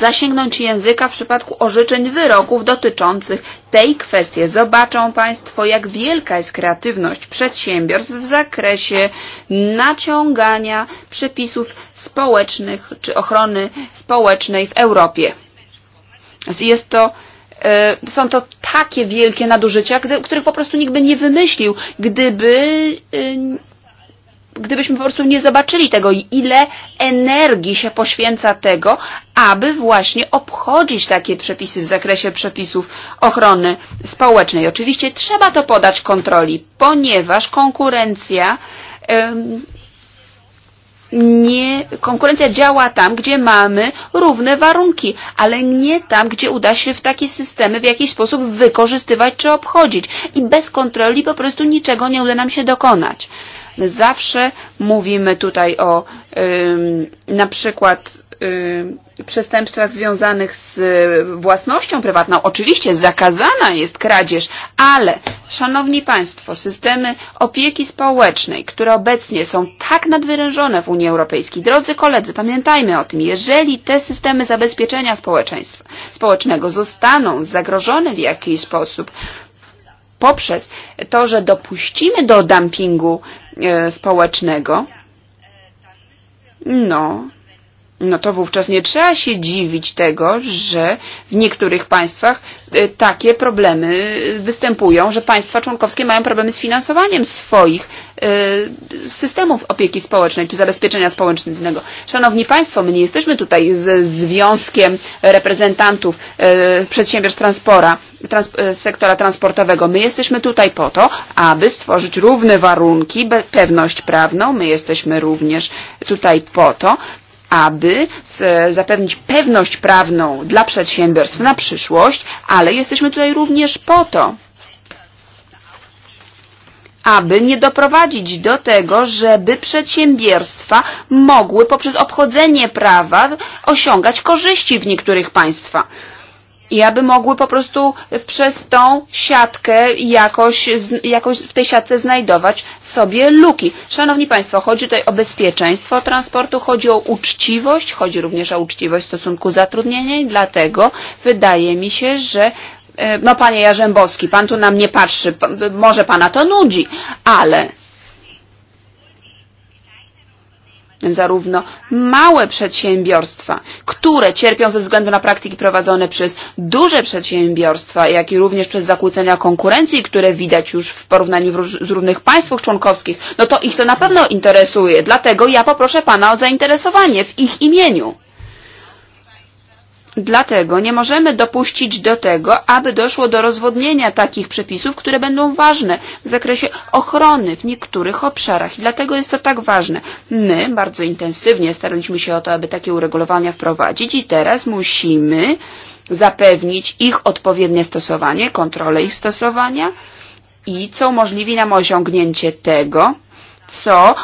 zasięgnąć języka w przypadku orzeczeń wyroków dotyczących tej kwestii. Zobaczą Państwo, jak wielka jest kreatywność przedsiębiorstw w zakresie naciągania przepisów społecznych czy ochrony społecznej w Europie. Jest to E, są to takie wielkie nadużycia, których po prostu nikt by nie wymyślił, gdyby gdybyśmy po prostu nie zobaczyli tego i ile energii się poświęca tego, aby właśnie obchodzić takie przepisy w zakresie przepisów ochrony społecznej. Oczywiście trzeba to podać kontroli, ponieważ konkurencja nie, konkurencja działa tam, gdzie mamy równe warunki, ale nie tam, gdzie uda się w takie systemy w jakiś sposób wykorzystywać czy obchodzić. I bez kontroli po prostu niczego nie uda nam się dokonać. Zawsze mówimy tutaj o ym, na przykład przestępstwach związanych z własnością prywatną. Oczywiście zakazana jest kradzież, ale szanowni Państwo, systemy opieki społecznej, które obecnie są tak nadwyrężone w Unii Europejskiej, drodzy koledzy, pamiętajmy o tym, jeżeli te systemy zabezpieczenia społeczeństwa, społecznego zostaną zagrożone w jakiś sposób, poprzez to, że dopuścimy do dumpingu e, społecznego, no, no to wówczas nie trzeba się dziwić tego, że w niektórych państwach e, takie problemy występują, że państwa członkowskie mają problemy z finansowaniem swoich e, systemów opieki społecznej czy zabezpieczenia społecznego. Szanowni Państwo, my nie jesteśmy tutaj z Związkiem Reprezentantów e, Przedsiębiorstw Transpora, trans, sektora transportowego. My jesteśmy tutaj po to, aby stworzyć równe warunki, pewność prawną. My jesteśmy również tutaj po to, aby zapewnić pewność prawną dla przedsiębiorstw na przyszłość, ale jesteśmy tutaj również po to, aby nie doprowadzić do tego, żeby przedsiębiorstwa mogły poprzez obchodzenie prawa osiągać korzyści w niektórych państwach i aby mogły po prostu przez tą siatkę jakoś, jakoś w tej siatce znajdować sobie luki. Szanowni Państwo, chodzi tutaj o bezpieczeństwo transportu, chodzi o uczciwość, chodzi również o uczciwość w stosunku zatrudnienia i dlatego wydaje mi się, że e, no panie Jarzębowski, pan tu na mnie patrzy, może pana to nudzi, ale zarówno małe przedsiębiorstwa, które cierpią ze względu na praktyki prowadzone przez duże przedsiębiorstwa, jak i również przez zakłócenia konkurencji, które widać już w porównaniu z różnych państwach członkowskich, no to ich to na pewno interesuje. Dlatego ja poproszę Pana o zainteresowanie w ich imieniu. Dlatego nie możemy dopuścić do tego, aby doszło do rozwodnienia takich przepisów, które będą ważne w zakresie ochrony w niektórych obszarach. I dlatego jest to tak ważne. My bardzo intensywnie staraliśmy się o to, aby takie uregulowania wprowadzić i teraz musimy zapewnić ich odpowiednie stosowanie, kontrolę ich stosowania i co umożliwi nam osiągnięcie tego, co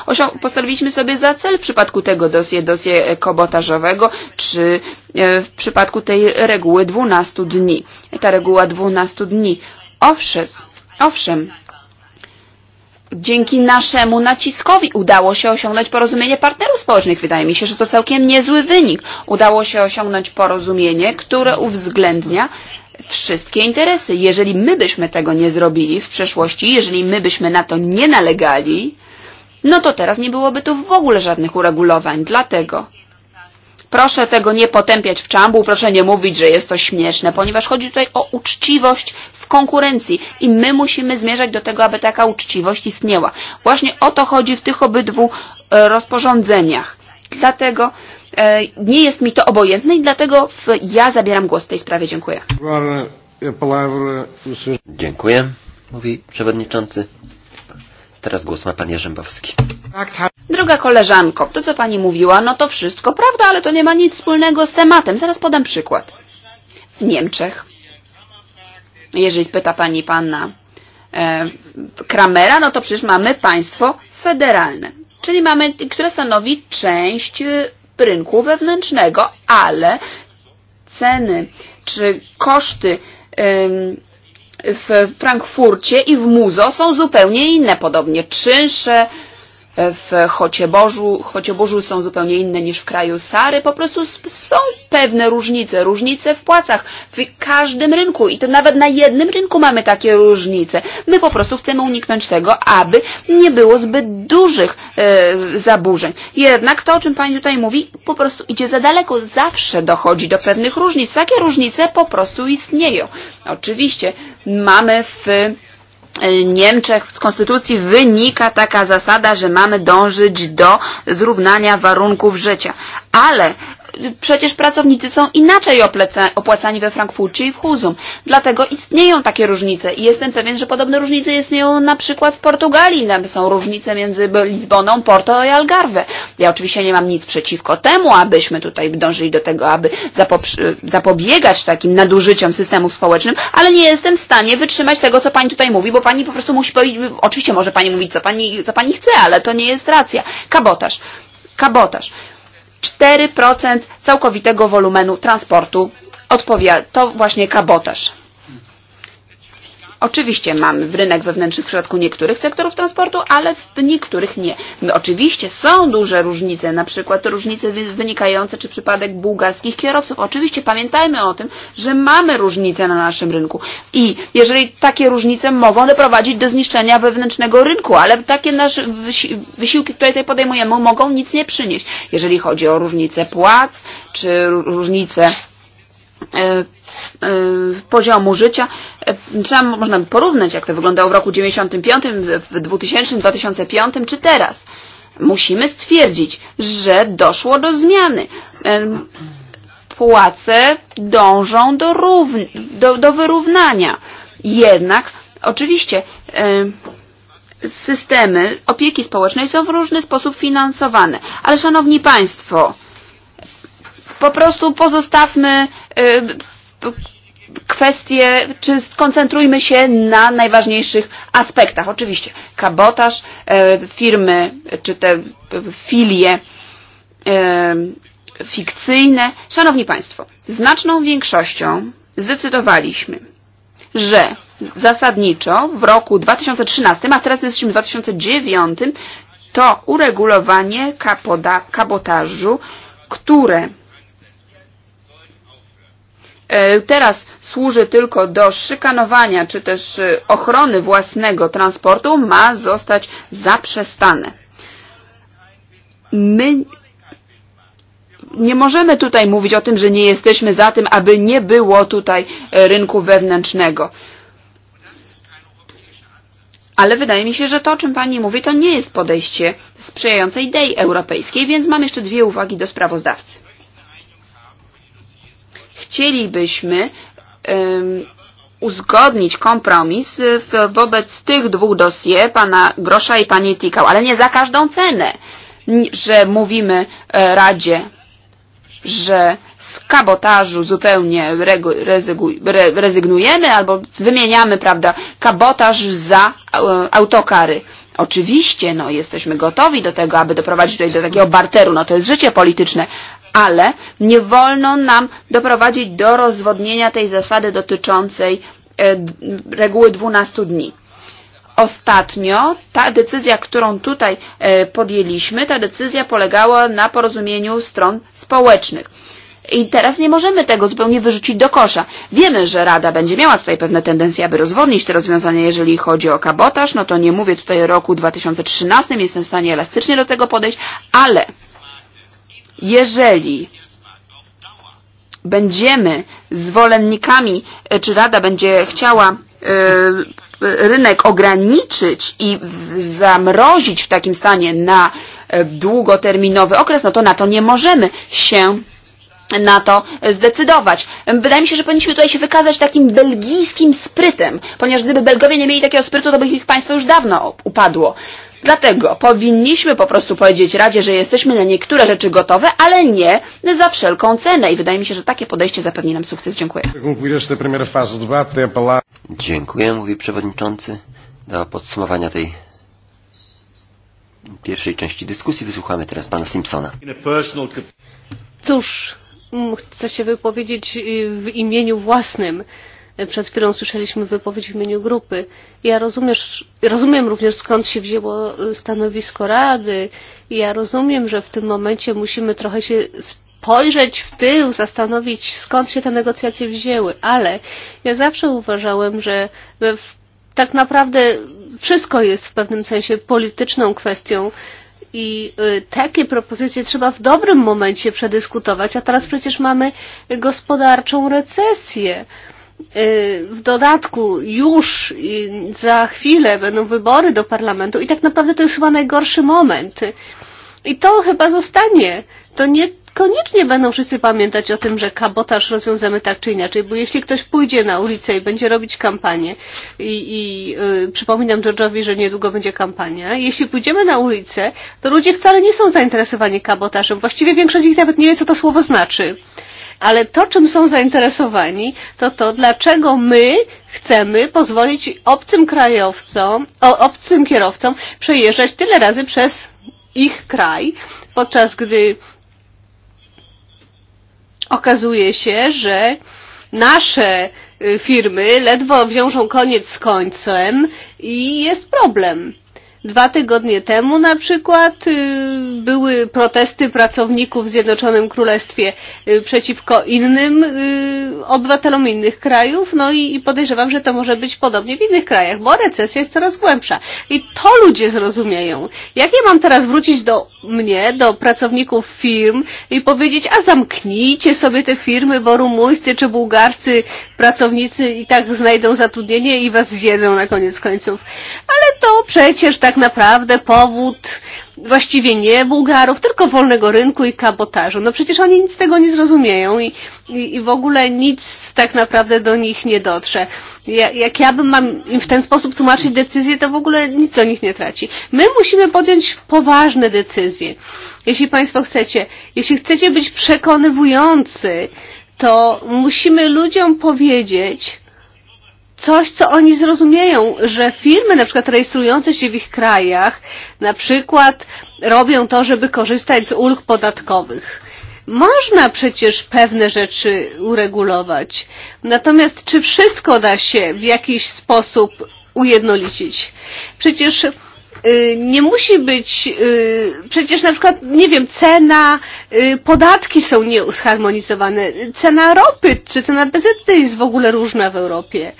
postawiliśmy sobie za cel w przypadku tego dosie, dosie e, kobotażowego, czy e, w przypadku tej reguły 12 dni. Ta reguła 12 dni. Owszem, owszem, dzięki naszemu naciskowi udało się osiągnąć porozumienie partnerów społecznych. Wydaje mi się, że to całkiem niezły wynik. Udało się osiągnąć porozumienie, które uwzględnia wszystkie interesy. Jeżeli my byśmy tego nie zrobili w przeszłości, jeżeli my byśmy na to nie nalegali, no to teraz nie byłoby tu w ogóle żadnych uregulowań. Dlatego proszę tego nie potępiać w czambu, proszę nie mówić, że jest to śmieszne, ponieważ chodzi tutaj o uczciwość w konkurencji i my musimy zmierzać do tego, aby taka uczciwość istniała. Właśnie o to chodzi w tych obydwu e, rozporządzeniach. Dlatego e, nie jest mi to obojętne i dlatego w, ja zabieram głos w tej sprawie. Dziękuję. Dziękuję, mówi przewodniczący. Teraz głos ma pan Jarzębowski. Droga koleżanko, to co pani mówiła, no to wszystko prawda, ale to nie ma nic wspólnego z tematem. Zaraz podam przykład. W Niemczech, jeżeli spyta pani pana e, Kramera, no to przecież mamy państwo federalne, czyli mamy, które stanowi część e, rynku wewnętrznego, ale ceny czy koszty y, w Frankfurcie i w Muzo są zupełnie inne, podobnie czynsze, w Chociebożu, Chociebożu są zupełnie inne niż w kraju Sary. Po prostu są pewne różnice, różnice w płacach w każdym rynku i to nawet na jednym rynku mamy takie różnice. My po prostu chcemy uniknąć tego, aby nie było zbyt dużych e, zaburzeń. Jednak to, o czym Pani tutaj mówi, po prostu idzie za daleko. Zawsze dochodzi do pewnych różnic. Takie różnice po prostu istnieją. Oczywiście mamy w Niemczech z konstytucji wynika taka zasada, że mamy dążyć do zrównania warunków życia. Ale przecież pracownicy są inaczej opłacani we Frankfurcie i w Huzum. Dlatego istnieją takie różnice i jestem pewien, że podobne różnice istnieją na przykład w Portugalii. Tam są różnice między Lizboną, Porto i Algarve. Ja oczywiście nie mam nic przeciwko temu, abyśmy tutaj dążyli do tego, aby zapobiegać takim nadużyciom systemu społecznym, ale nie jestem w stanie wytrzymać tego, co pani tutaj mówi, bo pani po prostu musi powiedzieć, oczywiście może pani mówić, co pani, co pani chce, ale to nie jest racja. Kabotaż. Kabotaż. 4% całkowitego wolumenu transportu. Odpowiada to właśnie kabotaż. Oczywiście mamy rynek wewnętrzny w przypadku niektórych sektorów transportu, ale w niektórych nie. No, oczywiście są duże różnice, na przykład różnice wynikające czy przypadek bułgarskich kierowców. Oczywiście pamiętajmy o tym, że mamy różnice na naszym rynku i jeżeli takie różnice mogą doprowadzić do zniszczenia wewnętrznego rynku, ale takie nasze wysi wysiłki, które tutaj podejmujemy, mogą nic nie przynieść. Jeżeli chodzi o różnice płac czy różnice E, e, poziomu życia. E, trzeba, można porównać, jak to wyglądało w roku 95, w 2000, 2005 czy teraz. Musimy stwierdzić, że doszło do zmiany. Płace dążą do, równ- do, do wyrównania. Jednak, oczywiście, systemy opieki społecznej są w różny sposób finansowane. Ale szanowni państwo, Po prostu pozostawmy kwestie, czy skoncentrujmy się na najważniejszych aspektach. Oczywiście kabotaż, firmy, czy te filie fikcyjne. Szanowni Państwo, znaczną większością zdecydowaliśmy, że zasadniczo w roku 2013, a teraz jesteśmy w 2009, to uregulowanie kabotażu, które E, teraz służy tylko do szykanowania czy też e, ochrony własnego transportu, ma zostać zaprzestane. My nie możemy tutaj mówić o tym, że nie jesteśmy za tym, aby nie było tutaj e, rynku wewnętrznego. Ale wydaje mi się, że to, o czym Pani mówi, to nie jest podejście sprzyjające idei europejskiej, więc mam jeszcze dwie uwagi do sprawozdawcy. Chcielibyśmy uzgodnić kompromis e, wobec tych dwóch dosie, pana Grosza i pani Tikał, ale nie za każdą cenę, że mówimy e, Radzie, że z kabotażu zupełnie rezygnujemy albo wymieniamy, prawda, kabotaż za e, autokary. Oczywiście, no, jesteśmy gotowi do tego, aby doprowadzić tutaj do takiego barteru, no to jest życie polityczne, ale nie wolno nam doprowadzić do rozwodnienia tej zasady dotyczącej e, reguły 12 dni. Ostatnio ta decyzja, którą tutaj e, podjęliśmy, ta decyzja polegała na porozumieniu stron społecznych. I teraz nie możemy tego zupełnie wyrzucić do kosza. Wiemy, że Rada będzie miała tutaj pewne tendencje, aby rozwodnić te rozwiązania, jeżeli chodzi o kabotaż. No to nie mówię tutaj o roku 2013, jestem w stanie elastycznie do tego podejść, ale jeżeli będziemy zwolennikami, e, czy Rada będzie chciała e, rynek ograniczyć i zamrozić w takim stanie na e, długoterminowy okres, no to na to nie możemy się na to zdecydować. Wydaje mi się, że powinniśmy tutaj się wykazać takim belgijskim sprytem, ponieważ gdyby Belgowie nie mieli takiego sprytu, to by ich państwo już dawno upadło. Dlatego powinniśmy po prostu powiedzieć Radzie, że jesteśmy na niektóre rzeczy gotowe, ale nie za wszelką cenę. I wydaje mi się, że takie podejście zapewni nam sukces. Dziękuję. Dziękuję, mówi przewodniczący. Do podsumowania tej pierwszej części dyskusji wysłuchamy teraz pana Simpsona. Cóż, mm, chcę się wypowiedzieć w imieniu własnym. Przed chwilą słyszeliśmy wypowiedź w imieniu grupy. Ja rozumiesz, rozumiem również skąd się wzięło stanowisko Rady. Ja rozumiem, że w tym momencie musimy trochę się spojrzeć w tył, zastanowić skąd się te negocjacje wzięły. Ale ja zawsze uważałem, że w, tak naprawdę wszystko jest w pewnym sensie polityczną kwestią i y, takie propozycje trzeba w dobrym momencie przedyskutować, a teraz przecież mamy gospodarczą recesję. Y, E, w dodatku już za chwilę będą wybory do parlamentu i tak naprawdę to jest chyba najgorszy moment. I to chyba zostanie. To nie koniecznie będą wszyscy pamiętać o tym, że kabotaż rozwiązamy tak czy inaczej, bo jeśli ktoś pójdzie na ulicę i będzie robić kampanię i, i yy, przypominam George'owi, że niedługo będzie kampania, jeśli pójdziemy na ulicę, to ludzie wcale nie są zainteresowani kabotażem. Właściwie większość ich nawet nie wie, co to słowo znaczy. Yy, Ale to, czym są zainteresowani, to to, dlaczego my chcemy pozwolić obcym krajowcom, o, obcym kierowcom przejeżdżać tyle razy przez ich kraj, podczas gdy okazuje się, że nasze firmy ledwo wiążą koniec z końcem i jest problem. Dwa tygodnie temu na przykład były protesty pracowników w Zjednoczonym Królestwie przeciwko innym obywatelom innych krajów, no i podejrzewam, że to może być podobnie w innych krajach, bo recesja jest coraz głębsza. I to ludzie zrozumieją. Jak ja mam teraz wrócić do mnie, do pracowników firm i powiedzieć, a zamknijcie sobie te firmy, bo rumuńscy czy bułgarscy pracownicy i tak znajdą zatrudnienie i was zjedzą na koniec końców. Ale to przecież tak naprawdę powód właściwie nie Bułgarów, tylko wolnego rynku i kabotażu. No przecież oni nic z tego nie zrozumieją i, i, i w ogóle nic tak naprawdę do nich nie dotrze. Ja, jak ja bym mam im w ten sposób tłumaczyć decyzję, to w ogóle nic o nich nie traci. My musimy podjąć poważne decyzje. Jeśli Państwo chcecie, jeśli chcecie być przekonywujący, to musimy ludziom powiedzieć, coś, co oni zrozumieją, że firmy na przykład rejestrujące się w ich krajach na przykład robią to, żeby korzystać z ulg podatkowych. Można przecież pewne rzeczy uregulować. Natomiast czy wszystko da się w jakiś sposób ujednolicić? Przecież nie musi być, przecież na przykład, nie wiem, cena, podatki są nieusharmonizowane, cena ropy czy cena benzyny jest w ogóle różna w Europie.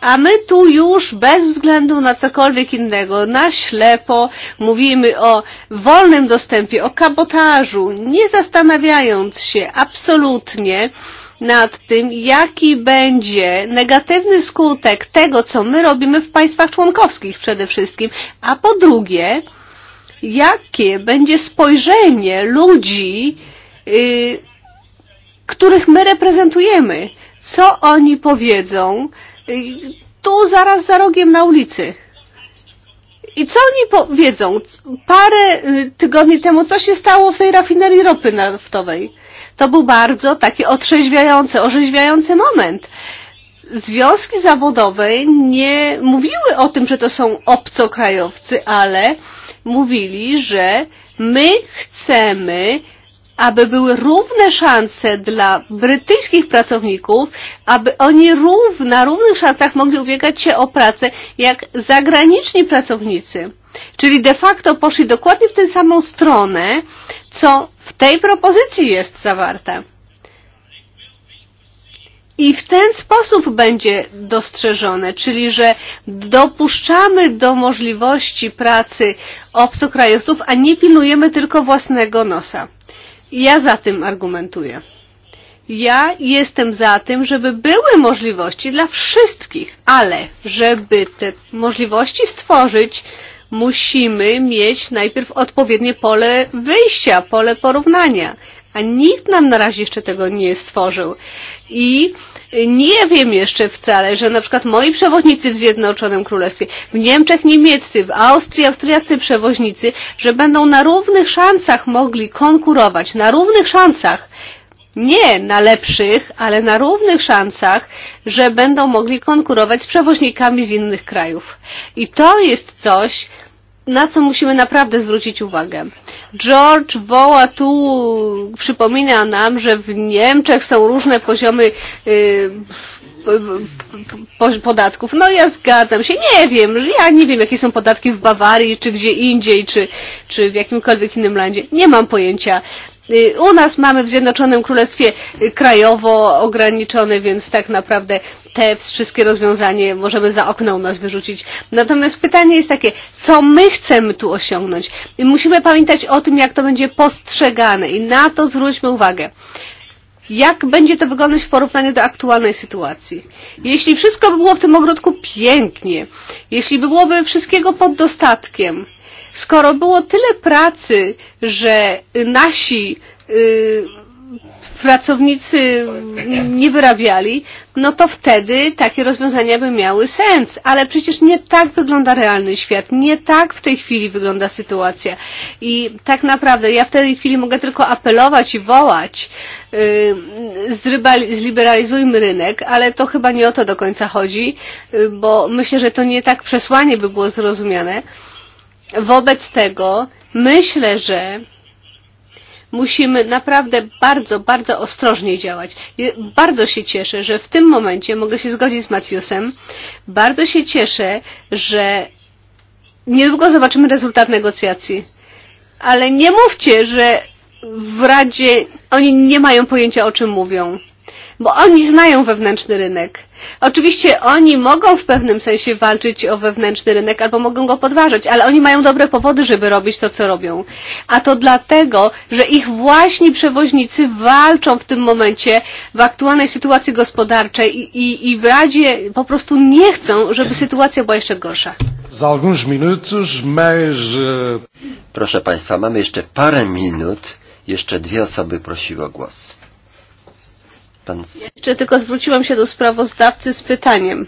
A my tu już bez względu na cokolwiek innego, na ślepo mówimy o wolnym dostępie, o kabotażu, nie zastanawiając się absolutnie, yy, nad tym, jaki będzie negatywny skutek tego, co my robimy w państwach członkowskich przede wszystkim, a po drugie, jakie będzie spojrzenie ludzi, yy, których my reprezentujemy, co oni powiedzą yy, tu zaraz za rogiem na ulicy. I co oni powiedzą? Parę tygodni temu, co się stało w tej rafinerii ropy naftowej? To był bardzo taki otrzeźwiający, orzeźwiający moment. Związki zawodowe nie mówiły o tym, że to są obcokrajowcy, ale mówili, że my chcemy aby były równe szanse dla brytyjskich pracowników, aby oni rów, na równych szansach mogli ubiegać się o pracę jak zagraniczni pracownicy. Czyli de facto poszli dokładnie w tę samą stronę, co w tej propozycji jest zawarte. I w ten sposób będzie dostrzeżone, czyli że dopuszczamy do możliwości pracy obcokrajowców, a nie pilnujemy tylko własnego nosa. Ja za tym argumentuję. Ja jestem za tym, żeby były możliwości dla wszystkich, ale żeby te możliwości stworzyć, musimy mieć najpierw odpowiednie pole wyjścia, pole porównania, a nikt nam na razie jeszcze tego nie stworzył. I nie wiem jeszcze wcale, że na przykład moi przewodnicy w Zjednoczonym Królestwie, w Niemczech niemieccy, w Austrii austriaccy przewoźnicy, że będą na równych szansach mogli konkurować, na równych szansach, nie na lepszych, ale na równych szansach, że będą mogli konkurować z przewoźnikami z innych krajów. I to jest coś, na co musimy naprawdę zwrócić uwagę. George woła tu, przypomina nam, że w Niemczech są różne poziomy yy, po, podatków. No ja zgadzam się, nie wiem, ja nie wiem jakie są podatki w Bawarii, czy gdzie indziej, czy, czy w jakimkolwiek innym landzie. Nie mam pojęcia. U nas mamy w Zjednoczonym Królestwie krajowo ograniczone, więc tak naprawdę te wszystkie rozwiązanie możemy za okno u nas wyrzucić. Natomiast pytanie jest takie, co my chcemy tu osiągnąć? I musimy pamiętać o tym, jak to będzie postrzegane i na to zwróćmy uwagę. Jak będzie to wyglądać w porównaniu do aktualnej sytuacji? Jeśli wszystko by było w tym ogródku pięknie, jeśli byłoby wszystkiego pod dostatkiem, skoro było tyle pracy, że nasi y, pracownicy nie wyrabiali, no to wtedy takie rozwiązania by miały sens. Ale przecież nie tak wygląda realny świat, nie tak w tej chwili wygląda sytuacja. I tak naprawdę ja w tej chwili mogę tylko apelować i wołać, zliberalizujmy rynek, ale to chyba nie o to do końca chodzi, bo myślę, że to nie tak przesłanie by było zrozumiane. Yy, Wobec tego myślę, że musimy naprawdę bardzo, bardzo ostrożnie działać. Bardzo się cieszę, że w tym momencie mogę się zgodzić z Matiusem. Bardzo się cieszę, że niedługo zobaczymy rezultat negocjacji. Ale nie mówcie, że w Radzie oni nie mają pojęcia, o czym mówią bo oni znają wewnętrzny rynek. Oczywiście oni mogą w pewnym sensie walczyć o wewnętrzny rynek albo mogą go podważać, ale oni mają dobre powody, żeby robić to, co robią. A to dlatego, że ich właśnie przewoźnicy walczą w tym momencie w aktualnej sytuacji gospodarczej i, i, i w Radzie po prostu nie chcą, żeby sytuacja była jeszcze gorsza. Za alguns minutos, mas... Eh, Proszę Państwa, mamy jeszcze parę minut. Jeszcze dwie osoby prosiły o głos. Pan... Jeszcze tylko zwróciłam się do sprawozdawcy z pytaniem.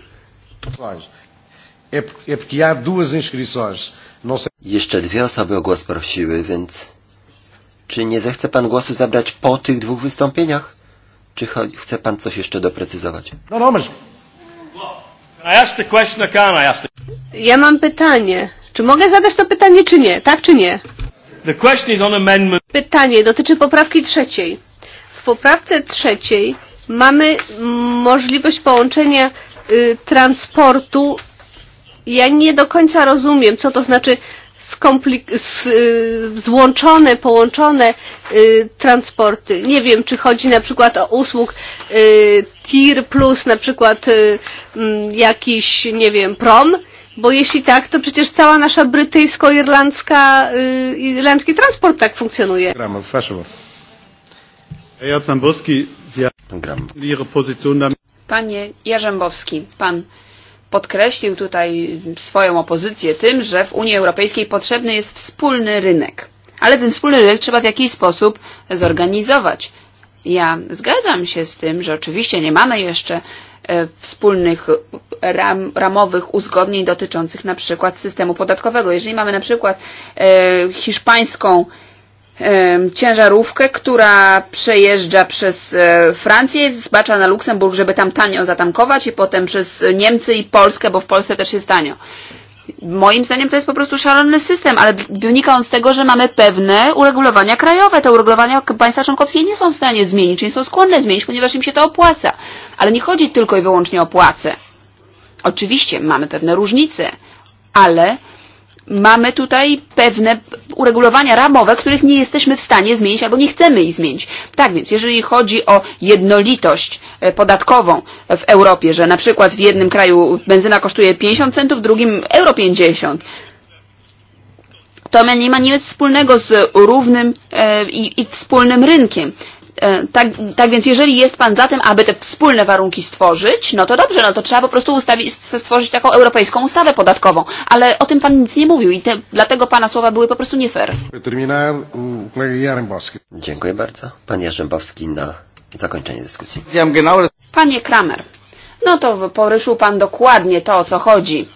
Jeszcze dwie osoby o głos prosiły, więc czy nie zechce pan głosu zabrać po tych dwóch wystąpieniach? Czy chce pan coś jeszcze doprecyzować? No, no, ja mam pytanie. Czy mogę zadać to pytanie, czy nie? Tak, czy nie? The question is on amendment. Pytanie dotyczy poprawki trzeciej. W poprawce trzeciej mamy możliwość połączenia transportu. Ja nie do końca rozumiem, co to znaczy złączone, połączone y, transporty. Nie wiem, czy chodzi na przykład o usług y, TIR plus na przykład y, mm, jakiś, nie wiem, prom, bo jeśli tak, to przecież cała nasza brytyjsko-irlandzka, irlandzki transport tak funkcjonuje. Gramo, Jacek Boski, Panie Jarzębowski, pan podkreślił tutaj swoją opozycję tym, że w Unii Europejskiej potrzebny jest wspólny rynek. Ale ten wspólny rynek trzeba w jakiś sposób zorganizować. Ja zgadzam się z tym, że oczywiście nie mamy jeszcze e, wspólnych ram, ramowych uzgodnień dotyczących na przykład systemu podatkowego. Jeżeli mamy na przykład e, hiszpańską ciężarówkę, która przejeżdża przez e, Francję, zbacza na Luksemburg, żeby tam tanio zatankować i potem przez Niemcy i Polskę, bo w Polsce też jest tanio. Moim zdaniem to jest po prostu szalony system, ale wynika on z tego, że mamy pewne uregulowania krajowe. Te uregulowania państwa członkowskie nie są w stanie zmienić, nie są skłonne zmienić, ponieważ im się to opłaca. Ale nie chodzi tylko i wyłącznie o płacę. Oczywiście mamy pewne różnice, ale mamy tutaj pewne uregulowania ramowe, których nie jesteśmy w stanie zmienić albo nie chcemy ich zmienić. Tak więc, jeżeli chodzi o jednolitość e, podatkową w Europie, że na przykład w jednym kraju benzyna kosztuje 50 centów, w drugim euro 50, to nie ma nic wspólnego z równym e, i, i wspólnym rynkiem. E, tak, tak więc jeżeli jest Pan za tym, aby te wspólne warunki stworzyć, no to dobrze, no to trzeba po prostu ustawić, stworzyć taką europejską ustawę podatkową. Ale o tym Pan nic nie mówił i te, dlatego Pana słowa były po prostu nie fair. Dziękuję bardzo. Pan Jarzębowski na zakończenie dyskusji. Panie Kramer, no to poryszył Pan dokładnie to, o co chodzi.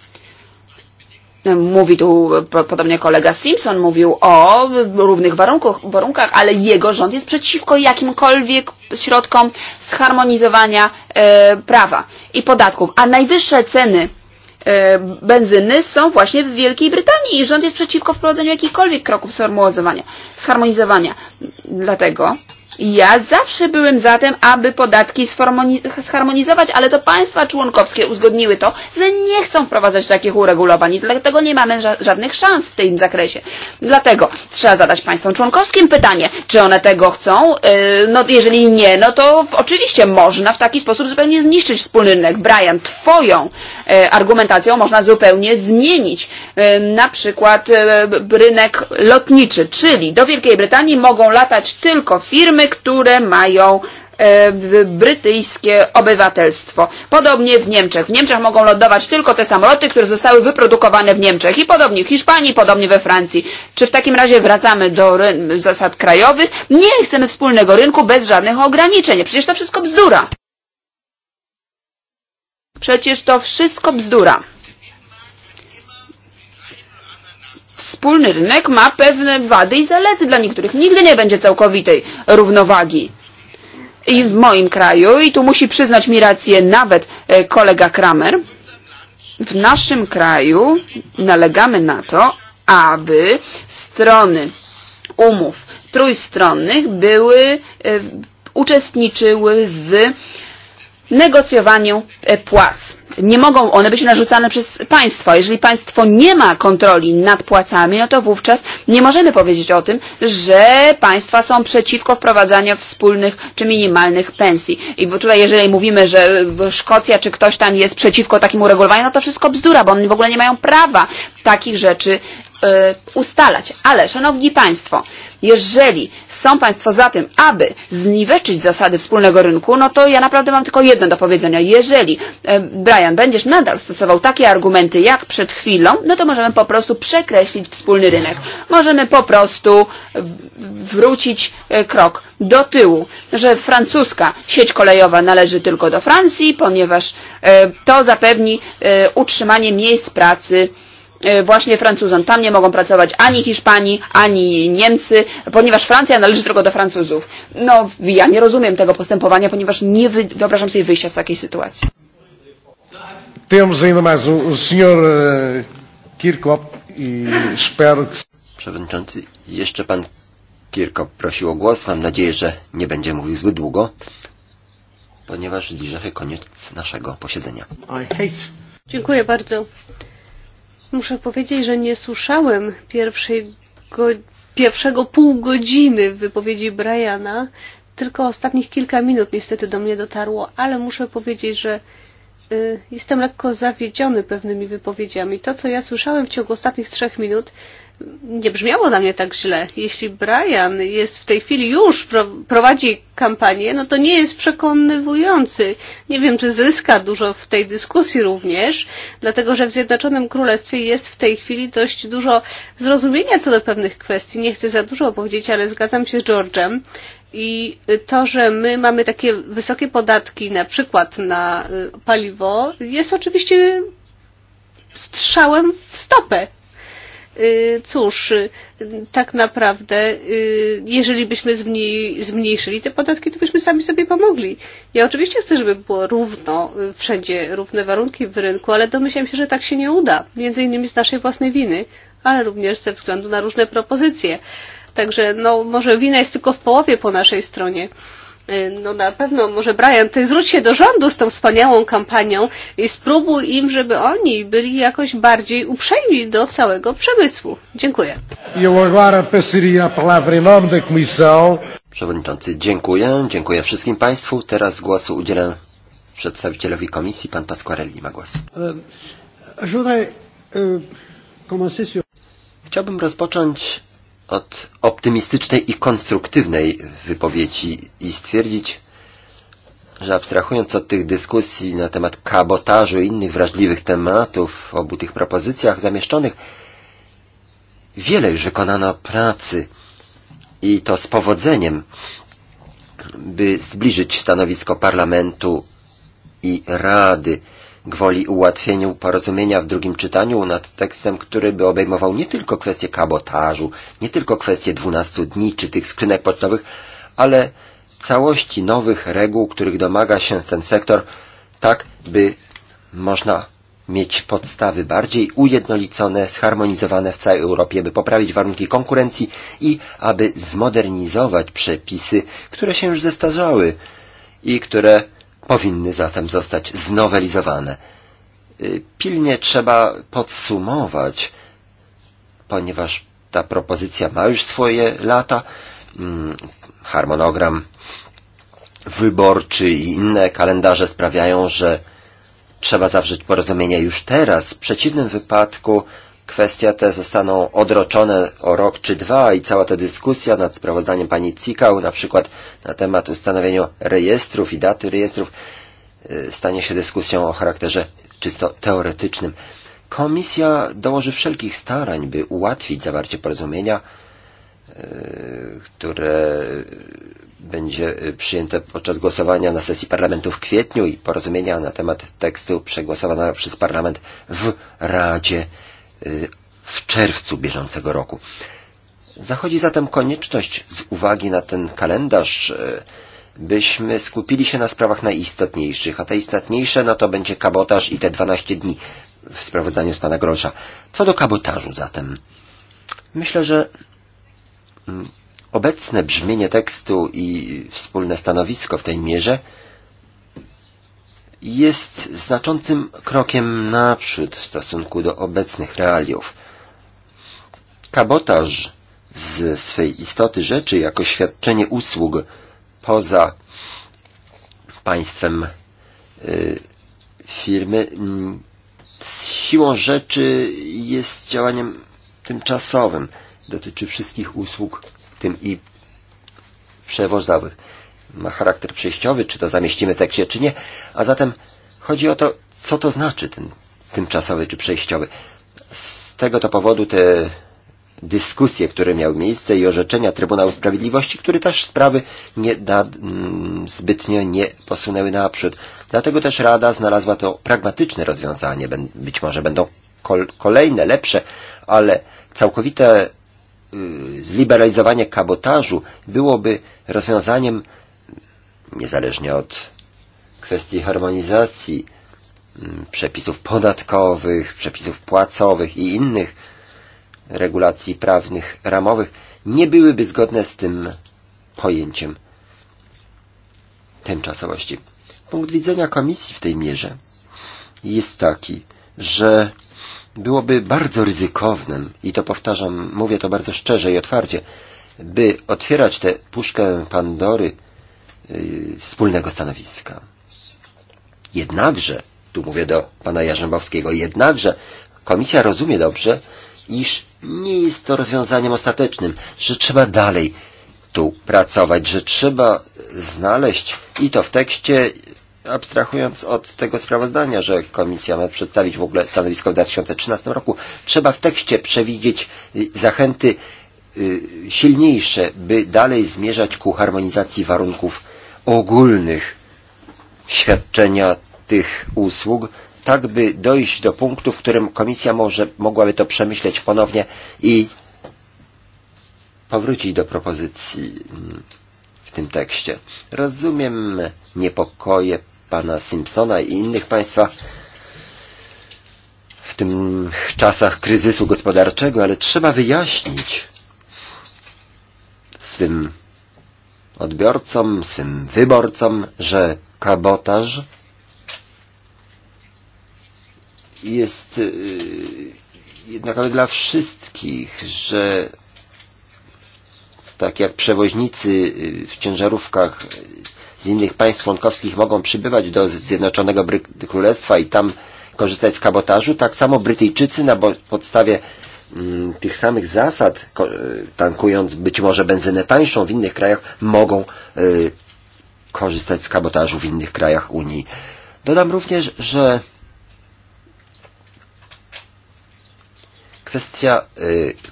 Mówi tu podobnie kolega Simpson, mówił o równych warunkach, warunkach, ale jego rząd jest przeciwko jakimkolwiek środkom zharmonizowania e, prawa i podatków. A najwyższe ceny e, benzyny są właśnie w Wielkiej Brytanii i rząd jest przeciwko wprowadzeniu jakichkolwiek kroków zharmonizowania. zharmonizowania. Dlatego Ja zawsze byłem za tym, aby podatki zharmonizować, ale to państwa członkowskie uzgodniły to, że nie chcą wprowadzać takich uregulowań i dlatego nie mamy ża żadnych szans w tym zakresie. Dlatego trzeba zadać państwom członkowskim pytanie, czy one tego chcą. Yy, no jeżeli nie, no to w, oczywiście można w taki sposób zupełnie zniszczyć wspólny rynek. Brian, twoją E, argumentacją można zupełnie zmienić. E, na przykład e, rynek lotniczy, czyli do Wielkiej Brytanii mogą latać tylko firmy, które mają brytyjskie obywatelstwo. Podobnie w Niemczech. W Niemczech mogą lądować tylko te samoloty, które zostały wyprodukowane w Niemczech. I podobnie w Hiszpanii, podobnie we Francji. Czy w takim razie wracamy do zasad krajowych? Nie chcemy wspólnego rynku bez żadnych ograniczeń. Przecież to wszystko bzdura. Przecież to wszystko bzdura. Wspólny rynek ma pewne wady i zalety dla niektórych. Nigdy nie będzie całkowitej równowagi. I w moim kraju, i tu musi przyznać mi rację nawet e, kolega Kramer, w naszym kraju nalegamy na to, aby strony umów trójstronnych były, e, uczestniczyły w negocjowaniu e, płac. Nie mogą one być narzucane przez państwo. Jeżeli państwo nie ma kontroli nad płacami, no to wówczas nie możemy powiedzieć o tym, że państwa są przeciwko wprowadzaniu wspólnych czy minimalnych pensji. I bo tutaj jeżeli mówimy, że Szkocja czy ktoś tam jest przeciwko takim uregulowaniu, no to wszystko bzdura, bo oni w ogóle nie mają prawa takich rzeczy e, ustalać. Ale, szanowni państwo, jeżeli są Państwo za tym, aby zniweczyć zasady wspólnego rynku, no to ja naprawdę mam tylko jedno do powiedzenia. Jeżeli, e, Brian, będziesz nadal stosował takie argumenty jak przed chwilą, no to możemy po prostu przekreślić wspólny rynek. Możemy po prostu e, wrócić krok do tyłu, że francuska sieć kolejowa należy tylko do Francji, ponieważ to zapewni utrzymanie miejsc pracy E, właśnie Francuzom. Tam nie mogą pracować ani Hiszpanii, ani Niemcy, ponieważ Francja należy tylko do Francuzów. No, ja nie rozumiem tego postępowania, ponieważ nie wy, wyobrażam sobie wyjścia z takiej sytuacji. Temos ainda mais o, o senhor uh, e, Kirkop i espero que... Przewodniczący, jeszcze pan Kirkop prosił o głos. Mam nadzieję, że nie będzie mówił zbyt długo, ponieważ zbliża się koniec naszego posiedzenia. I hate. Dziękuję bardzo. Muszę powiedzieć, że nie słyszałem pierwszej go, pierwszego pół godziny wypowiedzi Briana, tylko ostatnich kilka minut niestety do mnie dotarło, ale muszę powiedzieć, że y, jestem lekko zawiedziony pewnymi wypowiedziami. To, co ja słyszałem w ciągu ostatnich trzech minut, nie brzmiało na mnie tak źle. Jeśli Brian jest w tej chwili już pro, prowadzi kampanię, no to nie jest przekonywujący. Nie wiem, czy zyska dużo w tej dyskusji również, dlatego że w Zjednoczonym Królestwie jest w tej chwili dość dużo zrozumienia co do pewnych kwestii. Nie chcę za dużo opowiedzieć, ale zgadzam się z George'em. I to, że my mamy takie wysokie podatki na przykład na paliwo, jest oczywiście strzałem w stopę cóż, tak naprawdę, jeżeli byśmy zmniejszyli te podatki, to byśmy sami sobie pomogli. Ja oczywiście chcę, żeby było równo, wszędzie równe warunki w rynku, ale domyślam się, że tak się nie uda, między innymi z naszej własnej winy, ale również ze względu na różne propozycje. Także no, może wina jest tylko w połowie po naszej stronie. Yy, E, no na pewno, może Brian, ty zwróć się do rządu z tą wspaniałą kampanią i spróbuj im, żeby oni byli jakoś bardziej uprzejmi do całego przemysłu. Dziękuję. E Przewodniczący, dziękuję. Dziękuję wszystkim Państwu. Teraz głosu udzielę przedstawicielowi komisji. Pan Pasquarelli ma głos. E, Chciałbym rozpocząć od optymistycznej i konstruktywnej wypowiedzi i stwierdzić, że abstrahując od tych dyskusji na temat kabotażu i innych wrażliwych tematów w obu tych propozycjach zamieszczonych, wiele już wykonano pracy i to z powodzeniem, by zbliżyć stanowisko parlamentu i rady gwoli ułatwieniu porozumienia w drugim czytaniu nad tekstem, który by obejmował nie tylko kwestię kabotażu, nie tylko kwestię 12 dni czy tych skrzynek pocztowych, ale całości nowych reguł, których domaga się ten sektor, tak by można mieć podstawy bardziej ujednolicone, zharmonizowane w całej Europie, by poprawić warunki konkurencji i aby zmodernizować przepisy, które się już zestarzały i które powinny zatem zostać znowelizowane. Pilnie trzeba podsumować, ponieważ ta propozycja ma już swoje lata, mm, harmonogram wyborczy i inne kalendarze sprawiają, że trzeba zawrzeć porozumienie już teraz. W przeciwnym wypadku Kwestia te zostaną odroczone o rok czy dwa i cała ta dyskusja nad sprawozdaniem pani Cikał, na przykład na temat ustanowienia rejestrów i daty rejestrów, stanie się dyskusją o charakterze czysto teoretycznym. Komisja dołoży wszelkich starań, by ułatwić zawarcie porozumienia, które będzie przyjęte podczas głosowania na sesji parlamentu w kwietniu i porozumienia na temat tekstu przegłosowanego przez parlament w Radzie w czerwcu bieżącego roku. Zachodzi zatem konieczność z uwagi na ten kalendarz, e, byśmy skupili się na sprawach najistotniejszych, a te istotniejsze no to będzie kabotaż i te 12 dni w sprawozdaniu z pana Grosza. Co do kabotażu zatem, myślę, że mm, obecne brzmienie tekstu i wspólne stanowisko w tej mierze jest znaczącym krokiem naprzód w stosunku do obecnych realiów. Kabotaż z swej istoty rzeczy jako świadczenie usług poza państwem y, firmy mm, z siłą rzeczy jest działaniem tymczasowym. Dotyczy wszystkich usług, w tym i przewozowych ma charakter przejściowy, czy to zamieścimy w tekście, czy nie. A zatem chodzi o to, co to znaczy ten tymczasowy czy przejściowy. Z tego to powodu te dyskusje, które miały miejsce i orzeczenia Trybunału Sprawiedliwości, które też sprawy nie, na, mm, zbytnio nie posunęły naprzód. Dlatego też Rada znalazła to pragmatyczne rozwiązanie. Być może będą kol, kolejne, lepsze, ale całkowite y, zliberalizowanie kabotażu byłoby rozwiązaniem niezależnie od kwestii harmonizacji mm, przepisów podatkowych, przepisów płacowych i innych regulacji prawnych ramowych, nie byłyby zgodne z tym pojęciem tymczasowości. Punkt widzenia komisji w tej mierze jest taki, że byłoby bardzo ryzykownym, i to powtarzam, mówię to bardzo szczerze i otwarcie, by otwierać tę puszkę Pandory wspólnego stanowiska. Jednakże, tu mówię do pana Jarzębowskiego, jednakże komisja rozumie dobrze, iż nie jest to rozwiązaniem ostatecznym, że trzeba dalej tu pracować, że trzeba znaleźć i to w tekście, abstrahując od tego sprawozdania, że komisja ma przedstawić w ogóle stanowisko w 2013 roku, trzeba w tekście przewidzieć zachęty silniejsze, by dalej zmierzać ku harmonizacji warunków ogólnych świadczenia tych usług, tak by dojść do punktu, w którym komisja może, mogłaby to przemyśleć ponownie i powrócić do propozycji mm, w tym tekście. Rozumiem niepokoje pana Simpsona i innych państwa w tych czasach kryzysu gospodarczego, ale trzeba wyjaśnić swym odbiorcom, swym wyborcom, że kabotaż jest jednakowy dla wszystkich, że tak jak przewoźnicy w ciężarówkach z innych państw członkowskich mogą przybywać do Zjednoczonego Królestwa i tam korzystać z kabotażu, tak samo Brytyjczycy na podstawie Mm, tych samych zasad, e, tankując być może benzynę tańszą w innych krajach, mogą e, korzystać z kabotażu w innych krajach Unii. Dodam również, że kwestia e,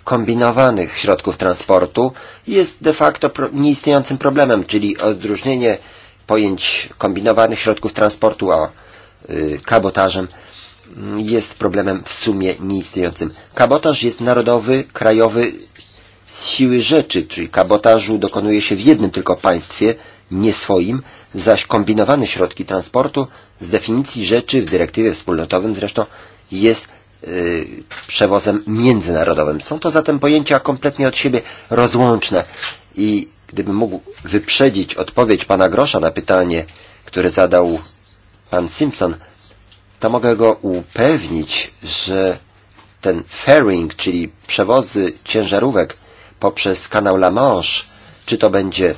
kombinowanych środków transportu jest de facto nieistniejącym problemem, czyli odróżnienie pojęć kombinowanych środków transportu a kabotażem jest problemem w sumie nieistniejącym. Kabotaż jest narodowy, krajowy z siły rzeczy, czyli kabotażu dokonuje się w jednym tylko państwie, nie swoim, zaś kombinowane środki transportu z definicji rzeczy w dyrektywie wspólnotowym zresztą jest yy, przewozem międzynarodowym. Są to zatem pojęcia kompletnie od siebie rozłączne i gdybym mógł wyprzedzić odpowiedź pana Grosza na pytanie, które zadał pan Simpson, to mogę go upewnić, że ten ferrying, czyli przewozy ciężarówek poprzez kanał La Manche, czy to będzie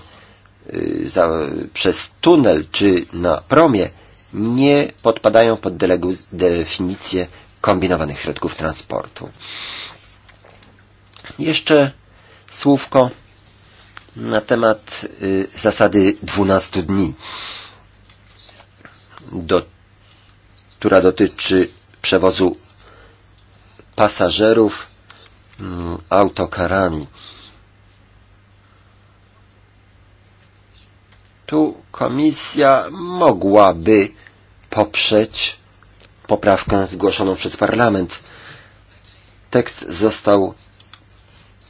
y, za, przez tunel, czy na promie, nie podpadają pod definicję kombinowanych środków transportu. Jeszcze słówko na temat y, zasady 12 dni. Do która dotyczy przewozu pasażerów mm, autokarami. Tu komisja mogłaby poprzeć poprawkę zgłoszoną przez parlament. Tekst został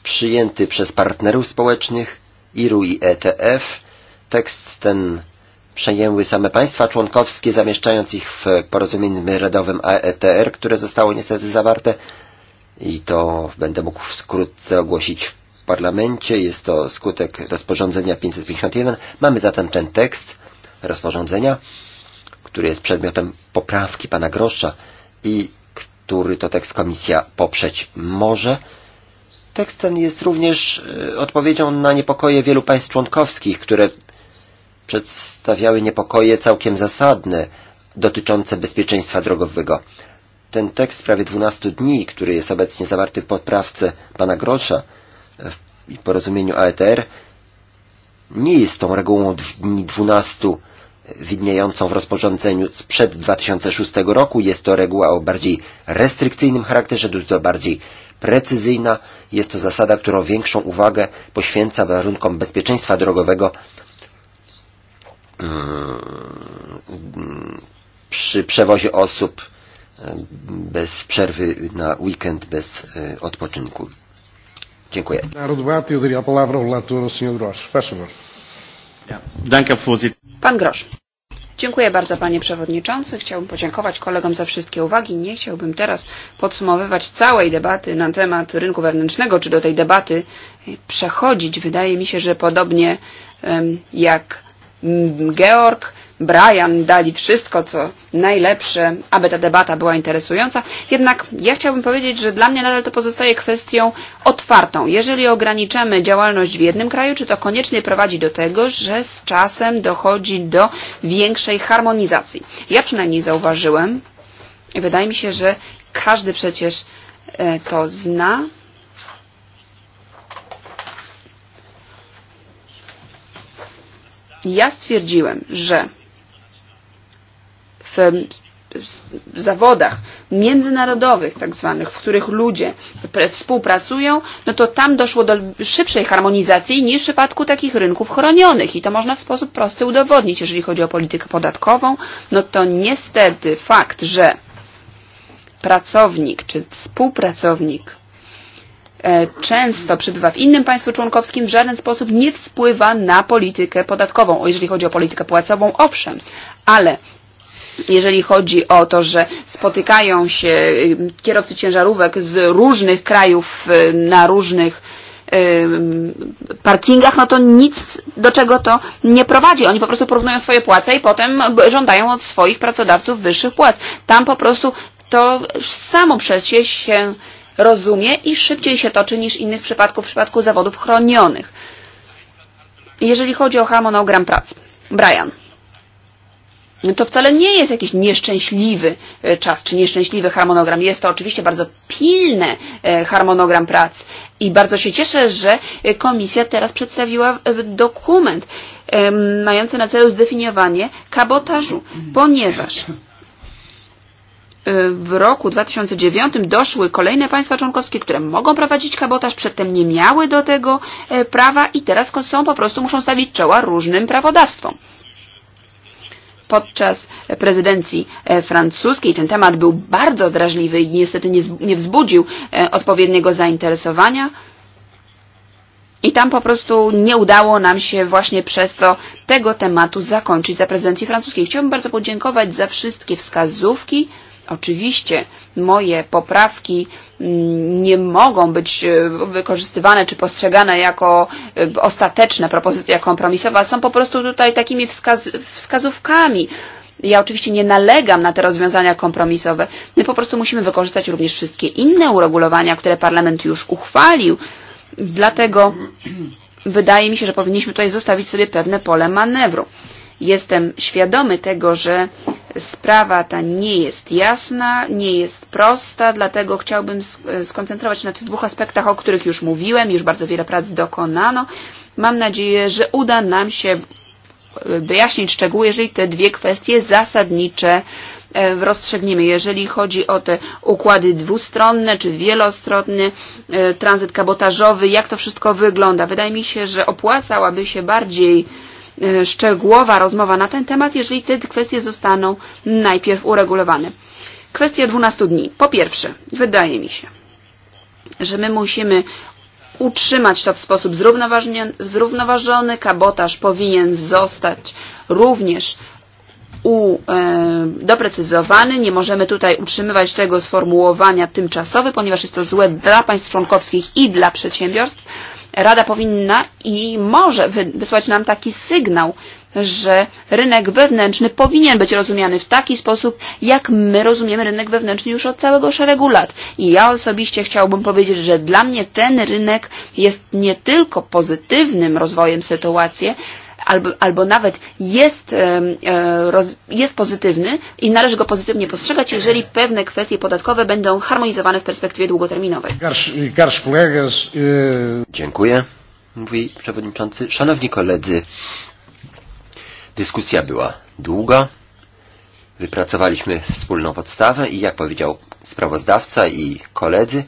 przyjęty przez partnerów społecznych, IRU i ETF. Tekst ten przejęły same państwa członkowskie, zamieszczając ich w porozumieniu międzynarodowym AETR, które zostało niestety zawarte i to będę mógł wkrótce ogłosić w parlamencie. Jest to skutek rozporządzenia 551. Mamy zatem ten tekst rozporządzenia, który jest przedmiotem poprawki pana Grosza i który to tekst komisja poprzeć może. Tekst ten jest również odpowiedzią na niepokoje wielu państw członkowskich, które przedstawiały niepokoje całkiem zasadne dotyczące bezpieczeństwa drogowego. Ten tekst prawie 12 dni, który jest obecnie zawarty w poprawce pana Grosza i porozumieniu AETR, nie jest tą regułą dni 12 widniejącą w rozporządzeniu sprzed 2006 roku. Jest to reguła o bardziej restrykcyjnym charakterze, dużo bardziej precyzyjna. Jest to zasada, którą większą uwagę poświęca warunkom bezpieczeństwa drogowego przy przewozie osób bez przerwy na weekend, bez odpoczynku. Dziękuję. Pan Grosz. Dziękuję bardzo panie przewodniczący. Chciałbym podziękować kolegom za wszystkie uwagi. Nie chciałbym teraz podsumowywać całej debaty na temat rynku wewnętrznego, czy do tej debaty przechodzić. Wydaje mi się, że podobnie jak Mm, Georg, Brian dali wszystko, co najlepsze, aby ta debata była interesująca. Jednak ja chciałbym powiedzieć, że dla mnie nadal to pozostaje kwestią otwartą. Jeżeli ograniczamy działalność w jednym kraju, czy to koniecznie prowadzi do tego, że z czasem dochodzi do większej harmonizacji? Ja przynajmniej zauważyłem, i wydaje mi się, że każdy przecież e, to zna, Ja stwierdziłem, że w zawodach międzynarodowych, tak zwanych, w których ludzie współpracują, no to tam doszło do szybszej harmonizacji niż w przypadku takich rynków chronionych i to można w sposób prosty udowodnić. Jeżeli chodzi o politykę podatkową, no to niestety fakt, że pracownik czy współpracownik E, często przebywa w innym państwu członkowskim, w żaden sposób nie wpływa na politykę podatkową. O jeżeli chodzi o politykę płacową, owszem, ale jeżeli chodzi o to, że spotykają się kierowcy ciężarówek z różnych krajów na różnych parkingach, no to nic do czego to nie prowadzi. Oni po prostu porównują swoje płace i potem żądają od swoich pracodawców wyższych płac. Tam po prostu to samo przecie się rozumie i szybciej się toczy niż innych przypadków w przypadku zawodów chronionych. Jeżeli chodzi o harmonogram prac, Brian, to wcale nie jest jakiś nieszczęśliwy e, czas czy nieszczęśliwy harmonogram. Jest to oczywiście bardzo pilny e, harmonogram prac i bardzo się cieszę, że e, komisja teraz przedstawiła dokument mający na celu zdefiniowanie kabotażu, ponieważ E, w roku 2009 doszły kolejne państwa członkowskie, które mogą prowadzić kabotaż, przedtem nie miały do tego e, prawa i teraz są po prostu muszą stawić czoła różnym prawodawstwom. Podczas prezydencji e, francuskiej ten temat był bardzo drażliwy i niestety nie, nie wzbudził odpowiedniego zainteresowania. I tam po prostu nie udało nam się właśnie przez to tego tematu zakończyć za prezydencji francuskiej. Chciałbym bardzo podziękować za wszystkie wskazówki, Oczywiście moje poprawki mm, nie mogą być e, wykorzystywane czy postrzegane jako e, ostateczne propozycja kompromisowa. Są po prostu tutaj takimi wskaz wskazówkami. Ja oczywiście nie nalegam na te rozwiązania kompromisowe. My po prostu musimy wykorzystać również wszystkie inne uregulowania, które parlament już uchwalił. Dlatego wydaje mi się, że powinniśmy tutaj zostawić sobie pewne pole manewru. Jestem świadomy tego, że sprawa ta nie jest jasna, nie jest prosta, dlatego chciałbym e, skoncentrować na tych dwóch aspektach, o których już mówiłem, już bardzo wiele prac dokonano. Mam nadzieję, że uda nam się e, wyjaśnić szczegóły, jeżeli te dwie kwestie zasadnicze e, rozstrzegniemy. Jeżeli chodzi o te układy dwustronne czy wielostronne, tranzyt kabotażowy, jak to wszystko wygląda. Wydaje mi się, że opłacałaby się bardziej E, szczegółowa rozmowa na ten temat, jeżeli te kwestie zostaną najpierw uregulowane. Kwestia 12 dni. Po pierwsze, wydaje mi się, że my musimy utrzymać to w sposób zrównoważony. Kabotaż powinien zostać również u, e, doprecyzowany. Nie możemy tutaj utrzymywać tego sformułowania tymczasowy, ponieważ jest to złe dla państw członkowskich i dla przedsiębiorstw. E, Rada powinna i może wysłać nam taki sygnał, że rynek wewnętrzny powinien być rozumiany w taki sposób, jak my rozumiemy rynek wewnętrzny już od całego szeregu lat. I ja osobiście chciałbym powiedzieć, że dla mnie ten rynek jest nie tylko pozytywnym rozwojem sytuacji, albo, albo nawet jest, e, jest pozytywny i należy go pozytywnie postrzegać, jeżeli pewne kwestie podatkowe będą harmonizowane w perspektywie długoterminowej. Karsz kolegas. Dziękuję, mówi przewodniczący. Szanowni koledzy, dyskusja była długa. Wypracowaliśmy wspólną podstawę i jak powiedział sprawozdawca i koledzy,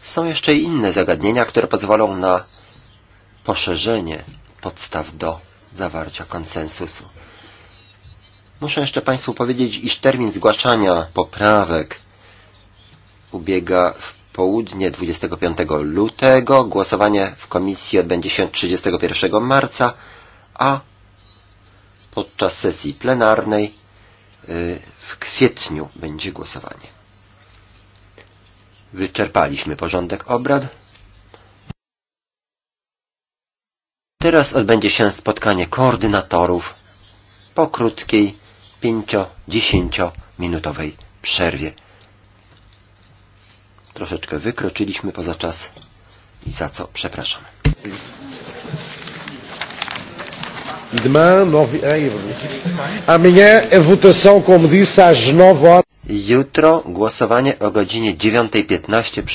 są jeszcze inne zagadnienia, które pozwolą na poszerzenie podstaw do zawarcia konsensusu. Muszę jeszcze Państwu powiedzieć, iż termin zgłaszania poprawek ubiega w południe 25 lutego, głosowanie w komisji odbędzie się 31 marca, a podczas sesji plenarnej w kwietniu będzie głosowanie. Wyczerpaliśmy porządek obrad. Teraz odbędzie się spotkanie koordynatorów po krótkiej 5-10 minutowej przerwie. Troszeczkę wykroczyliśmy poza czas i za co przepraszam. Demain, 9 Amanhã a votação, como disse, às 9 horas. Jutro głosowanie o godzinie 9.15.